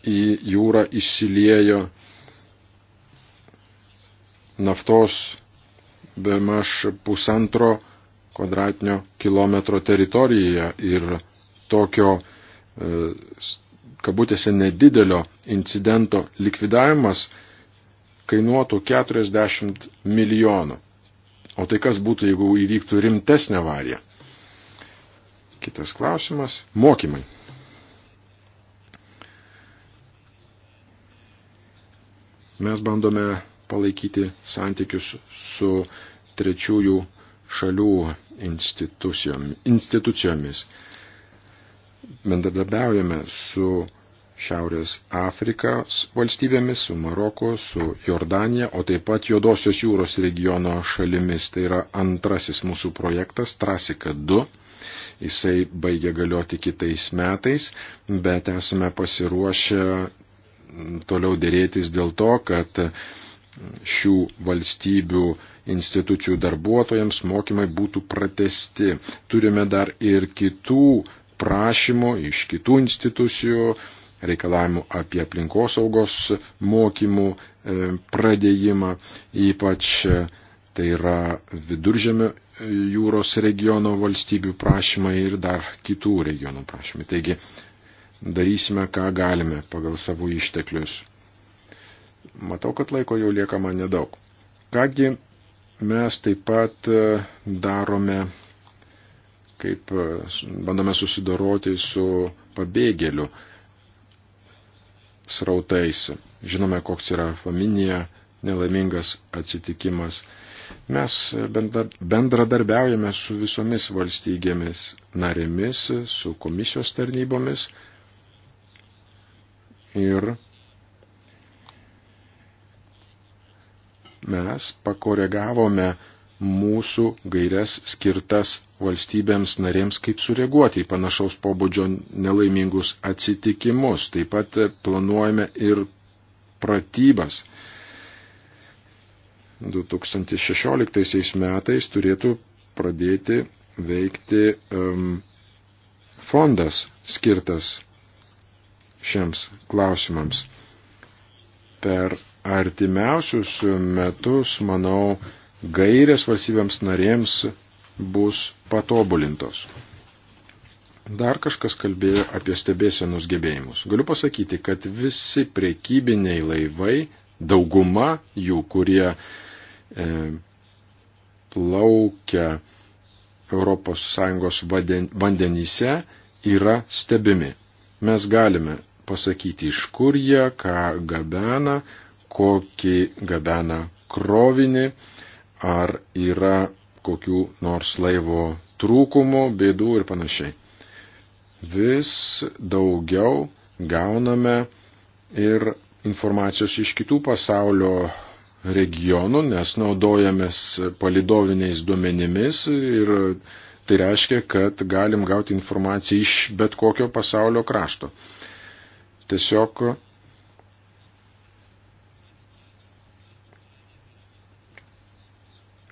C: į jūrą įsiliejo naftos bemaž pusantro kvadratinio kilometro teritorijoje ir tokio e, kabutėse nedidelio incidento likvidavimas kainuotų 40 milijonų. O tai kas būtų, jeigu įvyktų rimtesnė avarija? Kitas klausimas – mokymai. Mes bandome palaikyti santykius su trečiųjų šalių institucijomis bendradarbiaujame su Šiaurės Afrikos valstybėmis, su Maroku, su Jordanija, o taip pat Jodosios jūros regiono šalimis. Tai yra antrasis mūsų projektas, Trasika 2. Jisai baigia galioti kitais metais, bet esame pasiruošę toliau dėrėtis dėl to, kad šių valstybių institucijų darbuotojams mokymai būtų pratesti. Turime dar ir kitų prašymų iš kitų institucijų, reikalavimų apie aplinkosaugos mokymų e, pradėjimą, ypač e, tai yra viduržėmio e, jūros regiono valstybių prašymai ir dar kitų regionų prašymai. Taigi darysime, ką galime pagal savo išteklius. Matau, kad laiko jau lieka man nedaug. Kągi mes taip pat darome kaip e, bandome susidoroti su pabėgėliu srautais. Žinome, koks yra faminija, nelaimingas atsitikimas. Mes e, bendradarbiaujame su visomis valstybėmis narėmis, su komisijos tarnybomis ir mes pakoregavome mūsų gairias skirtas valstybėms narėms, kaip sureaguoti į panašaus pobūdžio nelaimingus atsitikimus. Taip pat planuojame ir pratybas. 2016 metais turėtų pradėti veikti um, fondas skirtas šiems klausimams. Per artimiausius metus, manau, gairės valstybėms narėms bus patobulintos. Dar kažkas kalbėjo apie stebėsenos gebėjimus. Galiu pasakyti, kad visi priekybiniai laivai, dauguma jų, kurie e, plaukia ES vandenyse, yra stebimi. Mes galime pasakyti, iš kur jie, ką gabena, kokį gabena krovinį, ar yra kokių nors laivo trūkumų, bėdų ir panašiai. Vis daugiau gauname ir informacijos iš kitų pasaulio regionų, nes naudojamės palidoviniais duomenimis ir tai reiškia, kad galim gauti informaciją iš bet kokio pasaulio krašto. Tiesiog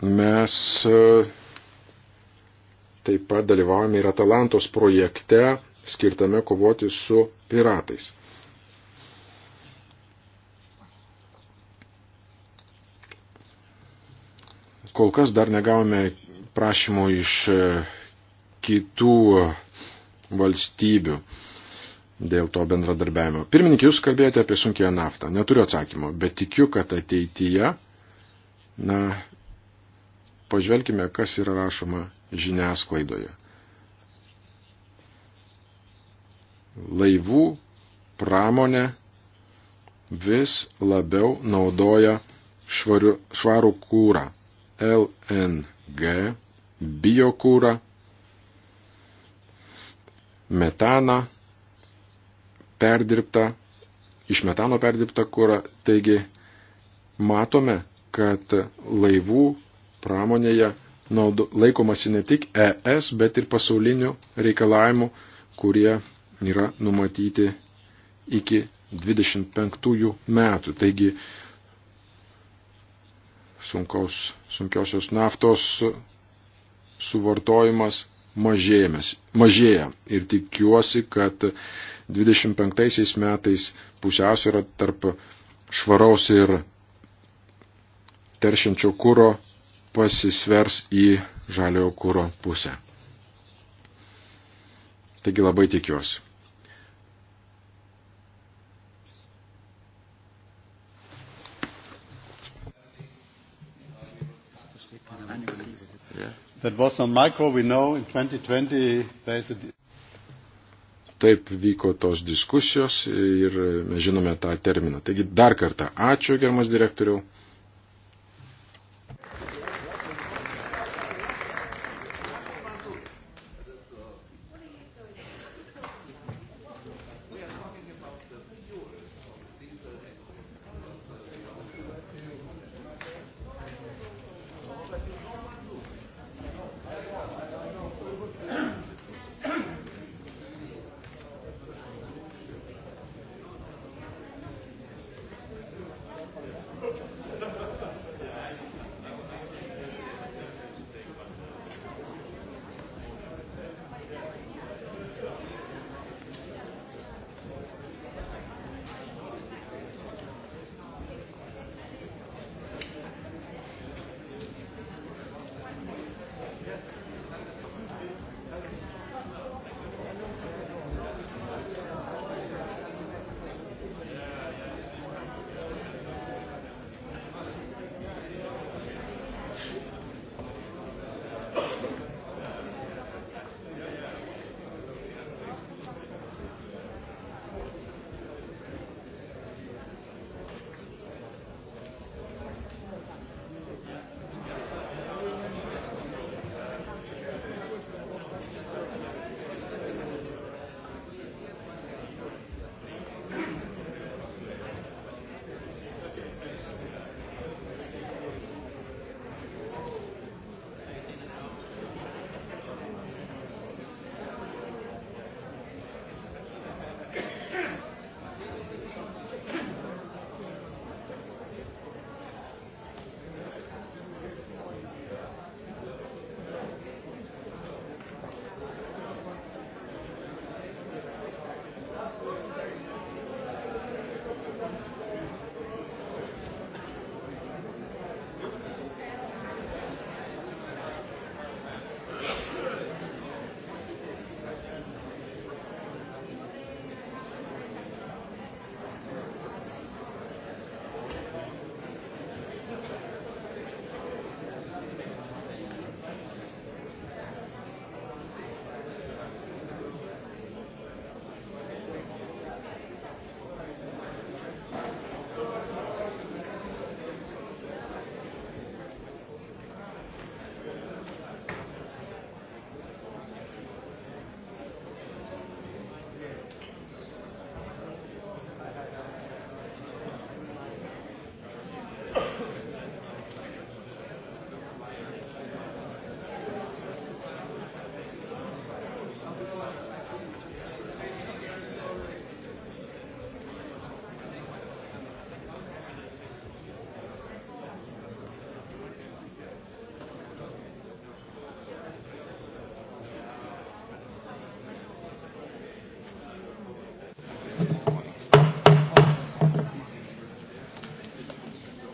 C: Mes e, taip pat dalyvaujame ir Atalantos projekte skirtame kovoti su piratais. Kol kas dar negavome prašymų iš e, kitų valstybių dėl to bendradarbiavimo. Pirmininkai, jūs kalbėjote apie sunkią naftą. Neturiu atsakymo, bet tikiu, kad ateityje na, pažvelkime, kas yra rašoma žiniasklaidoje. Laivų pramonė vis labiau naudoja švariu, švarų kūrą LNG, biokūrą, metaną, perdirbtą, iš metano perdirbtą kūrą. Taigi matome, kad laivų pramonėje naudo, laikomasi ne tik ES, bet ir pasaulinių reikalavimų, kurie yra numatyti iki 25 metų. Taigi sunkaus, sunkiosios naftos suvartojimas mažėjimas, mažėja. Ir tikiuosi, kad 25 metais pusiausvėra tarp švaraus ir teršiančio kūro pasisvers į žaliojo kūro pusę. Taigi labai tikiuosi.
A: That was not micro, we know in 2020 there is a
C: taip vyko tos diskusijos ir mes žinome tą terminą. Taigi dar kartą ačiū, germas direktoriau.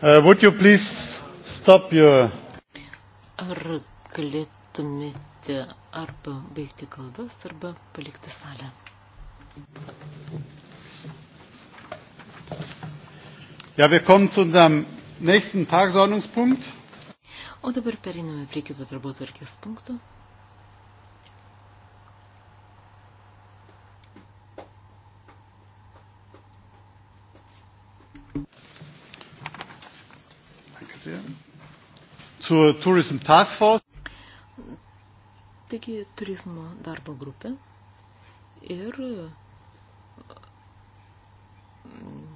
A: Uh, would you please stop your...
B: Ar galėtumėte arba baigti kalbas, arba palikti salę?
A: Ja, wir kommen zu unserem nächsten
B: Tagesordnungspunkt. O dabar periname prie kito darbo tvarkės punkto.
A: zur Tourism Task Force.
B: Taigi turizmo darbo grupė ir mm,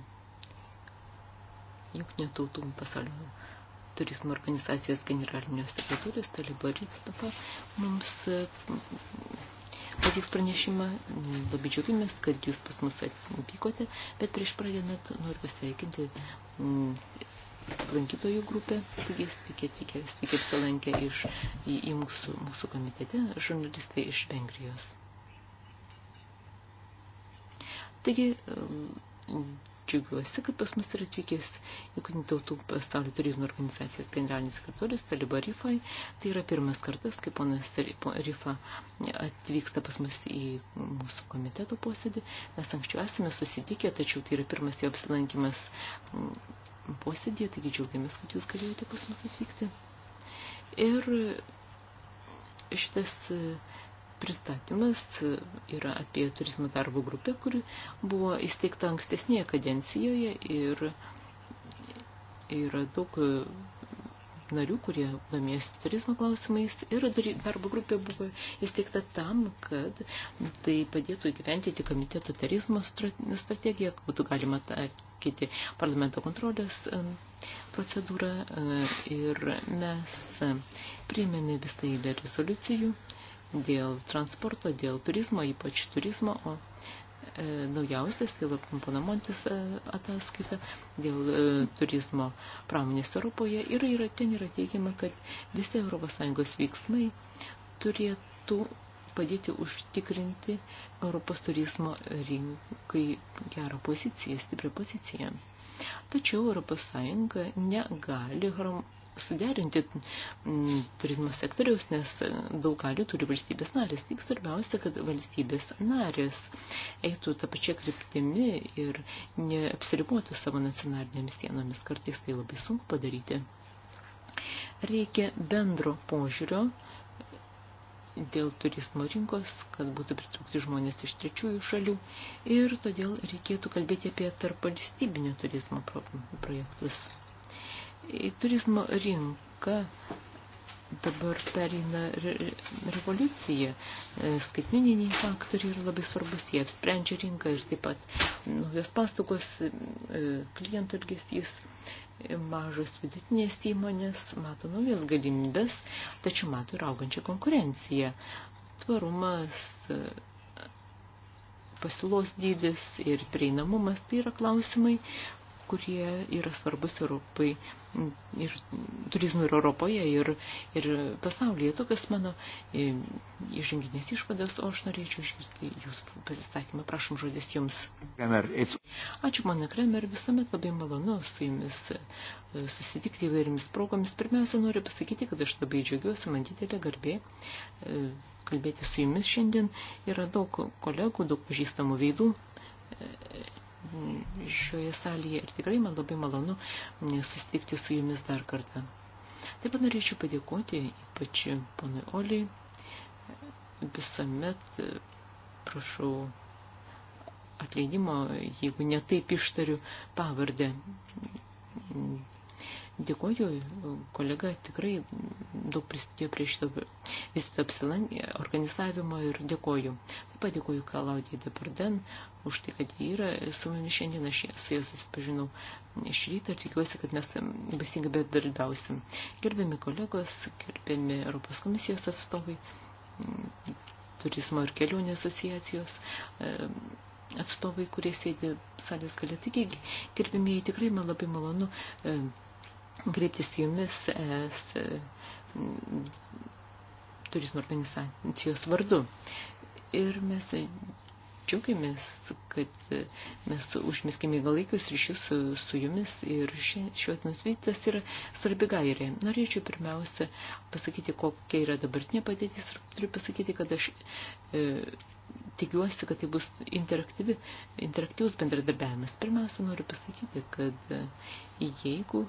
B: jungtinių tautų pasaulio turizmo organizacijos generalinio sekretorius Talibarita mums mm, patys pranešimą. Labai džiaugiamės, kad jūs pas mus atvykote, bet prieš pradedant noriu pasveikinti mm, lankytojų grupė, taigi sveiki atvykę, sveiki apsilankę iš, į, į mūsų, mūsų komitete, žurnalistai iš Vengrijos. Taigi, džiugiuosi, kad pas mus yra atvykęs Junktinių tautų pasaulio turizmo organizacijos generalinis sekretorius Taliba Rifai. Tai yra pirmas kartas, kai ponas Rifa atvyksta pas mus į mūsų komiteto posėdį. Mes anksčiau esame susitikę, tačiau tai yra pirmas jo apsilankimas posėdį, taigi džiaugiamės, kad jūs galėjote pas mus atvykti. Ir šitas pristatymas yra apie turizmo darbo grupę, kuri buvo įsteigta ankstesnėje kadencijoje ir yra daug narių, kurie domėjosi turizmo klausimais ir darbo grupė buvo įsteigta tam, kad tai padėtų įgyventyti komiteto turizmo strategiją, kad būtų galima taikyti parlamento kontrolės e, procedūrą e, ir mes e, priėmėme visą eilę rezoliucijų dėl transporto, dėl turizmo, ypač turizmo, o naujausias, dėl tai komponamontis ataskaita, dėl turizmo pramonės Europoje. Ir yra, ten yra teigiama, kad visi ES veiksmai turėtų padėti užtikrinti Europos turizmo rinkai gerą poziciją, stiprią poziciją. Tačiau Europos Sąjunga negali suderinti mm, turizmo sektoriaus, nes e, daug galių turi valstybės narės. Tik svarbiausia, kad valstybės narės eitų tą pačią kryptimį ir neapsiribuotų savo nacionalinėmis sienomis. Kartais tai labai sunku padaryti. Reikia bendro požiūrio dėl turizmo rinkos, kad būtų pritraukti žmonės iš trečiųjų šalių ir todėl reikėtų kalbėti apie tarp valstybinio turizmo projektus. Turizmo rinka dabar pereina re revoliucija, e, skaitmininiai faktoriai yra labai svarbus, jie apsprendžia rinką ir taip pat naujos paslaugos, e, klientų elgesys mažos vidutinės įmonės mato naujas galimybės, tačiau mato ir augančią konkurenciją. Tvarumas, pasiūlos dydis ir prieinamumas tai yra klausimai, kurie yra svarbus Europai ir turizmui ir Europoje ir, ir pasaulyje. Tokios mano išrinkinės e, išvadas, o aš norėčiau išgirsti jūsų pasisakymą. Prašom žodis jums. Kremer, Ačiū, mano Kremer, visuomet labai malonu su jumis e, susitikti įvairiamis progomis. Pirmiausia, noriu pasakyti, kad aš labai džiaugiuosi, man didelė garbė e, kalbėti su jumis šiandien. Yra daug kolegų, daug pažįstamų veidų šioje salėje ir tikrai man labai malonu e, susitikti su jumis dar kartą. Taip pat norėčiau padėkoti ypač ponui Oliai. Visuomet e, prašau atleidimo, jeigu netaip ištariu pavardę Dėkuoju, kolega tikrai daug prisidėjo prie šito visito organizavimo ir dėkuoju. Taip pat dėkuoju Kalaudijai Deparden už tai, kad jį yra su mumis šiandien. Aš su jie susipažinau iš ryto ir tikiuosi, kad mes basingai bedarbiausim. Gerbiami kolegos, gerbiami Europos komisijos atstovai, turizmo ir kelionių asociacijos. E, atstovai, kurie sėdi salės gale. Taigi, gerbimieji, tikrai man labai malonu e, kreiptis jumis es mm, turizmo organizacijos vardu. Ir mes džiaugiamės, kad mes užmiskėme ilgalaikius ryšius su, su jumis ir šios nusvystytas yra svarbi gairė. Norėčiau pirmiausia pasakyti, kokia yra dabartinė padėtis ir turiu pasakyti, kad aš e, tikiuosi, kad tai bus interaktyvi, interaktyvus bendradarbiavimas. Pirmiausia, noriu pasakyti, kad e, jeigu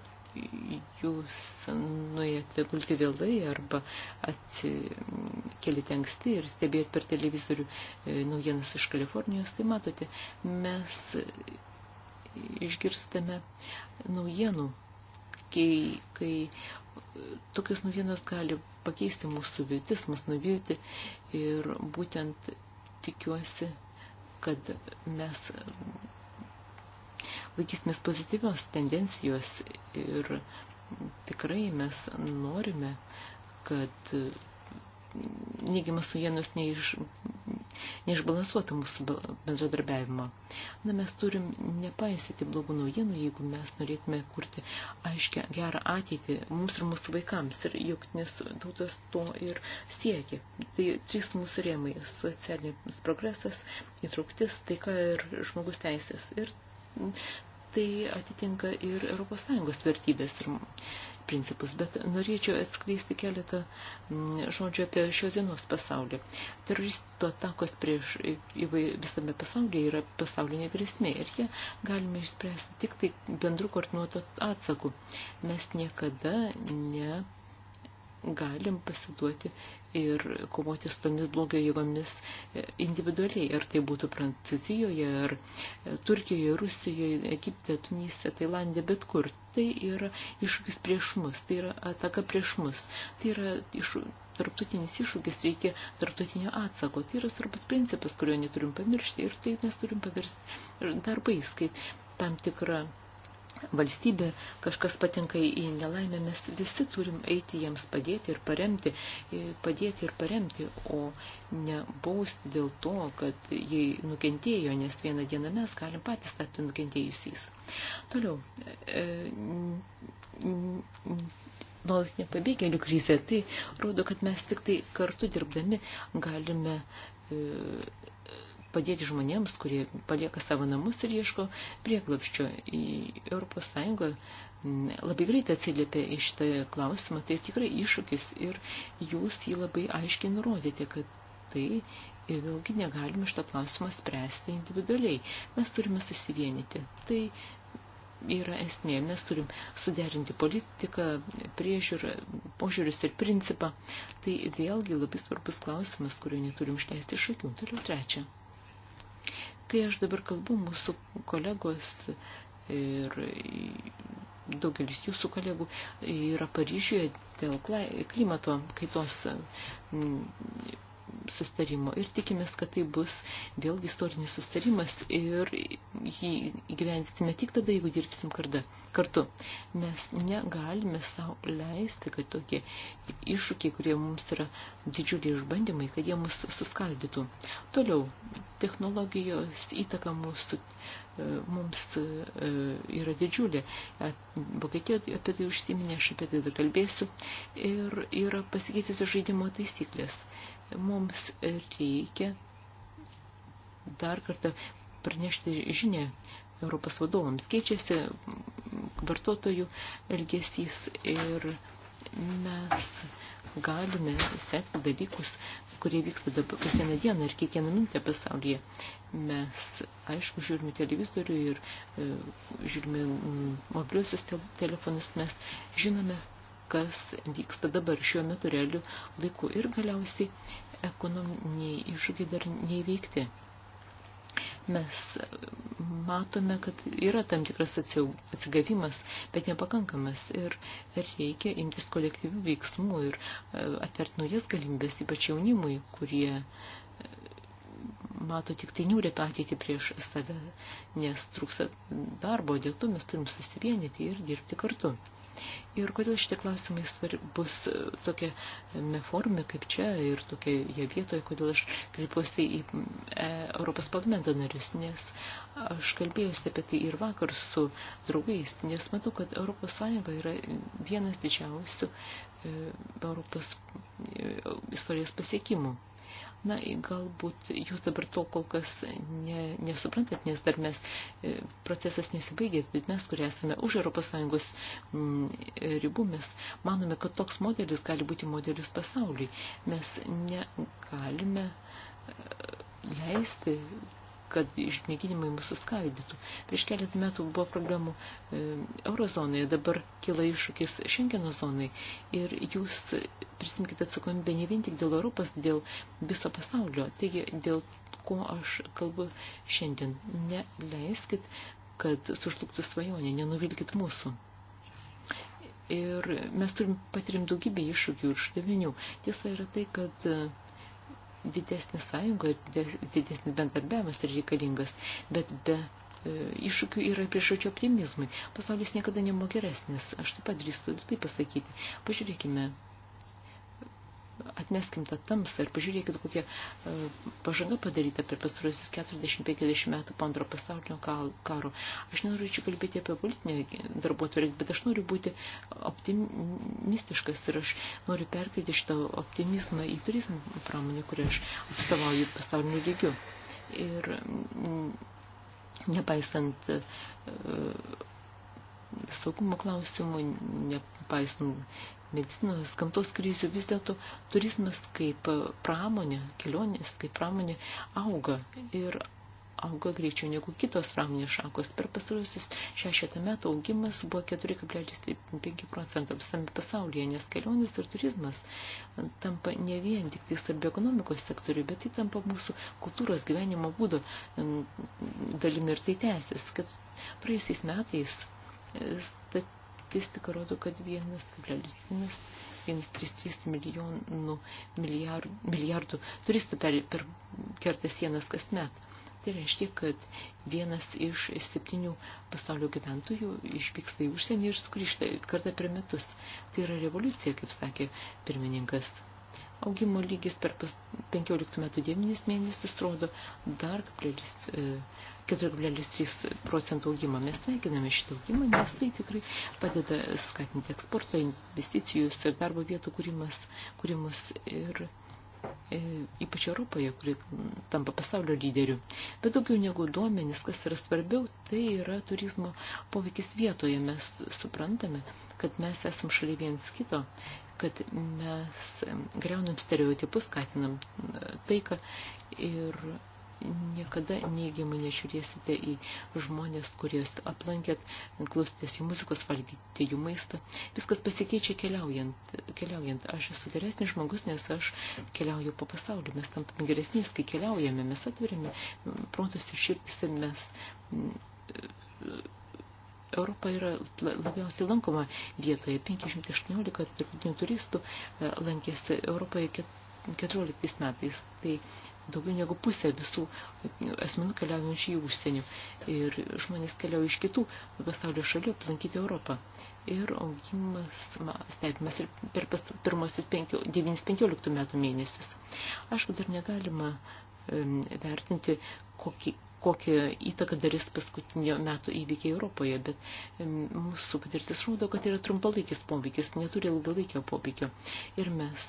B: jūs nuėjote gulti vėlai arba atsikelite anksti ir stebėjot per televizorių e, naujienas iš Kalifornijos, tai matote, mes išgirstame naujienų, kai, kai tokios naujienos gali pakeisti mūsų viltis, mus nuvilti ir būtent tikiuosi, kad mes laikysimės pozityvios tendencijos ir tikrai mes norime, kad neigiamas naujienos neiš, neišbalansuotų mūsų bendradarbiavimą. Na, mes turim nepaisyti blogų naujienų, jeigu mes norėtume kurti aiškę gerą ateitį mums ir mūsų vaikams. Ir jungtinės tautos to ir siekia. Tai trys mūsų rėmai - socialinis progresas, įtrauktis, taika ir žmogus teisės. Ir tai atitinka ir ES vertybės ir principus, bet norėčiau atskleisti keletą mm, žodžių apie šios dienos pasaulį. Teroristų atakos prieš visame pasaulyje yra pasaulinė grėsmė ir jie galime išspręsti tik tai bendru koordinuotų atsakų. Mes niekada ne galim pasiduoti ir kovoti su tomis blogio jėgomis e, individualiai. Ar tai būtų Prancūzijoje, ar e, Turkijoje, Rusijoje, Egipte, Tunise, Tailandė, bet kur. Tai yra iššūkis prieš mus, tai yra ataka prieš mus. Tai yra iš, tarptautinis iššūkis, reikia tarptautinio atsako. Tai yra svarbus principas, kurio neturim pamiršti ir tai mes turim paversti darbais, kaip tam tikra valstybė, kažkas patinka į nelaimę, mes visi turim eiti jiems padėti ir paremti, padėti ir paremti, o ne bausti dėl to, kad jie nukentėjo, nes vieną dieną mes galim patys tapti nukentėjusiais. Toliau, e, nuolatinė pabėgėlių krizė, tai rodo, kad mes tik tai kartu dirbdami galime e, padėti žmonėms, kurie palieka savo namus ir ieško prieglapščio. Europos Sąjunga labai greitai atsiliepė į šitą klausimą, tai tikrai iššūkis ir jūs jį labai aiškiai nurodėte, kad tai ir vėlgi negalime šito klausimo spręsti individualiai. Mes turime susivienyti. Tai yra esmė. Mes turim suderinti politiką, priežiūrą, požiūris ir principą. Tai vėlgi labai svarbus klausimas, kurio neturim išleisti iš akių. Toliau trečia. Kai aš dabar kalbu, mūsų kolegos ir daugelis jūsų kolegų yra Paryžiuje dėl klimato kaitos sustarimo ir tikimės, kad tai bus vėlgi istorinis sustarimas ir jį gyvensime tik tada, jeigu dirbsim kartu. Mes negalime savo leisti, kad tokie iššūkiai, kurie mums yra didžiuliai išbandymai, kad jie mus suskaldytų. Toliau, technologijos įtaka mūsų e, mums e, yra didžiulė. E, Vokietija apie tai užsiminė, aš apie tai dar kalbėsiu. Ir yra pasikeitusi žaidimo taisyklės mums reikia dar kartą pranešti žinę Europos vadovams. Keičiasi vartotojų elgesys ir mes galime sekti dalykus, kurie vyksta dabar kiekvieną dieną ir kiekvieną minutę pasaulyje. Mes, aišku, žiūrime televizorių ir e, žiūrime mm, mobiliuosius telefonus, mes žinome, kas vyksta dabar šiuo metu realiu laiku ir galiausiai ekonominiai iššūkiai dar neįveikti. Mes matome, kad yra tam tikras atsigavimas, bet nepakankamas ir reikia imtis kolektyvių veiksmų ir e, atvert naujas galimybės, ypač jaunimui, kurie e, mato tik tai niūrė ateitį prieš save, nes trūksta darbo, dėl to mes turim susivienyti ir dirbti kartu. Ir kodėl šitie klausimai bus e, tokia e, forma kaip čia ir tokioje vietoje, kodėl aš kreipiuosi į e, Europos parlamento narius, nes aš kalbėjusi apie tai ir vakar su draugais, nes matau, kad Europos Sąjunga yra vienas didžiausių Europos istorijos pasiekimų. Na, galbūt jūs dabar to kol kas ne, nesuprantat, nes dar mes, e, procesas nesibaigė, bet mes, kurie esame už ES mm, ribų, mes manome, kad toks modelis gali būti modelis pasauliui. Mes negalime e, leisti kad išmėginimai mūsų skaidytų. Prieš keletą metų buvo problemų e, eurozonoje, dabar kyla iššūkis Schengeno zonai. Ir jūs prisimkite atsakomybę ne vien tik dėl Europos, dėl viso pasaulio. Taigi, dėl ko aš kalbu šiandien. Neleiskit, kad sužlugtų svajonė, nenuvilkit mūsų. Ir mes turim patirim daugybę iššūkių ir uždavinių. Tiesa yra tai, kad didesnė sąjunga ir didesnis bendarbiavimas yra reikalingas, bet be e, iššūkių yra priešaučio optimizmui. Pasaulis niekada nebuvo geresnis, aš taip pat drįstu tai pasakyti. Pažiūrėkime atmeskim tą tamsą ir pažiūrėkit, kokia e, pažanga padaryta per pastarosius 40-50 metų po antro pasaulinio karo. Aš nenorėčiau kalbėti apie politinę darbuotvarkę, bet aš noriu būti optimistiškas ir aš noriu perkelti šitą optimizmą į turizmų pramonę, kurią aš atstovauju pasauliniu lygiu. Ir mm, nepaisant e, saugumo klausimų, nepaisant medicinos, gamtos krizių, vis dėlto turizmas kaip pramonė, kelionės kaip pramonė auga ir auga greičiau negu kitos pramonės šakos. Per pastarusius šešetą metų augimas buvo 4,5 procentų visame pasaulyje, nes kelionės ir turizmas tampa ne vien tik tai svarbi ekonomikos sektoriui, bet tai tampa mūsų kultūros gyvenimo būdo dalimi ir tai tęsis, kad praėjusiais metais e, stat statistika rodo, kad 1,133 milijonų milijardų, milijardų turistų per, per kerta sienas kasmet. Tai reiškia, kad vienas iš septynių pasaulio gyventojų išvyksta į užsienį ir sugrįžta kartą per metus. Tai yra revoliucija, kaip sakė pirmininkas. Augimo lygis per 15 metų 9 mėnesius rodo dar plėlis 4,3 procentų augimą. Mes sveikiname šitą augimą, nes tai tikrai padeda skatinti eksportą, investicijus ir darbo vietų kūrimas, kūrimus ir e, ypač Europoje, kuri tampa pasaulio lyderiu. Bet daugiau negu duomenys, kas yra svarbiau, tai yra turizmo poveikis vietoje. Mes suprantame, kad mes esam šalia viens kito, kad mes greunam stereotipus, skatinam taiką ir niekada neigiamai nežiūrėsite į žmonės, kuriuos aplankėt, klausotės jų muzikos, valgyti jų maistą. Viskas pasikeičia keliaujant. keliaujant. Aš esu geresnis žmogus, nes aš keliauju po pasaulį. Mes tampame geresniais, kai keliaujame, mes atveriame protus ir širdis, mes mm, Europa yra labiausiai lankoma vietoje. 518 tarptautinių turistų e, lankėsi Europoje 14 metais. Tai daugiau negu pusė visų asmenų keliaujančių į užsienį. Ir žmonės keliauja iš kitų pasaulio šalių aplankyti Europą. Ir augimas stebimas ir per pirmosius 9-15 metų mėnesius. Aišku, dar negalima vertinti, kokį, kokią įtaką darys paskutinio metų įvykiai Europoje, bet mūsų patirtis rodo, kad yra trumpalaikis poveikis, neturi ilgalaikio poveikio. Ir mes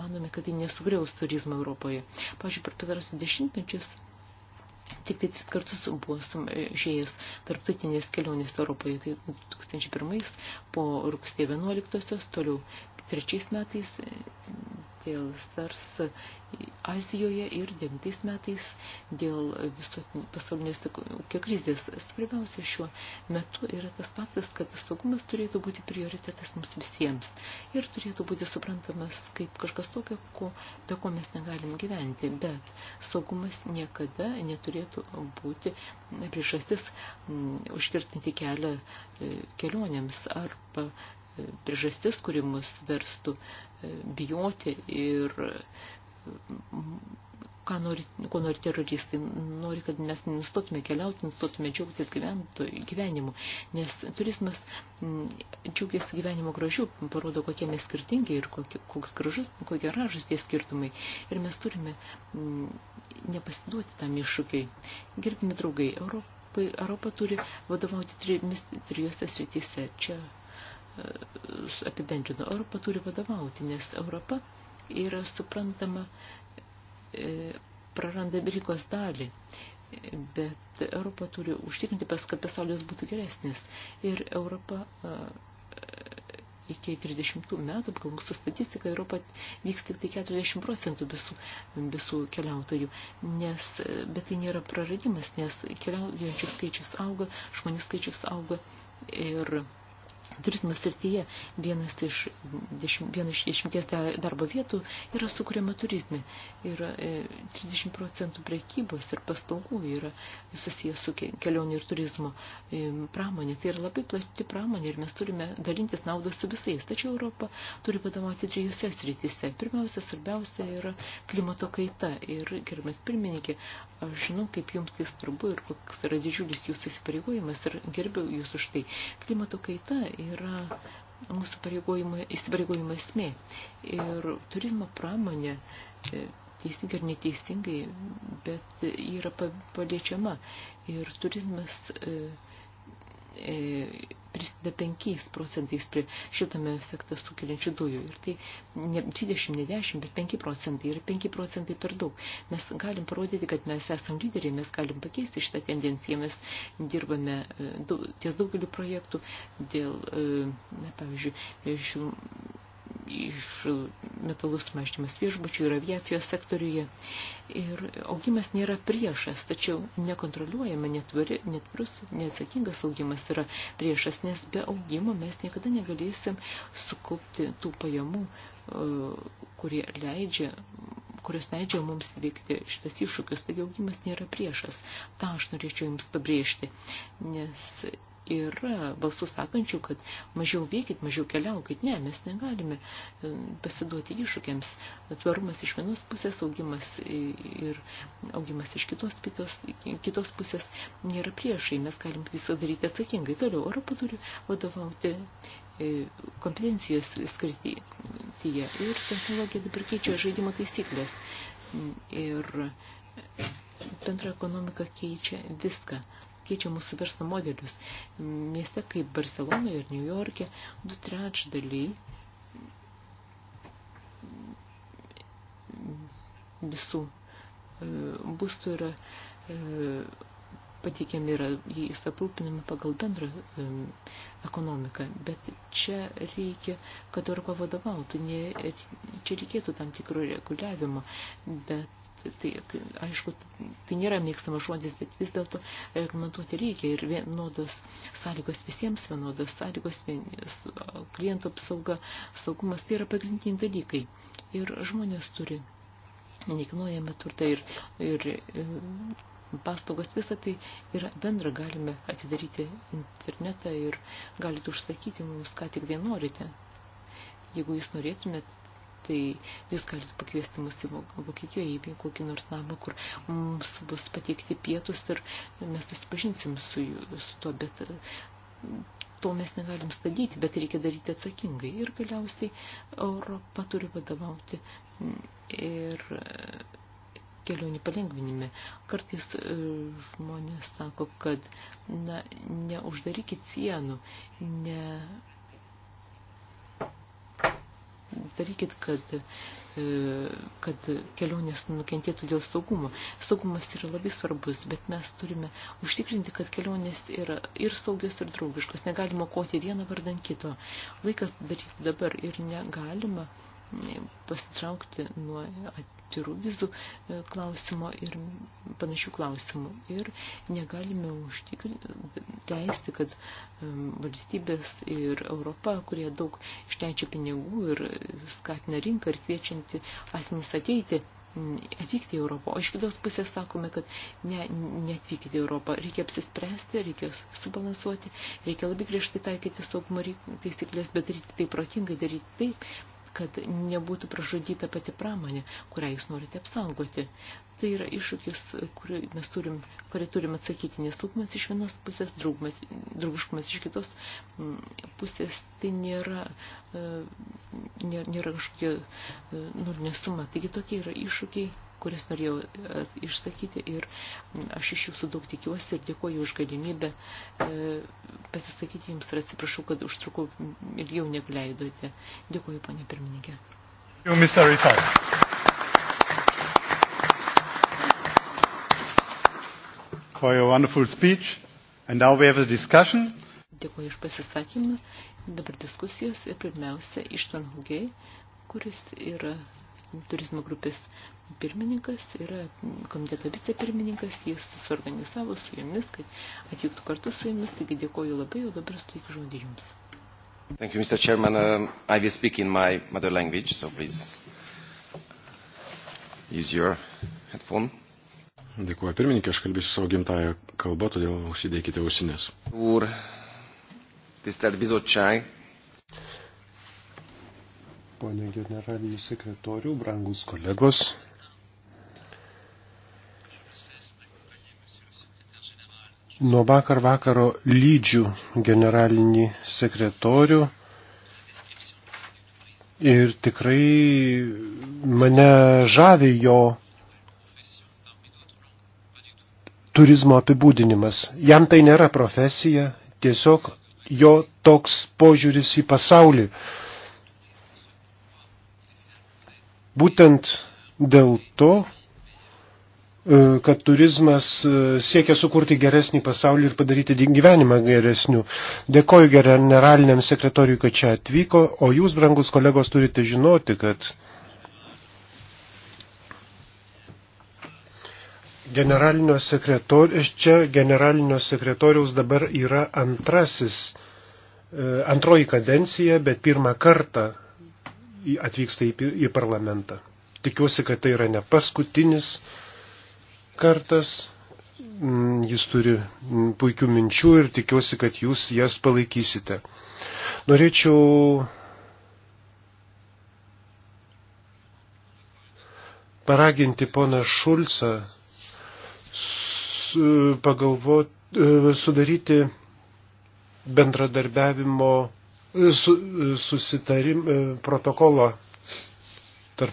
B: manome, kad tai nesugriaus turizmą Europoje. Pavyzdžiui, per pasarasius dešimtmečius tik tai tris kartus buvo sumažėjęs tarptautinės kelionės Europoje. Tai 2001 po rugsėjo 11-osios, toliau trečiais metais dėl SARS Azijoje ir 9 metais dėl pasaulinės ūkio krizės. Svarbiausia šiuo metu yra tas faktas, kad saugumas turėtų būti prioritetas mums visiems ir turėtų būti suprantamas kaip kažkas tokio, ko, be ko mes negalim gyventi, bet saugumas niekada neturėtų būti priežastis užkirtinti kelią e, kelionėms arba e, priežastis, kuri mus verstų bijoti ir ką nori, ko nori teroristai. Nori, kad mes nustotume keliauti, nustotume džiaugtis gyventų, gyvenimu. Nes turizmas mm, džiaugiasi gyvenimo gražiu, parodo, kokie mes skirtingi ir kokie, koks gražus, kokie gražus tie skirtumai. Ir mes turime mm, nepasiduoti tam iššūkiai. Gerbimi draugai, Europa, Europa turi vadovauti trimis, trijose srityse. Čia apibendrino, Europa turi vadovauti, nes Europa yra suprantama, e, praranda rinkos dalį, bet Europa turi užtikrinti, kad pasaulis būtų geresnis. Ir Europa iki 30 metų, pagal mūsų statistiką, Europa vyks tik tai 40 procentų visų, visų keliautojų. Nes, bet tai nėra praradimas, nes keliaujančių skaičius auga, žmonių skaičius auga ir Turizmo srityje vienas iš, dešimt, vienas iš dešimties darbo vietų yra sukuriama turizme. E, ir 30 procentų prekybos ir paslaugų yra susijęs su kelionių ir turizmo e, pramonė. Tai yra labai plati pramonė ir mes turime dalintis naudos su visais. Tačiau Europa turi vadovauti dviejose srityse. Pirmiausia, svarbiausia yra klimato kaita. Ir, gerbiamas pirmininkė, aš žinau, kaip jums tai svarbu ir koks yra didžiulis jūsų įsipareigojimas ir gerbiau jūs už tai. Klimato kaita yra mūsų įsipareigojimo esmė. Ir turizmo pramonė, e, teisingai ir neteisingai, bet yra paliečiama. Ir turizmas e, e, prisideda 5 procentais prie šitame efektą sukeliančių dujų. Ir tai ne 20, ne 10, bet 5 procentai. Ir 5 procentai per daug. Mes galim parodyti, kad mes esam lyderiai, mes galim pakeisti šitą tendenciją. Mes dirbame e, daug, ties daugeliu projektų dėl, e, na, pavyzdžiui, šių e, iš metalų sumažinimas viešbučių ir aviacijos sektoriuje. Ir augimas nėra priešas, tačiau nekontroliuojama, netvari, netvarus, neatsakingas augimas yra priešas, nes be augimo mes niekada negalėsim sukaupti tų pajamų, e, kurie leidžia kurios leidžia mums veikti šitas iššūkis, taigi augimas nėra priešas. Ta aš norėčiau Jums pabrėžti, nes yra balsų sakančių, kad mažiau veikit, mažiau keliaukit. Ne, mes negalime e, pasiduoti iššūkiams. Tvarumas iš vienos pusės, augimas ir augimas iš kitos, kitos, kitos pusės nėra priešai. Mes galim viską daryti atsakingai. Toliau Europą turi vadovauti e, kompetencijos skirtyje ir technologija dabar keičia žaidimo taisyklės ir bendra ekonomika keičia viską keičia mūsų verslo modelius. Mieste kaip Barcelonoje ir New York'e du trečdaliai visų e, būstų yra e, pateikiami yra, jais aprūpinami pagal bendrą e, ekonomiką, bet čia reikia, kad Europa vadovautų, ne, čia reikėtų tam tikro reguliavimo, bet tai, tai aišku, tai nėra mėgstamas žodis, bet vis dėlto reglamentuoti reikia ir vienodos sąlygos visiems, vienodos sąlygos vienos, klientų apsauga, saugumas, tai yra pagrindiniai dalykai. Ir žmonės turi nekilnojame turtą ir, ir e, paslaugos, visą tai yra bendra, galime atidaryti internetą ir galite užsakyti mums, ką tik vien norite. Jeigu jūs norėtumėt, tai jūs galite pakviesti mus į Vokietijoje į kokį nors namą, kur mums bus pateikti pietus ir mes susipažinsim su, su to, bet mm, to mes negalim stabdyti, bet reikia daryti atsakingai. Ir galiausiai Europa turi vadovauti mm, ir e, kelionių palengvinime. Kartais e, žmonės sako, kad na, neuždarykit sienų, ne darykit, kad, e, kad kelionės nukentėtų dėl saugumo. Saugumas yra labai svarbus, bet mes turime užtikrinti, kad kelionės yra ir saugios, ir draugiškos. Negalima koti vieną vardan kito. Laikas daryti dabar ir negalima pasitraukti nuo atvirų vizų e, klausimo ir panašių klausimų. Ir negalime užtikrinti, teisti, kad valstybės ir Europa, kurie daug išleidžia pinigų ir skatina rinką ir kviečianti asmenys ateiti, atvykti į Europą. O iš kitos pusės sakome, kad ne, neatvykite į Europą. Reikia apsispręsti, reikia subalansuoti, reikia labai griežtai taikyti saugumo taisyklės, bet daryti tai protingai, daryti taip, kad nebūtų pražudyta pati pramonė, kurią jūs norite apsaugoti. Tai yra iššūkis, kurį mes turim, kurį turim atsakyti, nes trūkumas iš vienos pusės, draugumas, draugiškumas iš kitos mm, pusės, tai nėra, e, nėra, nėra kažkokia e, nu, nesuma. Taigi tokie yra iššūkiai kurias norėjau e, išsakyti ir aš iš jūsų daug tikiuosi ir dėkuoju už galimybę e, pasisakyti jums ir atsiprašau, kad užtrukau ilgiau negu leidote. Dėkuoju, ponė pirmininkė.
A: For your wonderful speech. And now
B: we have a discussion. Dėkuoju iš pasisakymą. Dabar diskusijos ir pirmiausia iš Tanhugiai, kuris yra turizmo grupės pirmininkas, yra komiteto vicepirmininkas, jis suorganizavo su jumis, kad atvyktų kartu su jumis, taigi dėkoju labai, o dabar suteikiu žodį jums.
C: Thank you, Mr. Chairman. Um, I will speak in my mother language, so please use your headphone. Dėkuoju pirmininkė, aš kalbėsiu savo gimtają kalbą, todėl užsidėkite ausinės. Úr, tisztelt bizottság,
D: ponė generalinį sekretorių, brangus kolegos. Nuo vakar vakaro lydžių generalinį sekretorių ir tikrai mane žavi jo turizmo apibūdinimas. Jam tai nėra profesija, tiesiog jo toks požiūris į pasaulį. Uh, Būtent dėl to, e, kad turizmas e, siekia sukurti geresnį pasaulį ir padaryti gyvenimą geresniu. Dėkoju generaliniam sekretoriui, kad čia atvyko, o jūs, brangus kolegos, turite žinoti, kad generalinio sekretorius, e, čia generalinio sekretoriaus dabar yra antrasis, antroji kadencija, bet pirmą kartą atvyksta į, į parlamentą. Tikiuosi, kad tai yra ne paskutinis kartas. Mm, jis turi mm, puikių minčių ir tikiuosi, kad jūs jas palaikysite. Norėčiau paraginti poną Šulcą pagalvoti, e, sudaryti bendradarbiavimo su, susitarim e, protokolo tarp,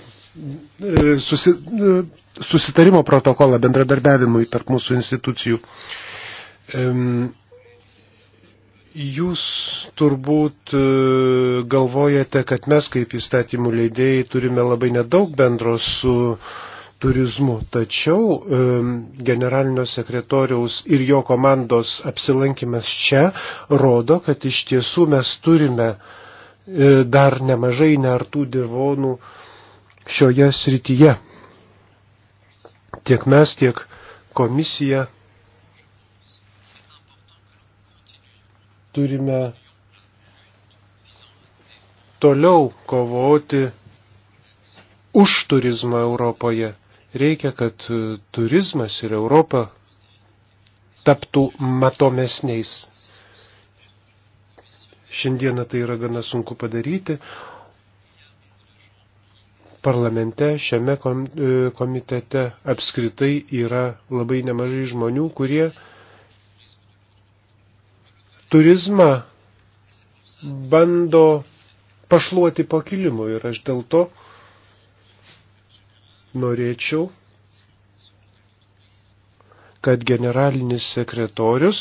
D: e, susi, e, susitarimo protokolą bendradarbiavimui tarp mūsų institucijų. Jūs turbūt galvojate, kad mes kaip įstatymų leidėjai turime labai nedaug bendro su uh, turizmu. Tačiau generalinio sekretoriaus ir jo komandos apsilankimas čia rodo, kad iš tiesų mes turime e, dar nemažai neartų dirvonų šioje srityje. Tiek mes, tiek komisija turime toliau kovoti už turizmą Europoje. Reikia, kad e, turizmas ir Europa taptų matomesniais. Šiandieną tai yra gana sunku padaryti. Parlamente, šiame e, komitete apskritai yra labai nemažai žmonių, kurie turizmą bando pašluoti po kilimu ir aš dėl to norėčiau, kad generalinis sekretorius,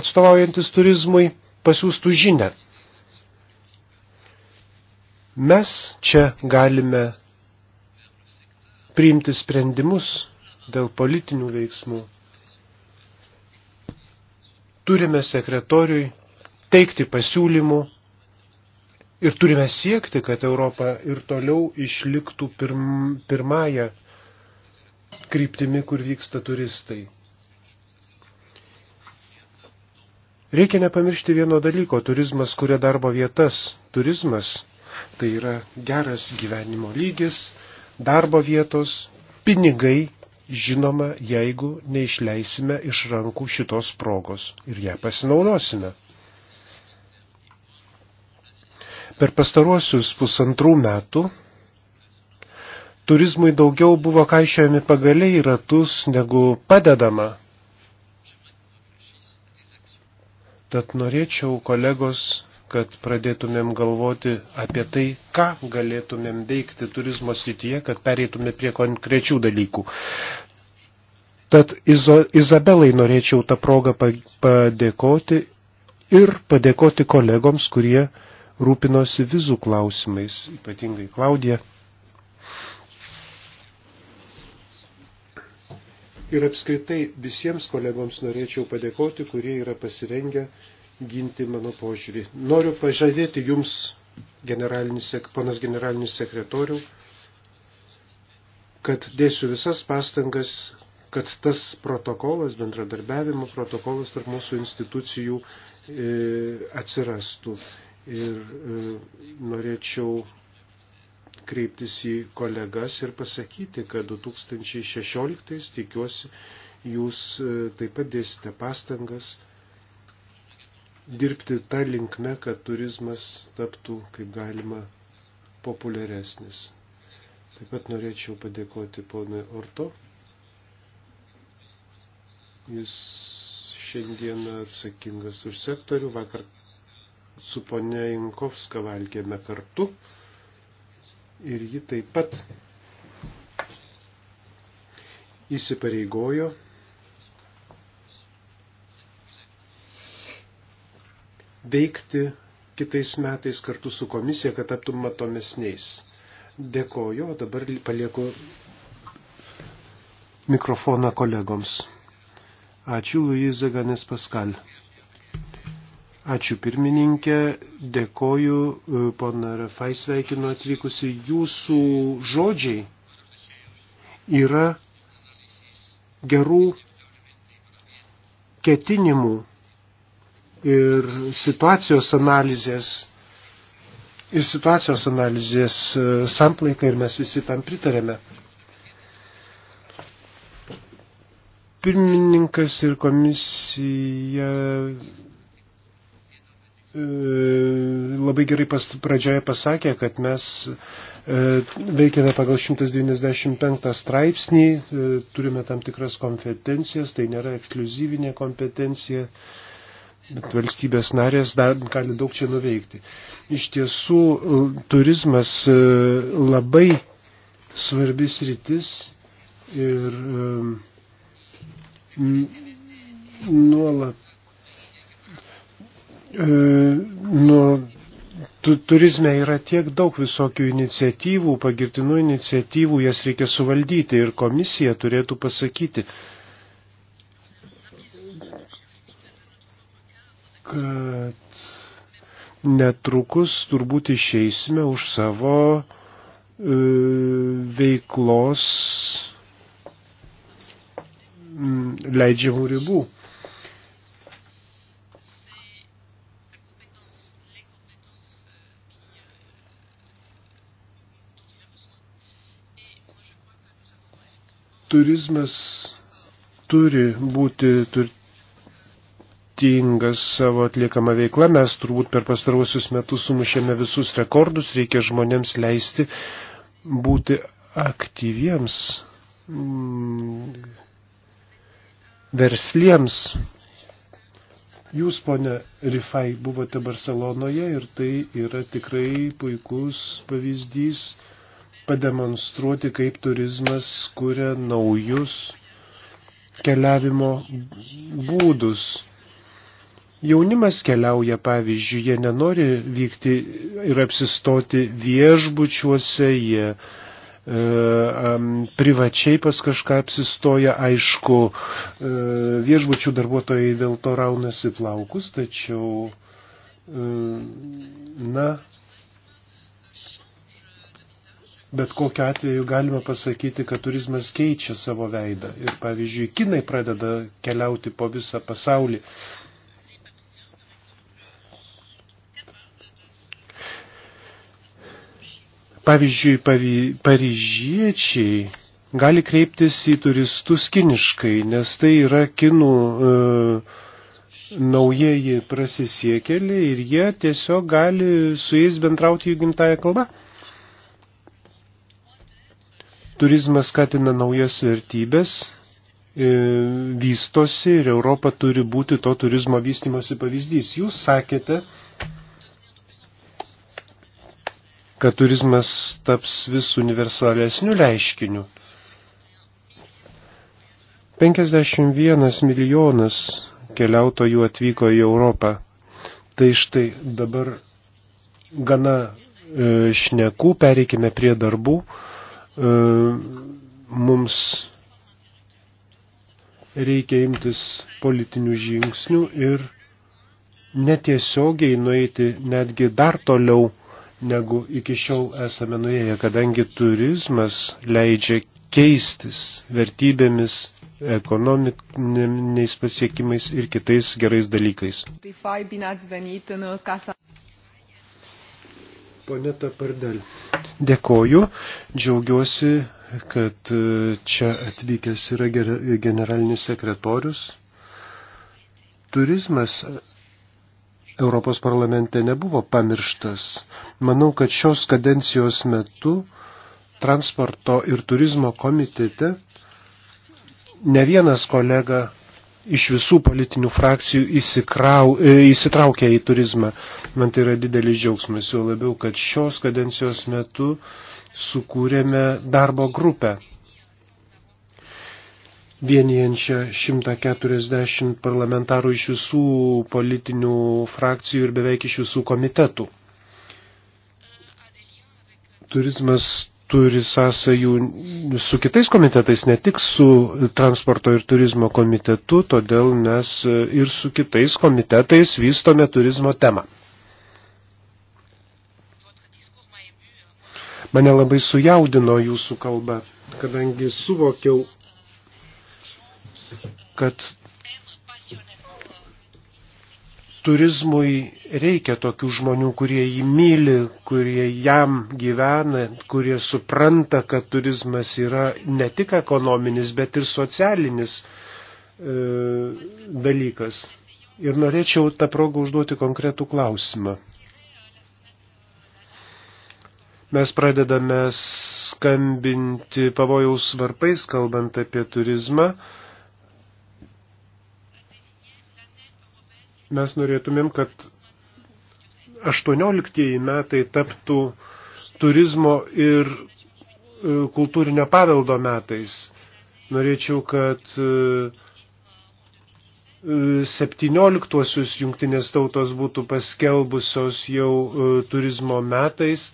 D: atstovaujantis turizmui, pasiūstų žinę. Mes čia galime priimti sprendimus dėl politinių veiksmų. Turime sekretoriui teikti pasiūlymų, Ir turime siekti, kad Europa ir toliau išliktų pirm, pirmąją kryptimi, kur vyksta turistai. Reikia nepamiršti vieno dalyko - turizmas kuria darbo vietas. Turizmas tai yra geras gyvenimo lygis, darbo vietos, pinigai, žinoma, jeigu neišleisime iš rankų šitos progos ir ją pasinaudosime. Per pastaruosius pusantrų metų turizmui daugiau buvo kaišiojami pagaliai ratus negu padedama. Tad norėčiau, kolegos, kad pradėtumėm galvoti apie tai, ką galėtumėm veikti turizmo srityje, kad pereitumėm prie konkrečių dalykų. Tad Izo, Izabelai norėčiau tą progą padėkoti ir padėkoti kolegoms, kurie uh, rūpinosi vizų klausimais, ypatingai Klaudija. Ir apskritai visiems kolegoms norėčiau padėkoti, kurie yra pasirengę ginti mano požiūrį. Noriu pažadėti jums, generalinis, ponas generalinis sekretorių, kad dėsiu visas pastangas, kad tas protokolas, bendradarbiavimo protokolas tarp mūsų institucijų e, atsirastų ir e, norėčiau kreiptis į kolegas ir pasakyti, kad 2016 tikiuosi jūs e, taip pat dėsite pastangas dirbti tą linkmę, kad turizmas taptų kaip galima populiaresnis. Taip pat norėčiau padėkoti ponui Orto. Jis šiandieną atsakingas už sektorių, vakar su ponia Inkovska valgėme kartu ir ji taip pat įsipareigojo veikti kitais metais kartu su komisija, kad taptum matomesniais. Dėkoju, o dabar palieku mikrofoną kolegoms. Ačiū, Luiza Ganes Paskal. Ačiū pirmininkė, dėkoju, e, pana Rafai sveikinu atvykusi. Jūsų žodžiai yra gerų ketinimų ir situacijos analizės, ir situacijos analizės e, samplaika ir mes visi tam pritarėme. Pirmininkas ir komisija E, labai gerai pas, pradžioje pasakė, kad mes e, veikiame pagal 195 straipsnį, e, turime tam tikras kompetencijas, tai nėra ekskluzyvinė kompetencija, bet valstybės narės dar gali daug čia nuveikti. Iš tiesų, turizmas e, labai svarbis rytis ir e, nuolat E, nu, turizme yra tiek daug visokių iniciatyvų, pagirtinų iniciatyvų, jas reikia suvaldyti ir komisija turėtų pasakyti, kad netrukus turbūt išeisime už savo e, veiklos leidžiamų ribų. Turizmas turi būti turtingas skirtingas savo atliekamą veiklą. Mes turbūt per pastaruosius metus sumušėme visus rekordus, reikia žmonėms leisti būti aktyviems, mm, versliems. Jūs, ponė Rifai, buvote Barcelonoje ir tai yra tikrai puikus pavyzdys pademonstruoti, kaip turizmas kuria naujus keliavimo būdus. Jaunimas keliauja, pavyzdžiui, jie nenori vykti ir apsistoti viešbučiuose, jie e, um, privačiai pas kažką apsistoja, aišku, e, viešbučių darbuotojai dėl to raunasi plaukus, tačiau, e, na, Bet kokiu atveju galima pasakyti, kad turizmas keičia savo veidą. Ir pavyzdžiui, kinai pradeda keliauti po visą pasaulį. Pavyzdžiui, pavy, paryžiečiai gali kreiptis į turistus kiniškai, nes tai yra kinų e, naujieji prasisiekeliai ir jie tiesiog gali su jais bendrauti jų gimtają kalbą. Turizmas skatina naujas vertybės, e, vystosi ir Europa turi būti to turizmo vystimosi pavyzdys. Jūs sakėte, kad turizmas taps vis universalesniu reiškiniu. 51 milijonas keliautojų atvyko į Europą. Tai štai dabar gana e, šnekų, pereikime prie darbų. E, mums reikia imtis politinių žingsnių ir netiesiogiai nueiti netgi dar toliau, negu iki šiol esame nuėję, kadangi turizmas leidžia keistis vertybėmis, ekonominiais pasiekimais ir kitais gerais dalykais. Pone Tapardel. Dėkoju, džiaugiuosi, kad e, čia atvykęs yra generalinis sekretorius. Turizmas e, Europos parlamente nebuvo pamirštas. Manau, kad šios kadencijos metu transporto ir turizmo komitete ne vienas kolega iš visų politinių frakcijų įsikrau, e, įsitraukia į turizmą. Man tai yra didelis džiaugsmas, jau labiau, kad šios kadencijos metu sukūrėme darbo grupę vienijančią 140 parlamentarų iš visų politinių frakcijų ir beveik iš visų komitetų. Turizmas turi sąsajų su kitais komitetais, ne tik su transporto ir turizmo komitetu, todėl mes ir su kitais komitetais vystome turizmo temą. Mane labai sujaudino jūsų kalba, kadangi suvokiau, kad turizmui reikia tokių žmonių, kurie jį myli, kurie jam gyvena, kurie supranta, kad turizmas yra ne tik ekonominis, bet ir socialinis e, dalykas. Ir norėčiau tą progą užduoti konkretų klausimą. Mes pradedame skambinti pavojaus varpais, kalbant apie turizmą. E, Mes norėtumėm, kad 18 metai taptų turizmo ir e, kultūrinio paveldo metais. Norėčiau, kad 17-osius e, e, jungtinės tautos būtų paskelbusios jau turizmo metais.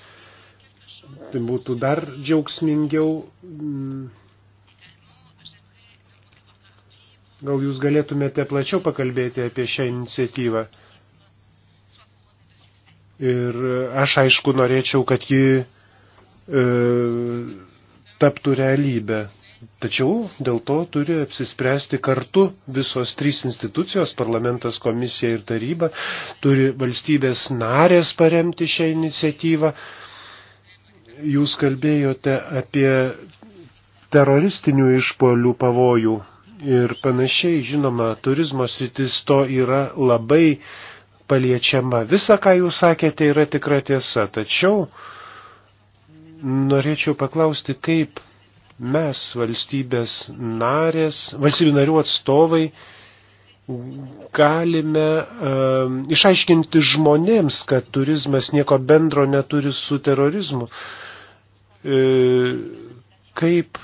D: Tai būtų dar džiaugsmingiau mm. Gal jūs galėtumėte plačiau pakalbėti apie šią iniciatyvą? Ir aš aišku norėčiau, kad ji e, taptų realybę. Tačiau dėl to turi apsispręsti kartu visos trys institucijos, parlamentas, komisija ir taryba, turi valstybės narės paremti šią iniciatyvą. Jūs kalbėjote apie teroristinių išpolių pavojų ir panašiai. Žinoma, turizmo sritis to yra labai paliečiama. Visa, ką jūs sakėte, yra tikra tiesa. Tačiau norėčiau paklausti, kaip mes, valstybės narės, valstybių narių atstovai, galime um, e, išaiškinti žmonėms, kad turizmas nieko bendro neturi su terorizmu. E, kaip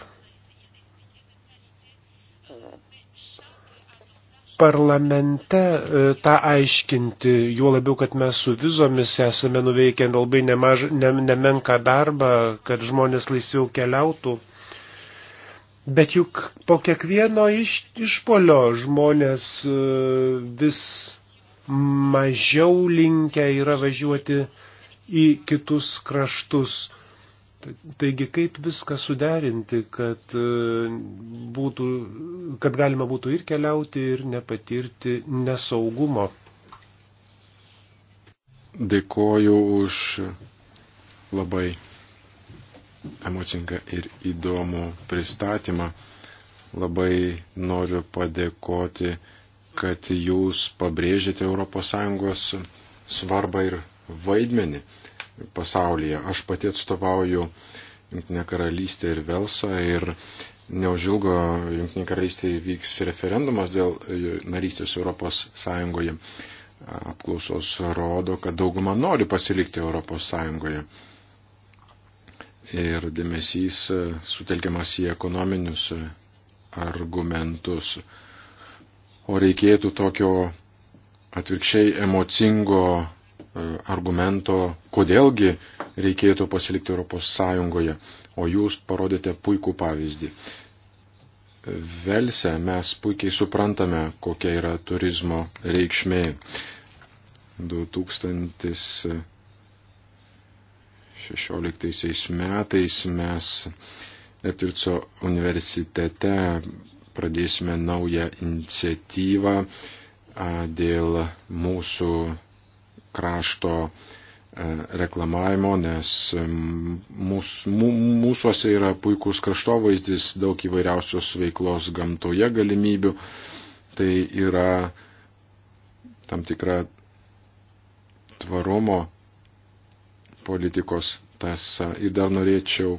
D: parlamente e, tą aiškinti, juo labiau, kad mes su vizomis esame nuveikę labai nemaž, ne, nemenką darbą, kad žmonės laisviau keliautų. Bet juk po kiekvieno iš, išpolio žmonės e, vis mažiau linkę yra važiuoti į kitus kraštus. Taigi kaip viską suderinti, kad, e, būtų, kad galima būtų ir keliauti, ir nepatirti nesaugumo.
C: Dėkoju už labai emocingą ir įdomų pristatymą. Labai noriu padėkoti, kad jūs pabrėžėte ES svarbą ir vaidmenį pasaulyje. Aš pati atstovauju Junktinę karalystę ir Velsą ir neužilgo Junktinė karalystė vyks referendumas dėl e, narystės Europos Sąjungoje. Apklausos rodo, kad dauguma nori pasilikti Europos Sąjungoje. Ir dėmesys e, sutelkiamas į ekonominius e, argumentus. O reikėtų tokio atvirkščiai emocingo E, argumento, kodėlgi reikėtų pasilikti Europos Sąjungoje, o jūs parodėte puikų pavyzdį. Velse mes puikiai suprantame, kokia yra turizmo reikšmė. 2016 metais mes Etirco universitete pradėsime naują iniciatyvą dėl mūsų krašto e, reklamavimo, nes mūs, mū, mūsųse yra puikus kraštovaizdis, daug įvairiausios veiklos gamtoje galimybių. Tai yra tam tikra tvarumo politikos tasa. Ir dar norėčiau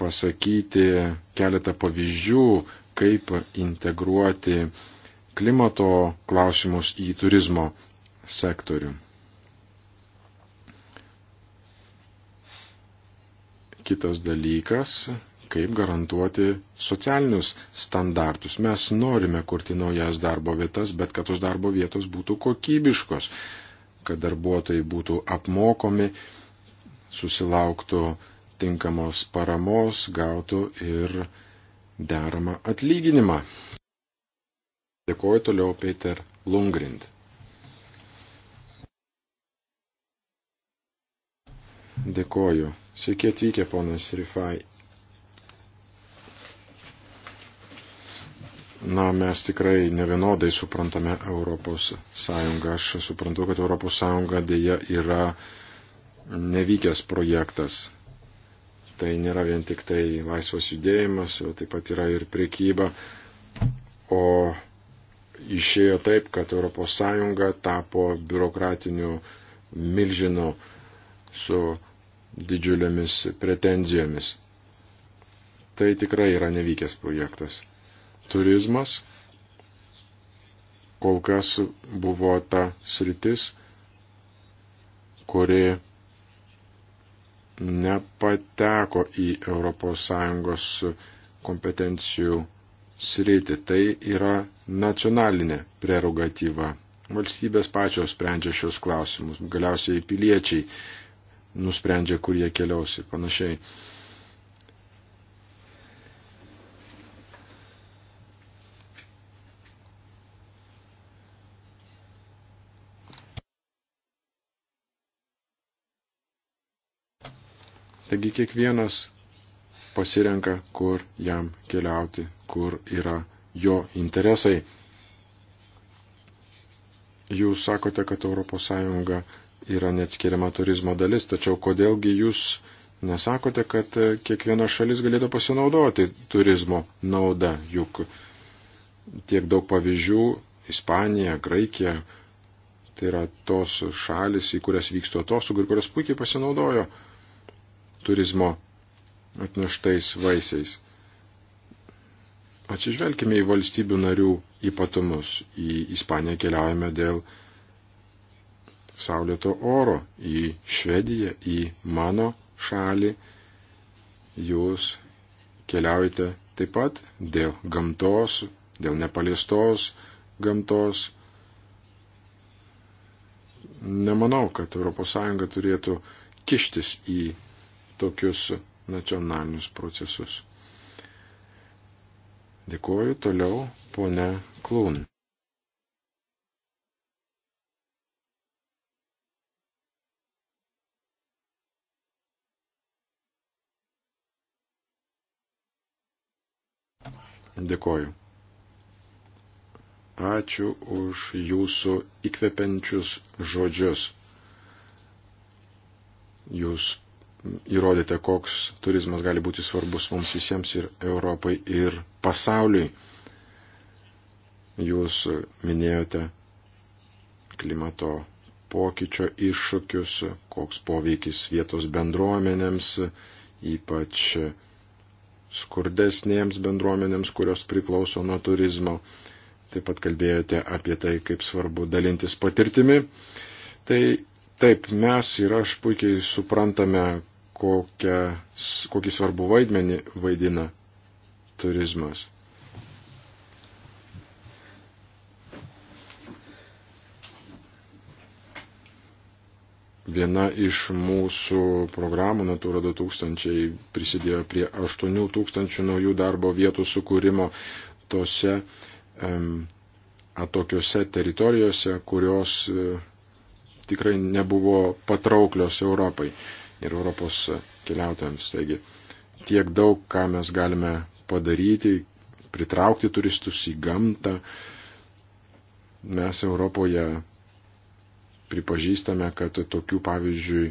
C: pasakyti keletą pavyzdžių, kaip integruoti klimato klausimus į turizmo sektorių. Kitas dalykas kaip garantuoti socialinius standartus. Mes norime kurti naujas darbo vietas, bet kad tos darbo vietos būtų kokybiškos, kad darbuotojai būtų apmokomi, susilauktų tinkamos paramos, gautų ir deramą atlyginimą. Dėkuoju toliau Peter Lungrind. Dėkoju. Sveiki atvykę, ponas Rifai. Na, mes tikrai nevienodai suprantame Europos Sąjungą. Aš suprantu, kad Europos Sąjunga dėja yra nevykęs projektas. Tai nėra vien tik tai laisvas judėjimas, o taip pat yra ir priekyba. O išėjo taip, kad Europos Sąjunga tapo biurokratiniu milžinu su didžiulėmis pretenzijomis. Tai tikrai yra nevykęs projektas. Turizmas kol kas buvo ta sritis, kuri nepateko į ES kompetencijų sritį. Tai yra nacionalinė prerogatyva. Valstybės pačios sprendžia šios klausimus. Galiausiai piliečiai nusprendžia, kur jie keliausi, panašiai. Taigi kiekvienas pasirenka, kur jam keliauti, kur yra jo interesai. Jūs sakote, kad ES yra neatskiriama turizmo dalis, tačiau kodėlgi jūs nesakote, kad e, kiekviena šalis galėtų pasinaudoti turizmo nauda, juk tiek daug pavyzdžių - Ispanija, Graikija, tai yra tos šalis, į kurias vyksta atostogų ir kurios puikiai pasinaudojo turizmo atneštais vaisiais. Atsižvelkime į valstybių narių ypatumus. Į Ispaniją keliaujame dėl saulėto oro į Švediją, į mano šalį. Jūs keliaujate taip pat dėl gamtos, dėl nepaliestos gamtos. Nemanau, kad ES turėtų kištis į tokius nacionalinius procesus. Dėkuoju toliau, ponia Klūn. Dėkoju. Ačiū už jūsų įkvepiančius žodžius. Jūs įrodėte, koks turizmas gali būti svarbus mums visiems ir Europai, ir pasauliui. Jūs minėjote klimato pokyčio iššūkius, koks poveikis vietos bendruomenėms, ypač skurdesnėms bendruomenėms, kurios priklauso nuo turizmo. Taip pat kalbėjote apie tai, kaip svarbu dalintis patirtimi. Tai taip, mes ir aš puikiai suprantame, kokią, kokį svarbų vaidmenį vaidina turizmas. viena iš mūsų programų Natura 2000 prisidėjo prie 8 tūkstančių naujų darbo vietų sukūrimo tose um, atokiose teritorijose, kurios uh, tikrai nebuvo patrauklios Europai ir Europos keliautojams. Taigi tiek daug, ką mes galime padaryti, pritraukti turistus į gamtą. Mes Europoje pripažįstame, kad tokių pavyzdžiui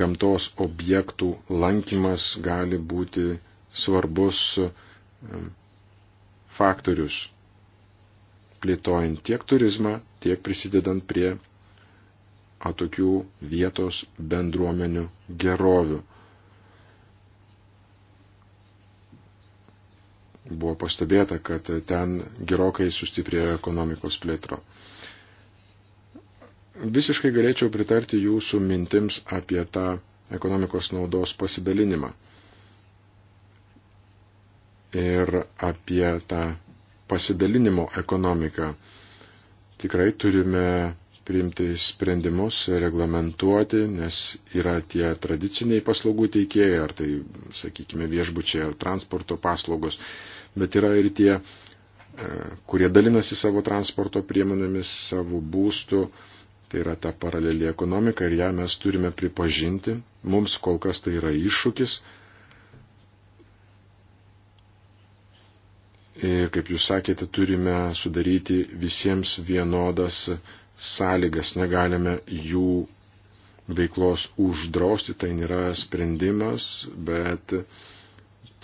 C: gamtos objektų lankymas gali būti svarbus um, faktorius, plėtojant tiek turizmą, tiek prisidedant prie atokių vietos bendruomenių gerovių. Buvo pastebėta, kad ten gerokai sustiprėjo ekonomikos plėtro. Visiškai galėčiau pritarti jūsų mintims apie tą ekonomikos naudos pasidalinimą ir apie tą pasidalinimo ekonomiką. Tikrai turime priimti sprendimus, reglamentuoti, nes yra tie tradiciniai paslaugų teikėjai, ar tai, sakykime, viešbučiai ar transporto paslaugos, bet yra ir tie, e, kurie dalinasi savo transporto priemonėmis, savo būstų, Tai yra ta paralelė ekonomika ir ją mes turime pripažinti. Mums kol kas tai yra iššūkis. Ir, kaip jūs sakėte, turime sudaryti visiems vienodas sąlygas. Negalime jų veiklos uždrausti, tai nėra sprendimas, bet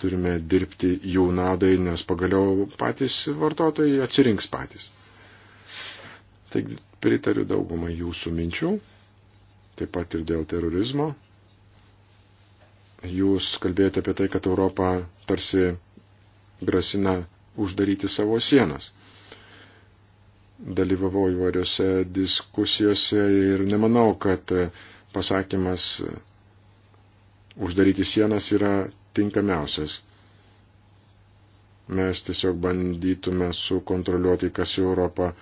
C: turime dirbti jaunadai, nes pagaliau patys vartotojai atsirinks patys. Taigi pritariu daugumą jūsų minčių, taip pat ir dėl terorizmo. Jūs kalbėjote apie tai, kad Europa tarsi grasina uždaryti savo sienas. Dalyvavau įvairiose diskusijose ir nemanau, kad pasakymas uždaryti sienas yra tinkamiausias. Mes tiesiog bandytume sukontroliuoti, kas į Europą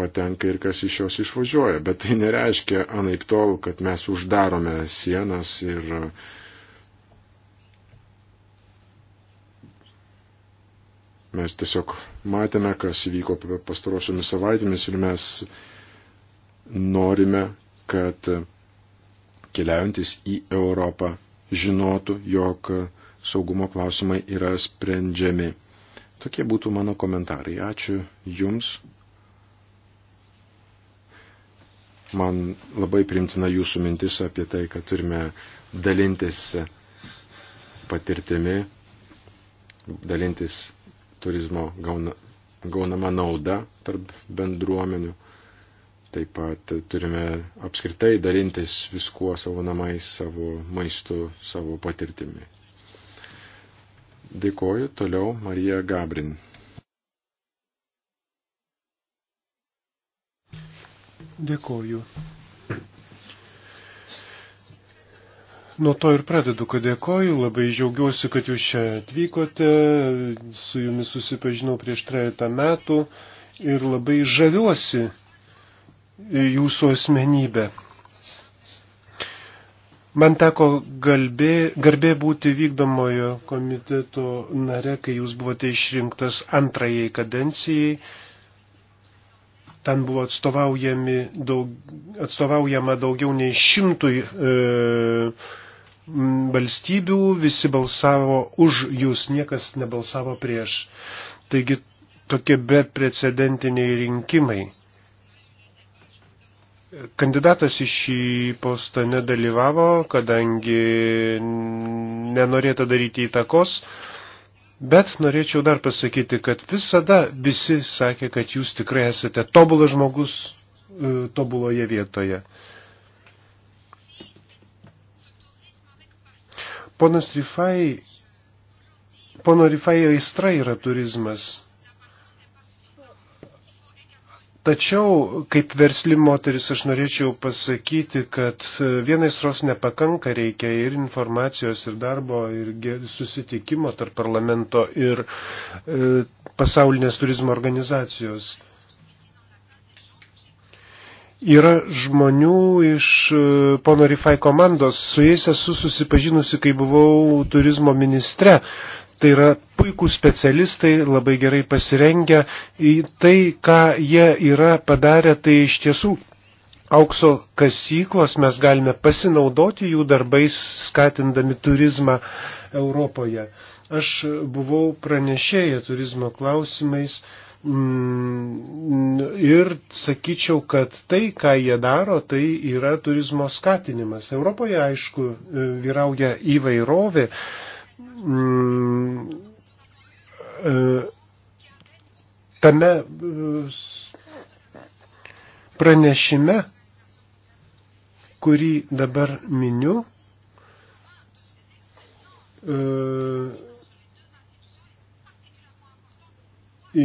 C: patenka ir kas iš jos išvažiuoja. Bet tai nereiškia anaip tol, kad mes uždarome sienas ir mes tiesiog matėme, kas įvyko pastarosiomis savaitėmis ir mes norime, kad keliaujantis į Europą žinotų, jog saugumo klausimai yra sprendžiami. Tokie būtų mano komentarai. Ačiū Jums Man labai primtina jūsų mintis apie tai, kad turime dalintis patirtimi, dalintis turizmo gauna, gaunama nauda tarp bendruomenių. Taip pat turime apskritai dalintis viskuo savo namais, savo maistu, savo patirtimi. Dėkoju toliau Marija Gabrin.
D: Dėkoju. Nuo to ir pradedu, kad dėkoju, labai džiaugiuosi, kad jūs čia atvykote, su jumis susipažinau prieš trejata metų ir labai žaviuosi jūsų asmenybę. Man teko galbė, garbė būti vykdomojo komiteto nare, kai jūs buvote išrinktas antrajai kadencijai Ten buvo daug, atstovaujama daugiau nei šimtui e, valstybių, visi balsavo už jūs, niekas nebalsavo prieš. Taigi tokie beprecedentiniai rinkimai. Kandidatas į šį postą nedalyvavo, kadangi nenorėta daryti įtakos. E, Bet norėčiau dar pasakyti, kad visada visi sakė, kad jūs tikrai esate tobulas žmogus e, tobuloje vietoje. Ponas Rifai, pono Rifai aistra yra turizmas. Tačiau, kaip versli moteris, aš norėčiau pasakyti, kad e, vienais ros nepakanka, reikia ir informacijos, ir darbo, ir susitikimo tarp parlamento ir e, pasaulinės turizmo organizacijos. Yra žmonių iš e, pono Rifai komandos, su jais esu susipažinusi, kai buvau turizmo ministre. E, Tai yra puikūs specialistai, labai gerai pasirengę. Tai, ką jie yra padarę, tai iš tiesų aukso kasyklos mes galime pasinaudoti jų darbais, skatindami turizmą Europoje. Aš buvau pranešėję turizmo klausimais mm, ir sakyčiau, kad tai, ką jie daro, tai yra turizmo skatinimas. Europoje, aišku, vyrauja įvairovė Mm, e, tame e, pranešime, kurį dabar miniu, e,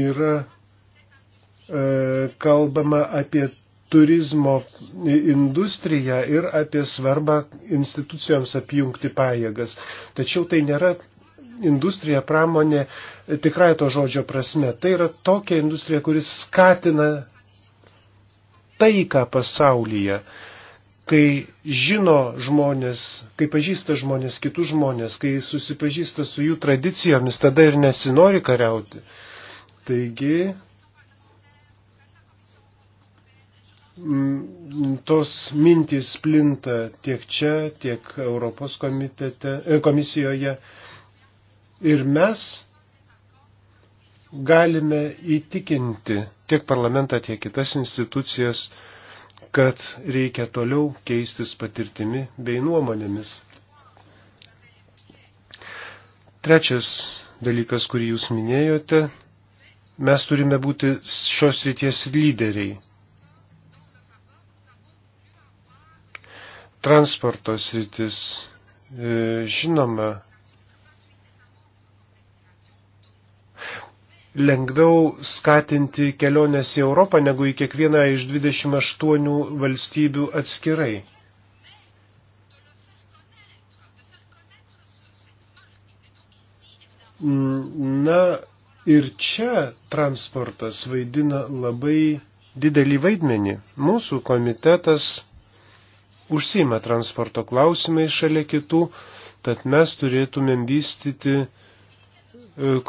D: yra kalbama apie turizmo industriją ir apie svarbą institucijoms apjungti pajėgas. Tačiau tai nėra industrija, pramonė tikrai to žodžio prasme. Tai yra tokia industrija, kuris skatina taiką pasaulyje, kai žino žmonės, kai pažįsta žmonės, kitus žmonės, kai susipažįsta su jų tradicijomis, tada ir nesinori kariauti. Taigi Mm, tos mintys plinta tiek čia, tiek Europos komitete, e, komisijoje. Ir mes galime įtikinti tiek parlamentą, tiek kitas institucijas, kad reikia toliau keistis patirtimi bei nuomonėmis. Trečias dalykas, kurį jūs minėjote, mes turime būti šios ryties lyderiai transporto sritis. E, žinoma, lengviau skatinti keliones į Europą negu į kiekvieną iš 28 valstybių atskirai. Na ir čia transportas vaidina labai didelį vaidmenį. Mūsų komitetas užsima transporto klausimais šalia kitų, tad mes turėtumėm vystyti e,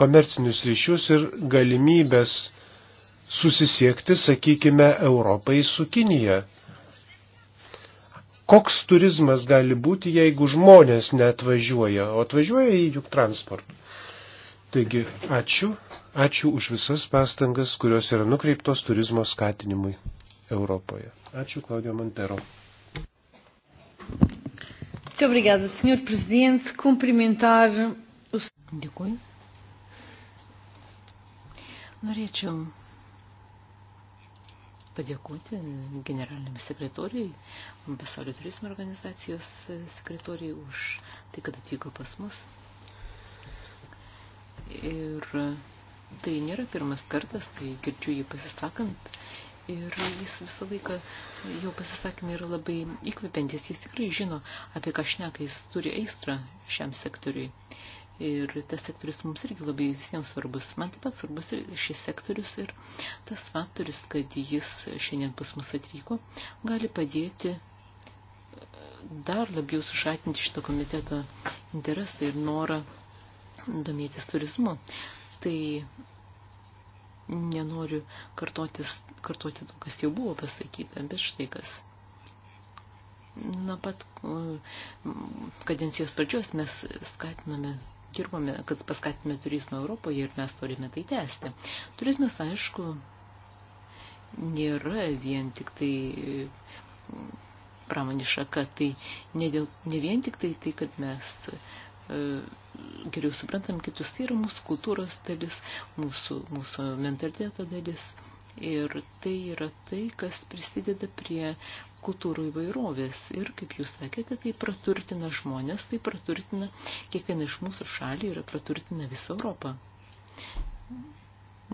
D: komercinius ryšius ir galimybės susisiekti, sakykime, Europai su Kinija. Koks turizmas gali būti, jeigu žmonės neatvažiuoja, o atvažiuoja į juk transportą? Taigi, ačiū, ačiū už visas pastangas, kurios yra nukreiptos turizmo skatinimui Europoje. Ačiū, Klaudio Montero.
B: Muito obrigada, Sr. Presidente. Cumprimentar o. Dėkui. Norėčiau padėkoti generaliniam sekretoriai, pasaulio turizmo organizacijos sekretoriai už tai, kad atvyko pas mus. Ir tai nėra pirmas kartas, kai girdžiu jį pasisakant Ir jis visą laiką, jo pasisakymai yra labai įkvepiantis, jis tikrai žino, apie ką šneka, jis turi aistrą šiam sektoriui. Ir tas sektorius mums irgi labai visiems svarbus. Man taip pat svarbus ir šis sektorius ir tas faktorius, kad jis šiandien pas mus atvyko, gali padėti e, dar labiau sušatinti šito komiteto interesą ir norą domėtis turizmu. Tai nenoriu kartotis, kartoti to, kas jau buvo pasakyta, bet štai kas. Nuo pat kadencijos pradžios mes skatinome dirbame, kad paskatime turizmą Europoje ir mes turime tai tęsti. Turizmas, aišku, nėra vien tik tai e, pramonė šaka, tai ne, dėl, ne vien tik tai tai, kad mes E, geriau suprantam kitus. Tai yra mūsų kultūros dalis, mūsų, mūsų mentaliteto dalis. Ir tai yra tai, kas prisideda prie kultūrų įvairovės. Ir, kaip jūs sakėte, tai praturtina žmonės, tai praturtina kiekvieną iš mūsų šalį ir praturtina visą Europą.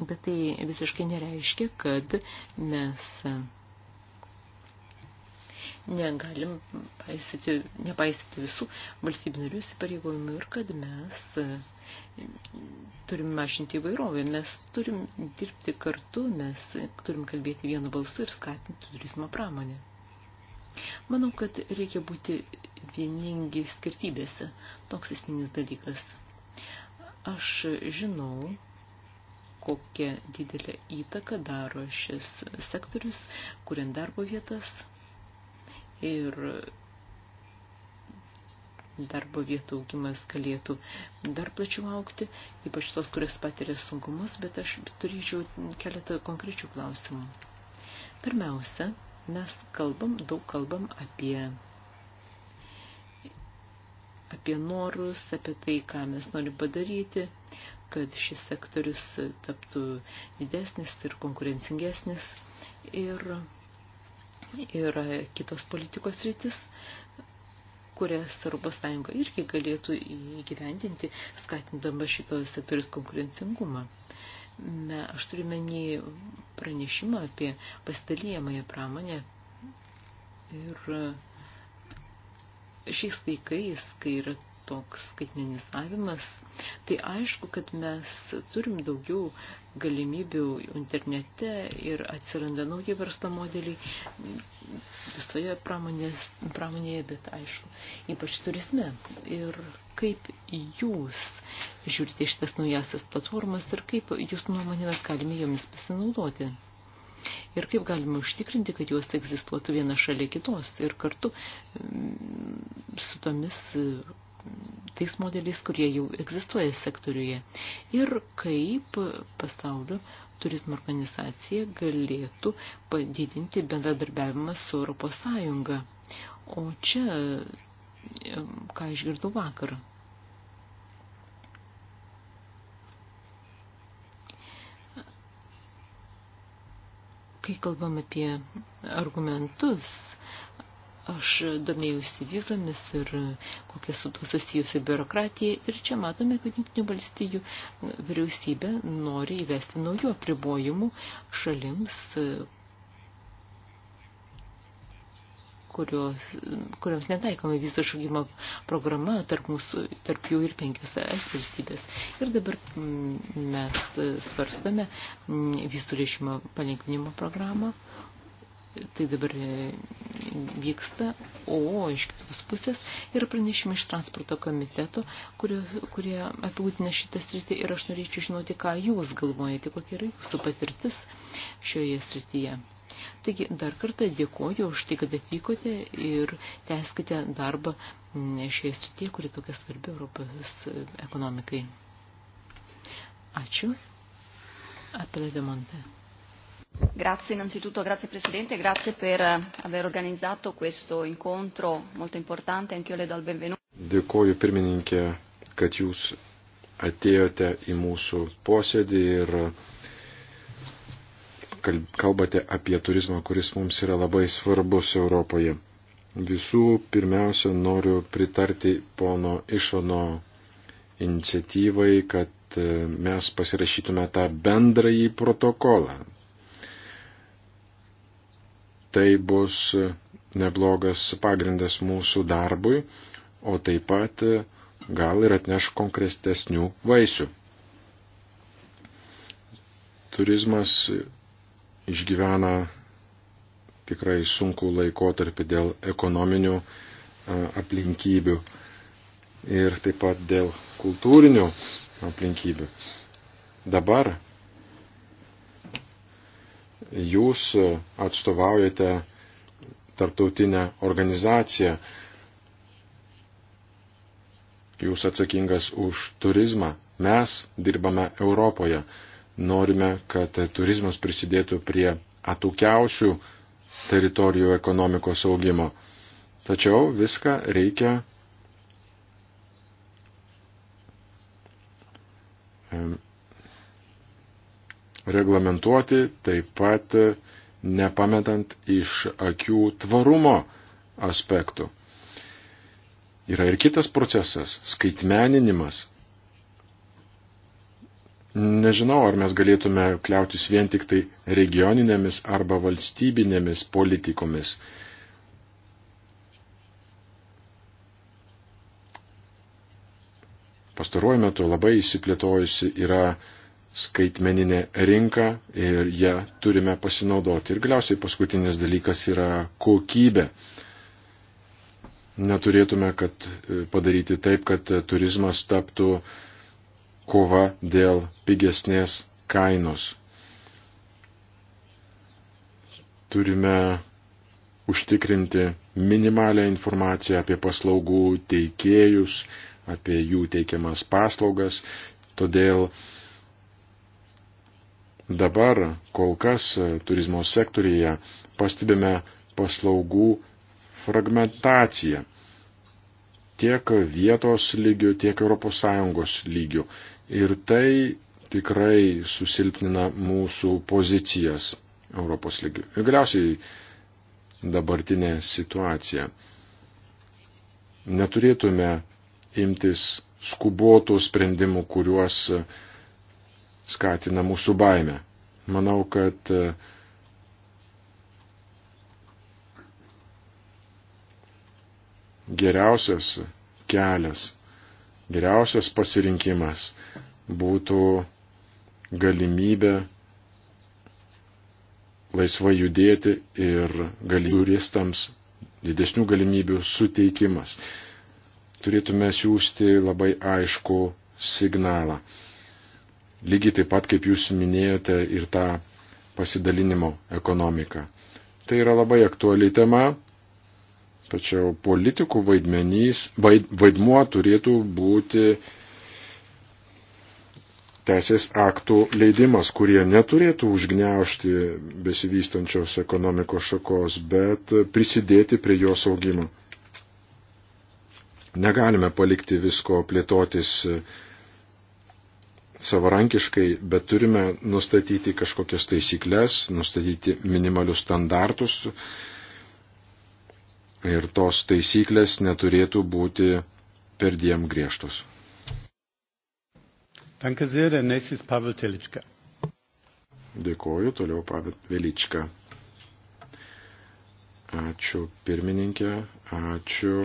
B: Bet tai visiškai nereiškia, kad mes negalim paisyti, nepaisyti visų valstybių narių įsipareigojimų ir kad mes e, turim mažinti įvairovę, mes turim dirbti kartu, mes turim kalbėti vienu balsu ir skatinti turizmo pramonę. Manau, kad reikia būti vieningi skirtybėse. Toks esminis dalykas. Aš žinau, kokią didelę įtaką daro šis sektorius, kuriant darbo vietas ir darbo vietų augimas galėtų dar plačiau aukti, ypač tos, kuris patiria sunkumus, bet aš turėčiau keletą konkrečių klausimų. Pirmiausia, mes kalbam, daug kalbam apie, apie norus, apie tai, ką mes norim padaryti, kad šis sektorius taptų didesnis ir konkurencingesnis. Ir ir kitos politikos rytis, kurias Europos Sąjunga irgi galėtų įgyvendinti, skatindama šito sektorius konkurencingumą. Me, aš turiu menį pranešimą apie pasidalyjamąją pramonę ir šiais laikais, kai yra toks skaitmenizavimas, tai aišku, kad mes turim daugiau galimybių internete ir atsiranda nauji verslo modeliai visoje pramonės, pramonėje, bet aišku, ypač turizme. Ir kaip jūs žiūrite šitas naujasias platformas ir kaip jūsų nuomonė mes galime jomis pasinaudoti. Ir kaip galime užtikrinti, kad jos egzistuotų viena šalia kitos ir kartu mm, su tomis tais modeliais, kurie jau egzistuoja sektoriuje ir kaip pasaulio turizmo organizacija galėtų padidinti bendradarbiavimą su Europos Sąjunga. O čia, ką išgirdau vakar, kai kalbam apie argumentus, Aš domėjusi vizomis ir kokia su tuo susijusi biurokratija ir čia matome, kad Junktinių valstijų vyriausybė nori įvesti naujų apribojimų šalims, kurios, kuriams netaikoma vizų šaukimo programa tarp, mūsų, tarp jų ir penkios es valstybės. Ir dabar mm, mes svarstame mm, vizų režimo palengvinimo programą, tai dabar e, vyksta, o iš kitos pusės yra pranešimai iš transporto komiteto, kurie, kurie apibūtina šitą sritį ir aš norėčiau žinoti, ką jūs galvojate, kokia yra jūsų patirtis šioje srityje. Taigi dar kartą dėkoju už tai, kad atvykote ir tęskite darbą šioje srityje, kuri tokia svarbi Europos ekonomikai. Ačiū. Apelė Demonte.
C: Grazie innanzitutto, grazie Presidente, grazie per eh, aver organizzato questo incontro molto importante, anch'io le do il benvenuto. Dėkoju pirmininkė, kad jūs atėjote į mūsų posėdį ir eh, kalbate apie turizmą, kuris mums yra labai svarbus Europoje. Visų pirmiausia, noriu pritarti pono Išono iniciatyvai, kad eh, mes pasirašytume tą bendrąjį protokolą, tai bus neblogas pagrindas mūsų darbui, o taip pat gal ir atneš konkrestesnių vaisių. Turizmas išgyvena tikrai sunkų laikotarpį dėl ekonominių aplinkybių ir taip pat dėl kultūrinių aplinkybių. Dabar jūs atstovaujate tarptautinę organizaciją, jūs atsakingas už turizmą, mes dirbame Europoje, norime, kad turizmas prisidėtų prie atokiausių teritorijų ekonomikos augimo. Tačiau viską reikia um, reglamentuoti, taip pat nepametant iš akių tvarumo aspektų. Yra ir kitas procesas - skaitmeninimas. Nežinau, ar mes galėtume kliautis vien tik tai regioninėmis arba valstybinėmis politikomis. Pastaruoju metu labai įsiplėtojusi yra skaitmeninę rinką ir ją turime pasinaudoti. Ir galiausiai paskutinis dalykas yra kokybė. Neturėtume kad e, padaryti taip, kad e, turizmas taptų kova dėl pigesnės kainos. Turime užtikrinti minimalę informaciją apie paslaugų teikėjus, apie jų teikiamas paslaugas. Todėl Dabar kol kas e, turizmo sektorija pastebime paslaugų fragmentaciją tiek vietos lygių, tiek ES lygių. Ir tai tikrai susilpnina mūsų pozicijas Europos lygių. Ir galiausiai dabartinė situacija. Neturėtume imtis skubotų sprendimų, kuriuos uh, skatina mūsų baimę. Manau, kad e, geriausias kelias, geriausias pasirinkimas būtų galimybė laisvai judėti ir galimybėstams didesnių galimybių suteikimas. Turėtume siūsti labai aišku signalą. Lygiai taip pat, kaip jūs minėjote, ir tą pasidalinimo ekonomiką. Tai yra labai aktuali tema, tačiau politikų vaidmenys, vaid, vaidmuo turėtų būti teisės aktų leidimas, kurie neturėtų užgneušti besivystančios ekonomikos šakos, bet prisidėti prie jos augimo. Negalime palikti visko plėtotis savarankiškai, bet turime nustatyti kažkokias taisyklės, nustatyti minimalius standartus ir tos taisyklės neturėtų būti per diem griežtos.
A: Danke sehr, der nächste ist Pavel Telitschka.
C: Dėkoju, toliau Pavel Velička. Ačiū pirmininkė, ačiū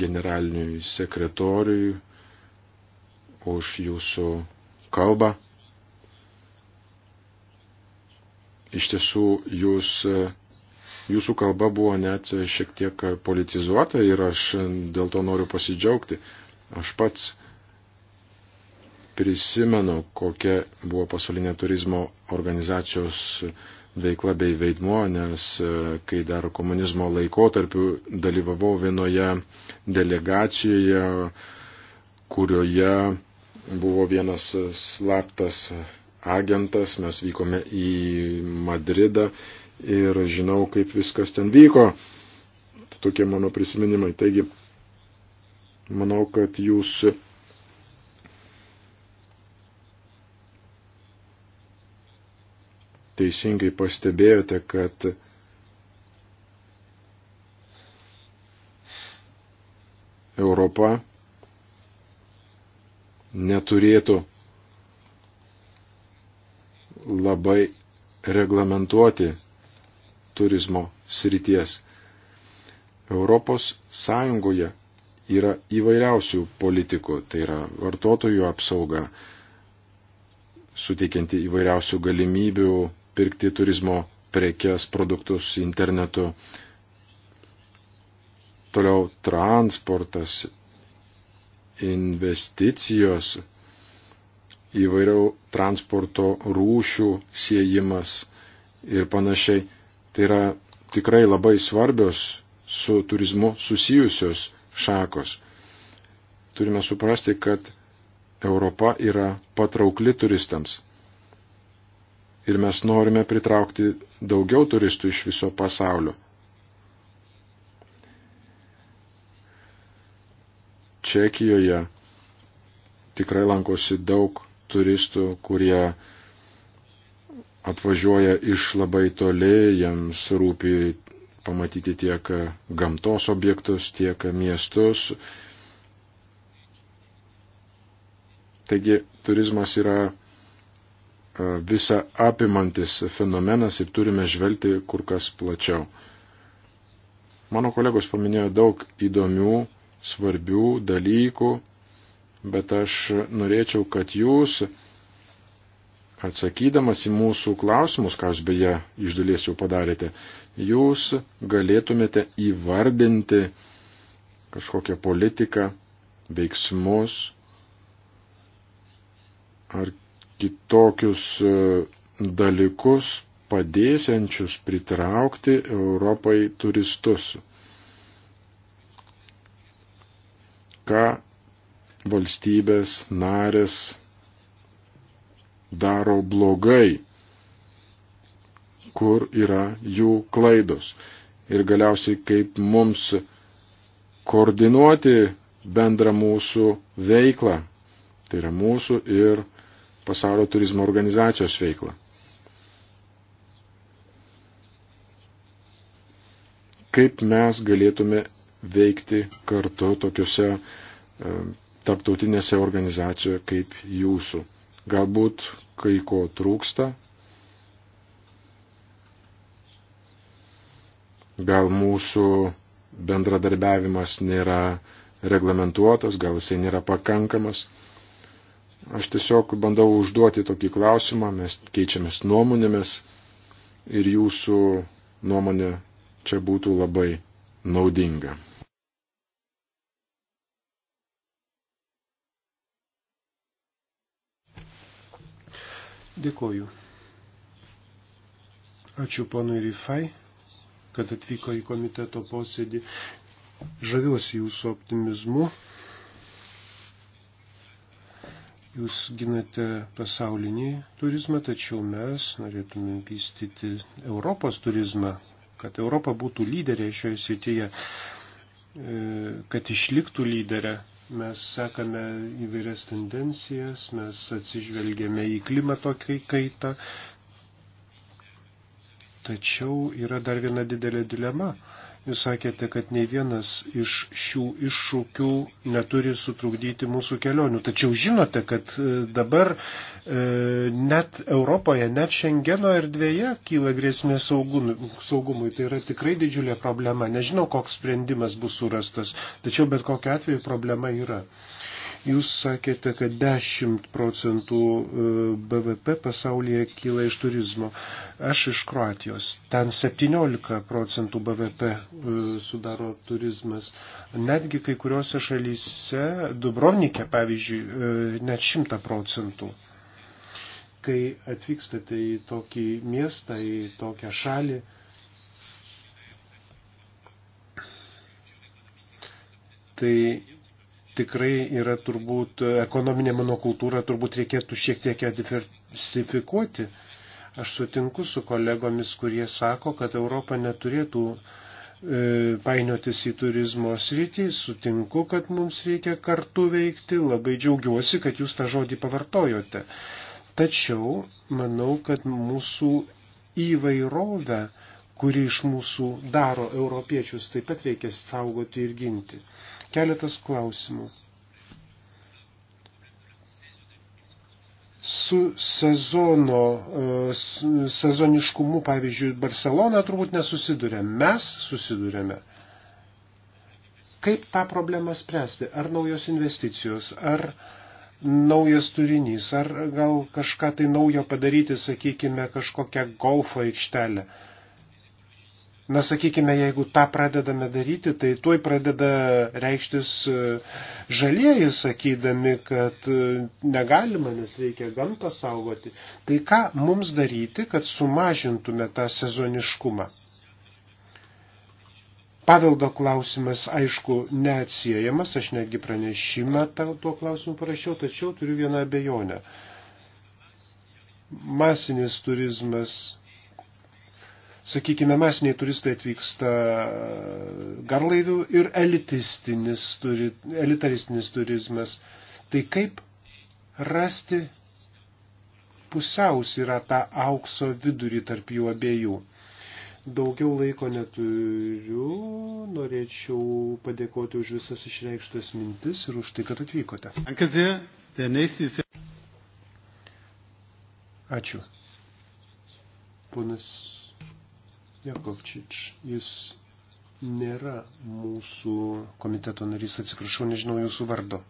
C: generaliniui sekretoriui, už jūsų kalbą. Iš tiesų, jūs, jūsų kalba buvo net šiek tiek politizuota ir aš dėl to noriu pasidžiaugti. Aš pats prisimenu, kokia buvo pasaulinė turizmo organizacijos veikla bei veidmuo, nes kai dar komunizmo laikotarpiu dalyvavau vienoje delegacijoje, kurioje buvo vienas slaptas agentas, mes vykome į Madridą ir žinau, kaip viskas ten vyko. Tokie mano prisiminimai. Taigi, manau, kad jūs teisingai pastebėjote, kad Europa neturėtų labai reglamentuoti turizmo srities. Europos Sąjungoje yra įvairiausių politikų, tai yra vartotojų apsauga, suteikianti įvairiausių galimybių pirkti turizmo prekes, produktus internetu. Toliau transportas, investicijos įvairių transporto rūšių siejimas ir panašiai. Tai yra tikrai labai svarbios su turizmu susijusios šakos. Turime suprasti, kad Europa yra patraukli turistams. Ir mes norime pritraukti daugiau turistų iš viso pasaulio. Čekijoje tikrai lankosi daug turistų, kurie atvažiuoja iš labai toli, jiems rūpi pamatyti tiek gamtos objektus, tiek miestus. Taigi turizmas yra e, visa apimantis fenomenas ir turime žvelgti kur kas plačiau. Mano kolegos paminėjo daug įdomių svarbių dalykų, bet aš norėčiau, kad jūs atsakydamas į mūsų klausimus, ką jūs beje iš dalies jau padarėte, jūs galėtumėte įvardinti kažkokią politiką, veiksmus ar kitokius e, dalykus padėsiančius pritraukti Europai turistus. ką valstybės narės daro blogai, kur yra jų klaidos. Ir galiausiai kaip mums koordinuoti bendrą mūsų veiklą, tai yra mūsų ir pasaulio turizmo organizacijos veiklą. Kaip mes galėtume veikti kartu tokiuose e, tarptautinėse organizacijoje kaip jūsų. Galbūt kai ko trūksta, gal mūsų bendradarbiavimas nėra reglamentuotas, gal jisai nėra pakankamas. Aš tiesiog bandau užduoti tokį klausimą, mes keičiamės nuomonėmis ir jūsų nuomonė čia būtų labai naudinga.
D: Dėkoju. Ačiū ponui Rifai, kad atvyko į komiteto posėdį. Žaviuosi jūsų optimizmu. Jūs ginate pasaulinį turizmą, tačiau mes norėtume vystyti Europos turizmą, kad Europa būtų lyderė šioje srityje, e, kad išliktų lyderė. Mes sekame įvairias tendencijas, mes atsižvelgėme į klimato kaitą. Tačiau yra dar viena didelė dilema. Jūs sakėte, kad nei vienas iš šių iššūkių neturi sutrukdyti mūsų kelionių. Tačiau žinote, kad e, dabar e, net Europoje, net Šengeno erdvėje kyla grėsmė saugumui. Tai yra tikrai didžiulė problema. Nežinau, koks sprendimas bus surastas, tačiau bet kokia atveju problema yra. E, Jūs sakėte, kad 10 procentų e, BVP pasaulyje kyla iš turizmo. Aš iš Kroatijos. Ten 17 procentų BVP e, sudaro turizmas. Netgi kai kuriuose šalyse, Dubrovnikė pavyzdžiui, e, net 100 procentų kai atvykstate į tokį miestą, į tokią šalį, tai tikrai yra turbūt ekonominė monokultūra, turbūt reikėtų šiek tiek ją diversifikuoti. Aš sutinku su kolegomis, kurie sako, kad Europa neturėtų e, painiotis į turizmo sritį, sutinku, kad mums reikia kartu veikti, labai džiaugiuosi, kad jūs tą žodį pavartojote. Tačiau manau, kad mūsų įvairovę, kuri iš mūsų daro europiečius, taip pat reikia saugoti ir ginti. Keletas klausimų. su sezono, e, sezoniškumu, pavyzdžiui, Barcelona turbūt nesusiduria. Mes susidurėme. Kaip tą problemą spręsti? Ar naujos investicijos, ar naujas turinys, ar gal kažką tai naujo padaryti, sakykime, kažkokią golfo aikštelę? Na, sakykime, jeigu tą pradedame daryti, tai tuoj pradeda reikštis e, žalieji, sakydami, kad e, negalima, nes reikia gamtą saugoti. Tai ką mums daryti, kad sumažintume tą sezoniškumą? Paveldo klausimas, aišku, neatsiejamas, aš netgi pranešimą tuo klausimu parašiau, tačiau turiu vieną abejonę. Masinis turizmas sakykime, masiniai turistai atvyksta garlaivių ir elitistinis, turi, elitaristinis turizmas. Tai kaip rasti pusiausvyrą tą aukso vidurį tarp jų abiejų? Daugiau laiko neturiu, norėčiau padėkoti už visas išreikštas mintis ir už tai, kad atvykote. Ačiū. Ponas Jakovčič. Jis nėra mūsų komiteto narys, atsiprašau, nežinau jūsų vardo.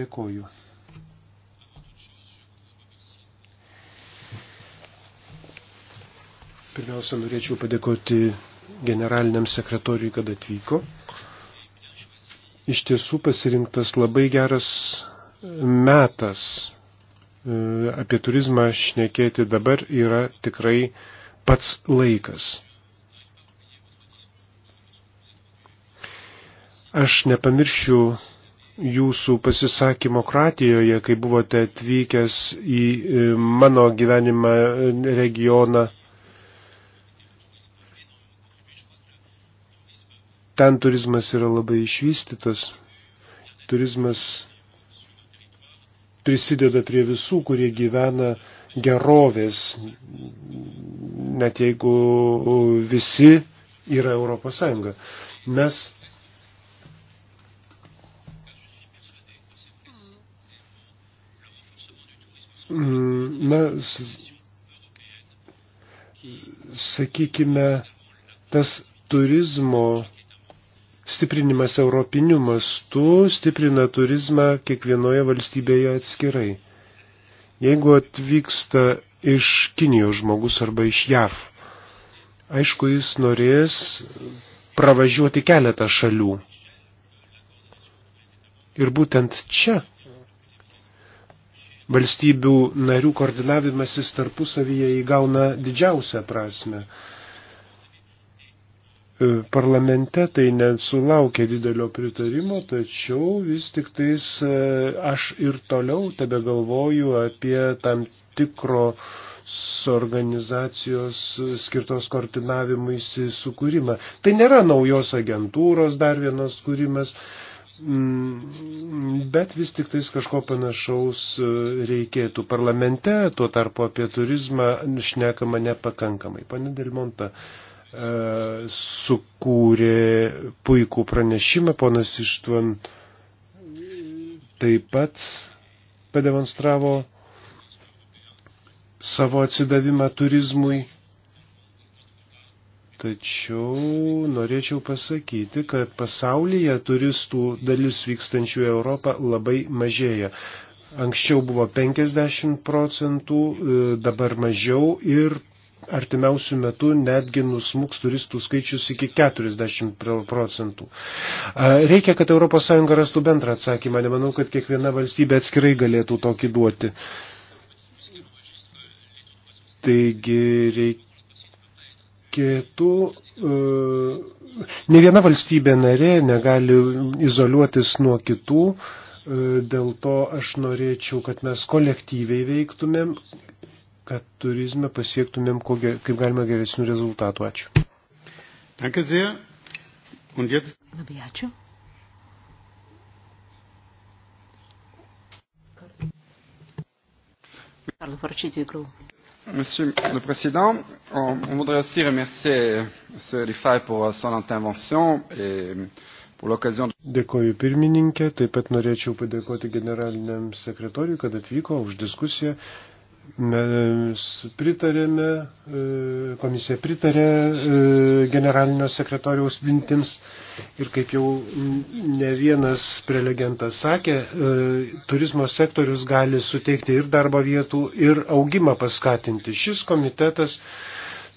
D: Dėkoju. Pirmiausia, norėčiau padėkoti generaliniam sekretoriui, kad atvyko. Iš tiesų pasirinktas labai geras metas E, apie turizmą šnekėti dabar yra tikrai pats laikas. Aš nepamiršiu jūsų pasisakymo Kroatijoje, kai buvote atvykęs į e, mano gyvenimą e, regioną. Ten turizmas yra labai išvystytas. Turizmas prisideda prie visų, kurie gyvena gerovės, net jeigu visi yra Europos Sąjunga. Mes Na, sakykime, tas turizmo stiprinimas europiniu mastu stiprina turizmą kiekvienoje valstybėje atskirai. Jeigu atvyksta iš Kinijos žmogus arba iš JAV, aišku, jis norės pravažiuoti keletą šalių. Ir būtent čia valstybių narių koordinavimasis tarpusavyje įgauna didžiausią prasme. E, parlamente tai nesulaukė didelio pritarimo, tačiau vis tik tais e, aš ir toliau tebe galvoju apie tam tikro organizacijos skirtos koordinavimui įsikūrimą. Tai nėra naujos agentūros dar vienos kūrimas, mm, bet vis tik tais kažko panašaus e, reikėtų. Parlamente tuo tarpu apie turizmą šnekama nepakankamai. Pane Delmonta, sukūrė puikų pranešimą, ponas Ištvan taip pat pademonstravo savo atsidavimą turizmui. Tačiau norėčiau pasakyti, kad pasaulyje turistų dalis vykstančių į Europą labai mažėja. Anksčiau buvo 50 procentų, e, dabar mažiau ir artimiausių metų netgi nusmuks turistų skaičius iki 40 procentų. Reikia, kad ES rastų bendrą atsakymą. Nemanau, kad kiekviena valstybė atskirai galėtų tokį duoti. Taigi reikėtų. E, ne viena valstybė narė negali izoliuotis nuo kitų. E, dėl to aš norėčiau, kad mes kolektyviai veiktumėm, kad turizme pasiektumėm ger, kaip galima geresnių rezultatų. Ačiū.
C: Labai
B: ačiū. Karlo Farčyti Grau.
C: Monsieur le Président, on, on voudrait aussi remercier M. Rifai pour son intervention et pour l'occasion.
D: Dėkoju pirmininkė, taip pat norėčiau padėkoti generaliniam sekretoriui, kad atvyko už diskusiją. Mes pritarėme, e, komisija pritarė e, generalinio sekretoriaus mintims ir kaip jau ne vienas prelegentas sakė, e, turizmo sektorius gali suteikti ir darbo vietų, ir augimą paskatinti. Šis komitetas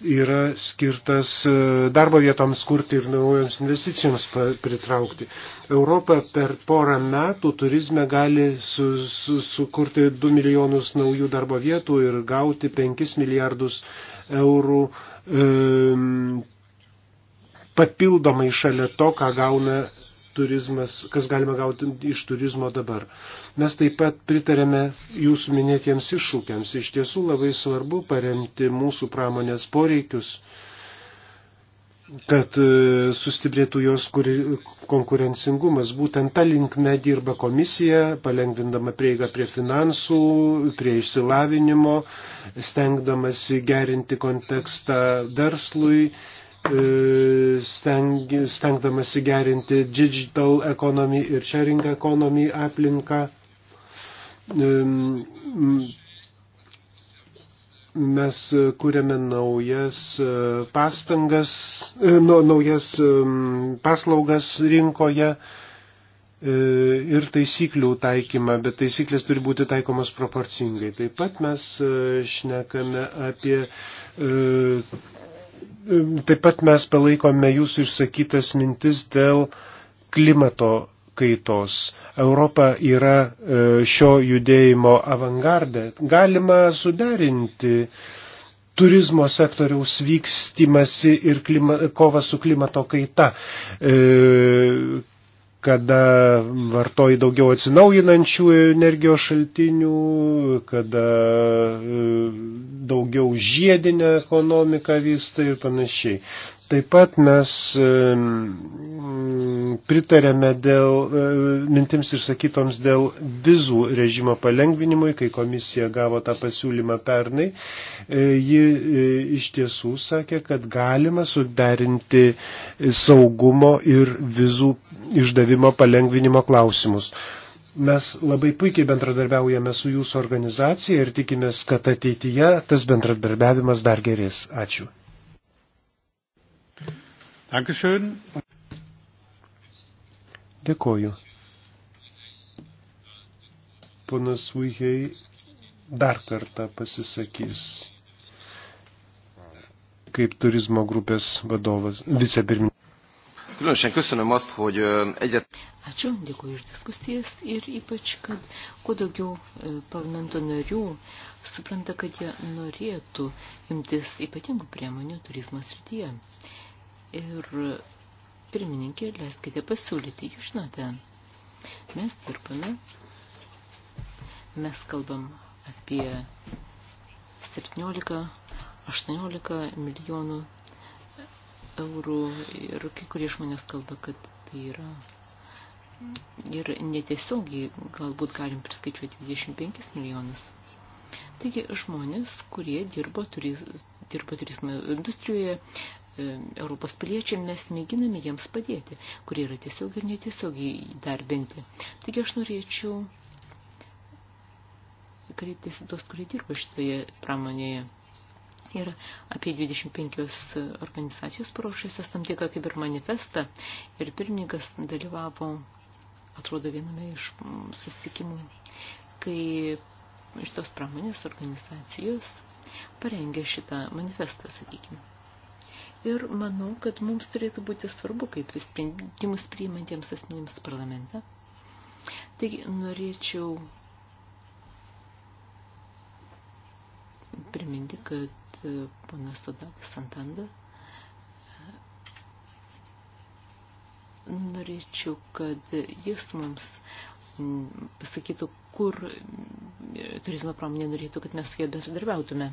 D: yra skirtas e, darbo vietoms kurti ir naujoms investicijoms pritraukti. Europa per porą metų turizme gali su, su, sukurti 2 milijonus naujų darbo vietų ir gauti 5 milijardus eurų e, papildomai šalia to, ką gauna turizmas, kas galime gauti iš turizmo dabar. Mes taip pat pritarėme jūsų minėtiems iššūkiams. Iš tiesų labai svarbu paremti mūsų pramonės poreikius, kad e, sustiprėtų jos konkurencingumas. Būtent tą linkmę dirba komisija, palengvindama prieigą prie finansų, prie išsilavinimo, stengdamasi gerinti kontekstą verslui E, steng, stengdamasi gerinti digital economy ir sharing economy aplinką. E, mes kūrėme naujas e, pastangas, nu, naujas paslaugas rinkoje ir taisyklių taikymą, bet taisyklės turi būti taikomas proporcingai. Taip pat mes šnekame apie Taip pat mes palaikome jūsų išsakytas mintis dėl klimato kaitos. Europa yra e, šio judėjimo avangardė. Galima suderinti turizmo sektoriaus vykstimasi ir klima, kova su klimato kaita. E, kada vartoji daugiau atsinaujinančių energijos šaltinių, kada e, daugiau žiedinę ekonomiką vystai ir panašiai. Taip pat mes pritarėme dėl e, mintims išsakytoms dėl vizų režimo palengvinimui, kai komisija gavo tą pasiūlymą pernai. E, ji e, iš tiesų sakė, kad galima suderinti saugumo ir vizų išdavimo palengvinimo klausimus. Mes labai puikiai bendradarbiaujame su jūsų organizacija ir tikimės, kad ateityje tas bendradarbiavimas dar gerės. Ačiū.
A: Dankeschön.
D: Dėkoju. Ponas Uihei dar kartą pasisakys kaip turizmo grupės vadovas, vicepirmininkas.
C: Különösen köszönöm azt, hogy egyet...
B: Ačiū, dėkuoju už diskusijas ir ypač, kad kuo daugiau e, parlamento narių supranta, kad jie norėtų imtis ypatingų priemonių turizmo srityje. Ir pirmininkė, leiskite pasiūlyti, jūs žinote, mes dirbame, mes kalbam apie 17-18 milijonų eurų ir kai kurie žmonės kalba, kad tai yra ir netiesiogiai galbūt galim priskaičiuoti 25 milijonus. Taigi žmonės, kurie dirbo, turiz, dirbo turizmo industrijoje, E, Europos piliečiai, mes mėginame jiems padėti, kurie yra tiesiog ir netiesiog įdarbinti. Taigi aš norėčiau kreiptis į tos, kurie dirba šitoje pramonėje. Ir apie 25 organizacijos paruošusios tam tikrą kaip ir manifestą. Ir pirmininkas dalyvavo, atrodo, viename iš susitikimų, kai šitos pramonės organizacijos parengė šitą manifestą, sakykime. Ir manau, kad mums turėtų būti svarbu, kaip sprendimus priimantiems asmenims parlamente. Taigi norėčiau priminti, kad e, ponas Todakas Santanda norėčiau, kad jis mums pasakytų, kur turizmo pramonė norėtų, kad mes su juo bendradarbiautume.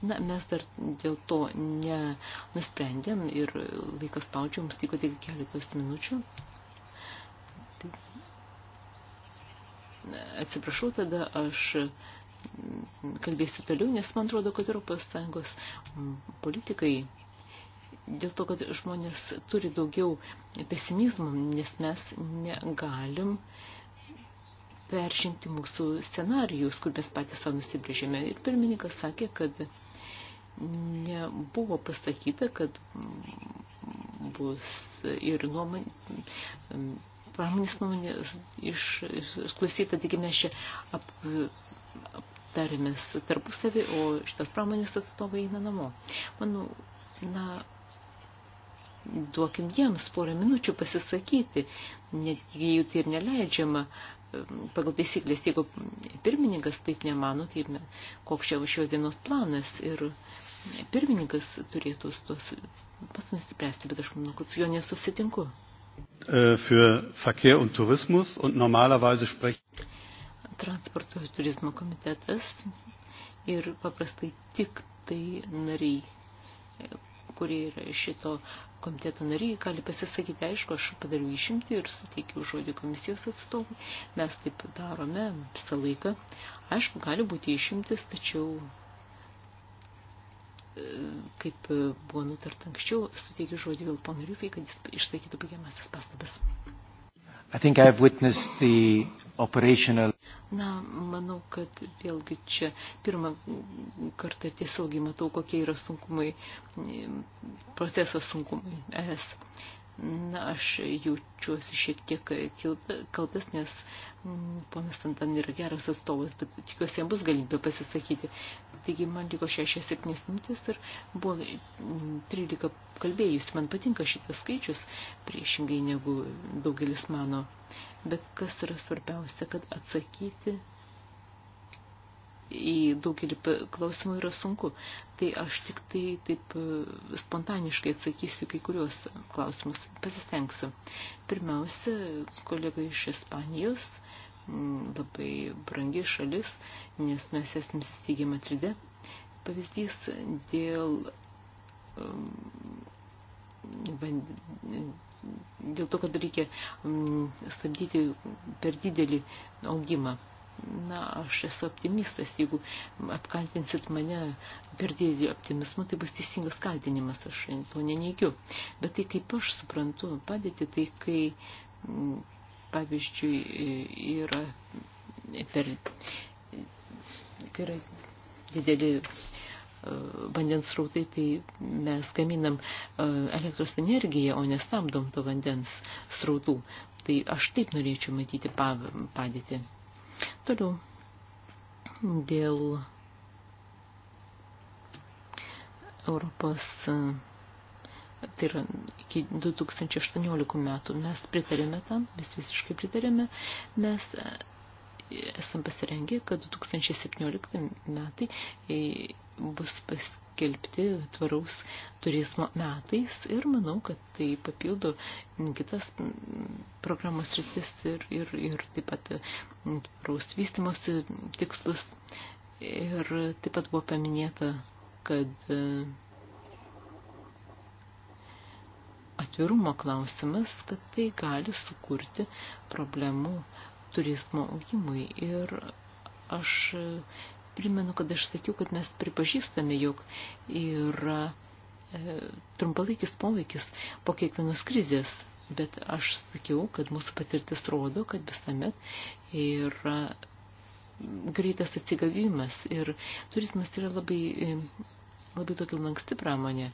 B: Na, mes dar dėl to nenusprendėm ir laikas spaudžia, mums tiko tik keletas minučių. Tai, atsiprašau, tada aš kalbėsiu toliau, nes man atrodo, kad Europos Sąjungos politikai dėl to, kad žmonės turi daugiau pesimizmų, nes mes negalim peržinti mūsų scenarijus, kur mes patys savo nusibrėžėme. Ir pirmininkas sakė, kad buvo pasakyta, kad bus ir nuomonė, pramonės nuomonė išklausyta, iš, iš taigi mes čia ap, aptarėmės tarpusavį, o šitas pramonės atstovai eina namo. Manau, na, duokim jiems porą minučių pasisakyti, net jeigu tai ir neleidžiama pagal taisyklės, jeigu pirmininkas taip nemano, tai koks čia šios dienos planas ir pirmininkas turėtų tuos pats nuspręsti, bet aš manau, kad su juo nesusitinku.
A: Äh, für Verkehr und Tourismus und normalerweise sprechen.
B: Transporto ir turizmo komitetas ir paprastai tik tai nariai, kurie yra šito komiteto nariai gali pasisakyti, aišku, aš padariau išimti ir suteikiau žodį komisijos atstovui, mes taip darome visą laiką. Aišku, gali būti išimtis, tačiau, e, kaip buvo nutarta anksčiau, suteikiu žodį vėl ponui Riufai, kad jis išsakytų baigiamasias pastabas.
D: I think I have witnessed the operational.
B: Na, manau, kad vėlgi čia pirmą kartą tiesiogiai matau, kokie yra sunkumai, proceso sunkumai ES. Na, aš jaučiuosi šiek tiek kaltas, nes mm, ponas Antan yra geras atstovas, bet tikiuosi jam bus galimybė pasisakyti. Taigi man liko 6-7 minutės ir buvo 13 mm, kalbėjus. Man patinka šitas skaičius, priešingai negu daugelis mano. Bet kas yra svarbiausia, kad atsakyti į daugelį klausimų yra sunku. Tai aš tik tai taip e, spontaniškai atsakysiu kai kurios klausimus. Pasistengsiu. Pirmiausia, kolega iš Ispanijos, labai brangi šalis, nes mes esame įsteigę Madride. Pavyzdys dėl dėl to, kad reikia stabdyti per didelį augimą na, aš esu optimistas, jeigu apkaltinsit mane per didelį optimizmą, tai bus teisingas kaltinimas, aš to neneigiu. Bet tai kaip aš suprantu padėti, tai kai, pavyzdžiui, yra per, kai yra didelį e, vandens srautai, tai mes gaminam e, elektros energiją, o nestabdom to vandens srautų. Tai aš taip norėčiau matyti padėtį. Toliau. Dėl Europos, tai yra iki 2018 metų, mes pritarėme tam, mes visiškai pritarėme, mes esam pasirengę, kad 2017 metai e, bus paskelbti tvaraus turizmo metais ir manau, kad tai papildo kitas programos rytis ir, ir, ir taip pat tvaraus vystimosi tikslus. Ir taip pat buvo paminėta, kad e, atvirumo klausimas, kad tai gali sukurti problemų turizmo augimui. Ir aš primenu, kad aš sakiau, kad mes pripažįstame, jog yra e, trumpalaikis poveikis po kiekvienos krizės. Bet aš sakiau, kad mūsų patirtis rodo, kad visuomet yra greitas atsigavimas ir turizmas yra labai, e, labai tokia lanksti pramonė.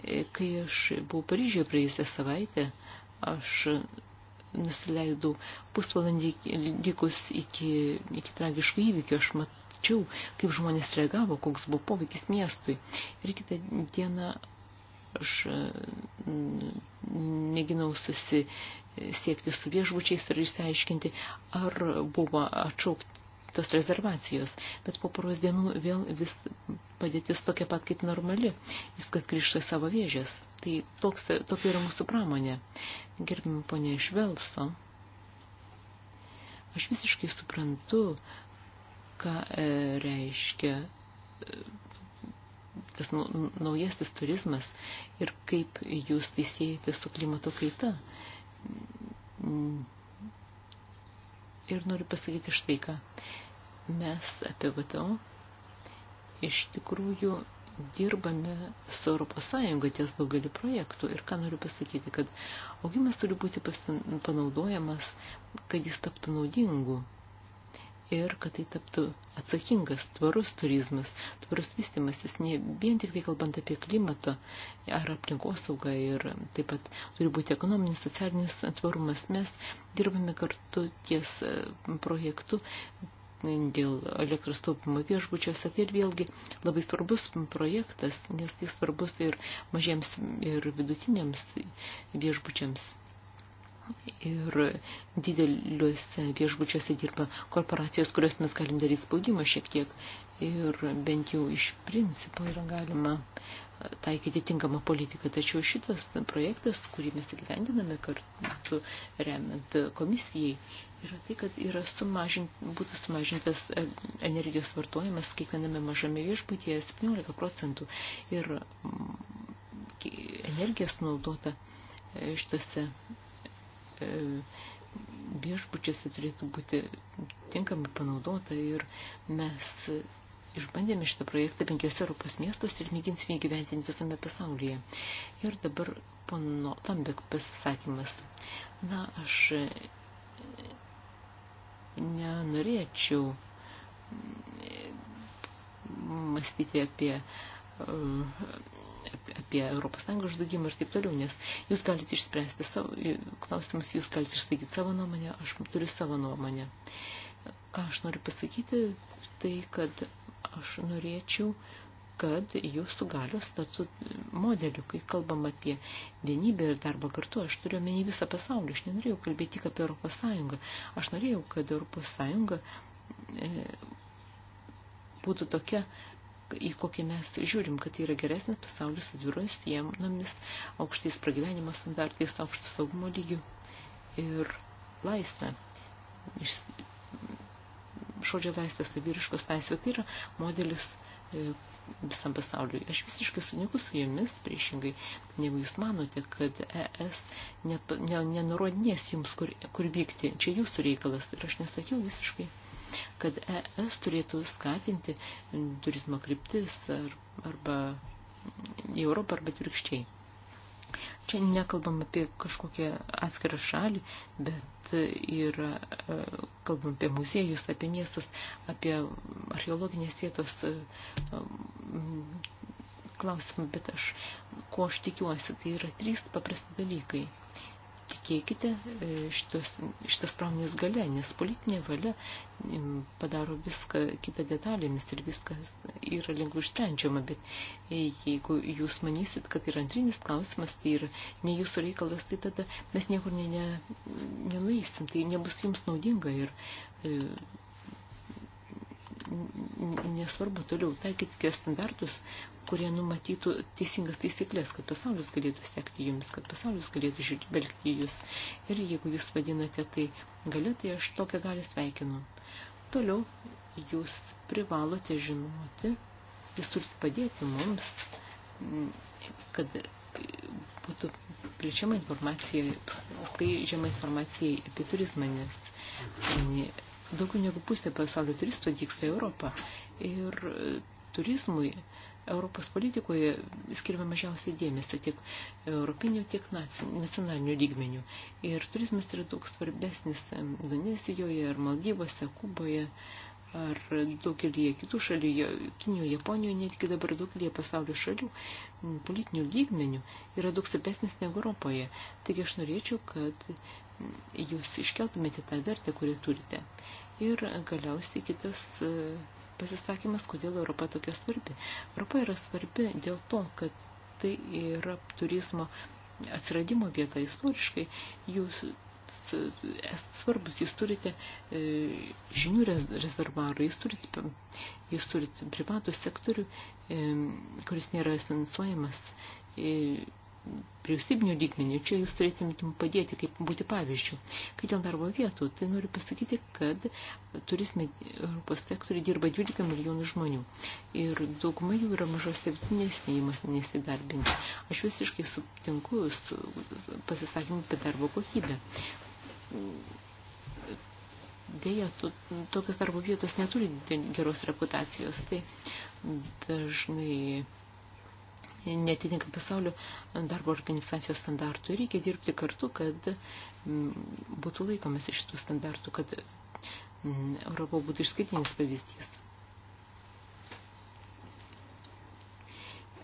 B: E, kai aš buvau Paryžiuje praėjusią savaitę, aš nusileidau pusvalandį likus iki, iki tragiškų įvykių, aš mačiau, kaip žmonės reagavo, koks buvo poveikis miestui. Ir kitą dieną aš e, mėginau susisiekti su viešbučiais ir išsiaiškinti, ar buvo atšauktos rezervacijos. Bet po poros dienų vėl vis padėtis tokia pat kaip normali. Viskas grįžta savo vėžės. Tai toks, tokia yra mūsų pramonė gerbimo ponė iš Velso, aš visiškai suprantu, ką e, reiškia e, tas naujasis turizmas ir kaip jūs tai siejate su klimato kaita. Ir noriu pasakyti štai ką. Mes apie VTO iš tikrųjų dirbame su Europos Sąjunga ties daugelį projektų ir ką noriu pasakyti, kad augimas turi būti panaudojamas, kad jis taptų naudingu ir kad tai taptų atsakingas, tvarus turizmas, tvarus vystimas, jis ne vien tik tai kalbant apie klimato ar aplinkosaugą ir taip pat turi būti ekonominis, socialinis tvarumas. Mes dirbame kartu ties e, projektu dėl elektros taupimo viešbučiuose. Tai ir vėlgi labai svarbus projektas, nes tai svarbus ir mažiems ir vidutiniams viešbučiams ir dideliuose viešbučiuose dirba korporacijos, kurios mes galim daryti spaudimą šiek tiek ir bent jau iš principo yra galima e, taikyti tinkamą politiką. Tačiau šitas projektas, kurį mes įgyvendiname kartu remiant komisijai, yra tai, kad yra sumažint, būtų sumažintas e, energijos vartojimas kiekviename mažame viešbutyje 17 procentų ir energija sunaudota e, šitose E, viešbučiuose turėtų būti tinkamai panaudota ir mes išbandėme šitą projektą penkiose Europos miestuose ir mėginsime įgyventinti visame pasaulyje. Ir dabar pono Lambek pasisakymas. Na, aš e, nenorėčiau mąstyti apie e, apie Europos Sąjungos žlugimą ir taip toliau, nes jūs galite išspręsti savo klausimus, jūs galite išsakyti savo nuomonę, aš turiu savo nuomonę. Ką aš noriu pasakyti, tai kad aš norėčiau kad jūsų galios taptų modeliu, kai kalbam apie vienybę ir darbą kartu, aš turiu omeny visą pasaulį, aš nenorėjau kalbėti tik apie Europos Sąjungą, aš norėjau, kad Europos Sąjunga e, būtų tokia į kokį mes žiūrim, kad tai yra geresnis pasaulis atviros sienomis, aukštais pragyvenimo standartais, aukštų saugumo lygių ir laisvę. Iš, šodžio laisvė, saviriškos tai laisvė, tai yra modelis e, visam pasauliui. Aš visiškai suniku su jumis, priešingai, negu jūs manote, kad ES nenurodinės jums, kur, kur vykti. Čia jūsų reikalas ir aš nesakiau visiškai kad ES turėtų skatinti turizmo kryptis ar, arba į Europą arba atvirkščiai. Čia nekalbam apie kažkokią atskirą šalį, bet ir e, kalbam apie muziejus, apie miestus, apie archeologinės vietos e, klausimą, bet aš, ko aš tikiuosi, tai yra trys paprasti dalykai pasitikėkite e, šitos, šitas pramonės gale, nes politinė valia padaro viską kitą detalėmis ir viskas yra lengvai išsprendžiama, bet e, jeigu jūs manysit, kad yra antrinis klausimas, tai yra ne jūsų reikalas, tai tada mes niekur ne, ne, nenueisim, tai nebus jums naudinga ir e, nesvarbu toliau taikyti tie standartus, kurie numatytų teisingas taisyklės, kad pasaulis galėtų sekti jums, kad pasaulis galėtų žvelgti jūs. Ir jeigu jūs vadinate tai galia, tai aš tokią galį sveikinu. Toliau jūs privalote žinoti, jūs turite padėti mums, kad būtų plečiama informacija, tai žema informacija apie turizmą, nes Daugiau negu pusė pasaulio turistų atvyksta į Europą. Ir e, turizmui Europos politikoje skiriame mažiausiai dėmesio tiek europinio, tiek nacionalinių lygmenių. Ir turizmas yra daug svarbesnis e, Indonezijoje ir Maldyvose, Kuboje. E, ar daugelį kitų šalių, Kinijoje, Japonijoje, netgi dabar daugelį pasaulio šalių politinių lygmenių yra daug stipesnis negu Europoje. Taigi aš norėčiau, kad jūs iškeltumėte tą vertę, kurią turite. Ir galiausiai kitas e, pasisakymas, kodėl Europa tokia svarbi. Europa yra svarbi dėl to, kad tai yra turizmo atsiradimo vieta istoriškai. Jūs E, svarbus, jūs turite e, žinių rezervarą, jūs turite, jūs turite privatų sektorių, e, kuris nėra finansuojamas vyriausybinių lygmenių, čia jūs turėtumėtum padėti, kaip būti pavyzdžių. Kai dėl darbo vietų, tai noriu pasakyti, kad turizme Europos sektoriai dirba 12 milijonų žmonių ir dauguma jų yra mažose vidutinėse įmonėse nesidarbinti. Aš visiškai sutinku su pasisakymu apie darbo kokybę. Deja, to, tokios darbo vietos neturi geros reputacijos, tai dažnai netitinka pasaulio darbo organizacijos standartų. Reikia dirbti kartu, kad mm, būtų laikomas iš tų standartų, kad mm, Europa būtų išskaitinis pavyzdys.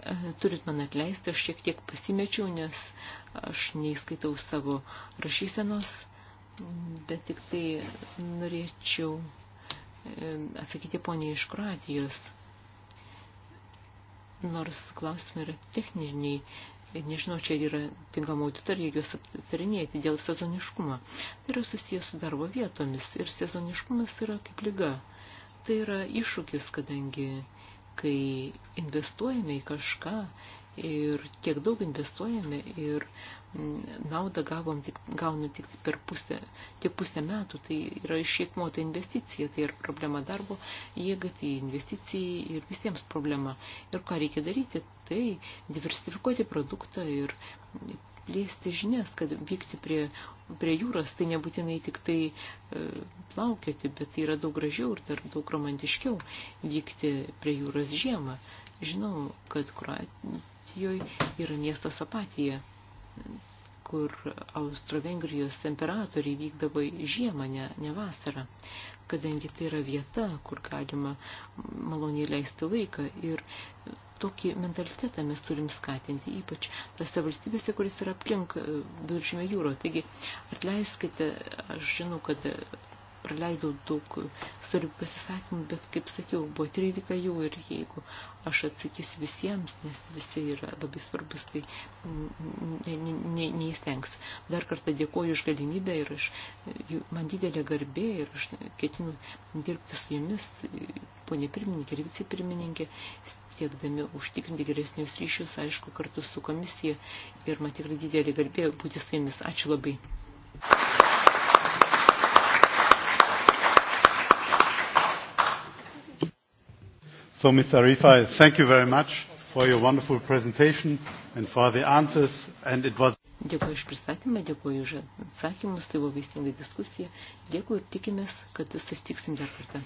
B: E, Turit man atleisti, aš šiek tiek pasimečiau, nes aš neįskaitau savo rašysenos, bet tik tai norėčiau e, atsakyti poniai iš Kroatijos nors klausimai yra techniniai. Nežinau, čia yra tinkama auditorija juos aptarinėti dėl sezoniškumo. Tai yra susijęs su darbo vietomis ir sezoniškumas yra kaip lyga. Tai yra iššūkis, kadangi kai investuojame į kažką ir tiek daug investuojame ir mm, naudą gavom tik, gaunam tik per pusę, tik pusę metų, tai yra išėkmota investicija, tai yra problema darbo jėga, tai investicijai ir visiems problema. Ir ką reikia daryti, tai diversifikuoti produktą ir plėsti žinias, kad vykti prie, prie jūros, tai nebūtinai tik tai e, plaukioti, bet tai yra daug gražiau ir dar daug romantiškiau vykti prie jūros žiemą. Žinau, kad Kroatija Kroatijoje yra miestas Apatija, kur Austro-Vengrijos imperatoriai vykdavo žiemą, ne, ne vasarą, kadangi tai yra vieta, kur galima maloniai leisti laiką ir tokį mentalitetą mes turim skatinti, ypač tose valstybėse, kuris yra aplink e, viduržymė jūro. Taigi, atleiskite, aš žinau, kad praleidau daug svarbių pasisakymų, bet, kaip sakiau, buvo 13 jų ir jeigu aš atsakysiu visiems, nes visi yra labai svarbus, tai neįstengsiu. Dar kartą dėkoju už galimybę ir aš, man didelė garbė ir aš ketinu dirbti su jumis, ponė pirmininkė ir vicepirmininkė, siekdami užtikrinti geresnius ryšius, aišku, kartu su komisija ir man tikrai didelė garbė būti su jumis. Ačiū labai. Thank you.
A: So, Mr. Arifai, thank you very much for your wonderful presentation and for the answers. And it was...
B: Dėkuoju iš pristatymą, dėkuoju už atsakymus, tai buvo vaistinga diskusija. Dėkuoju ir tikimės, kad susitiksim
D: dar kartą.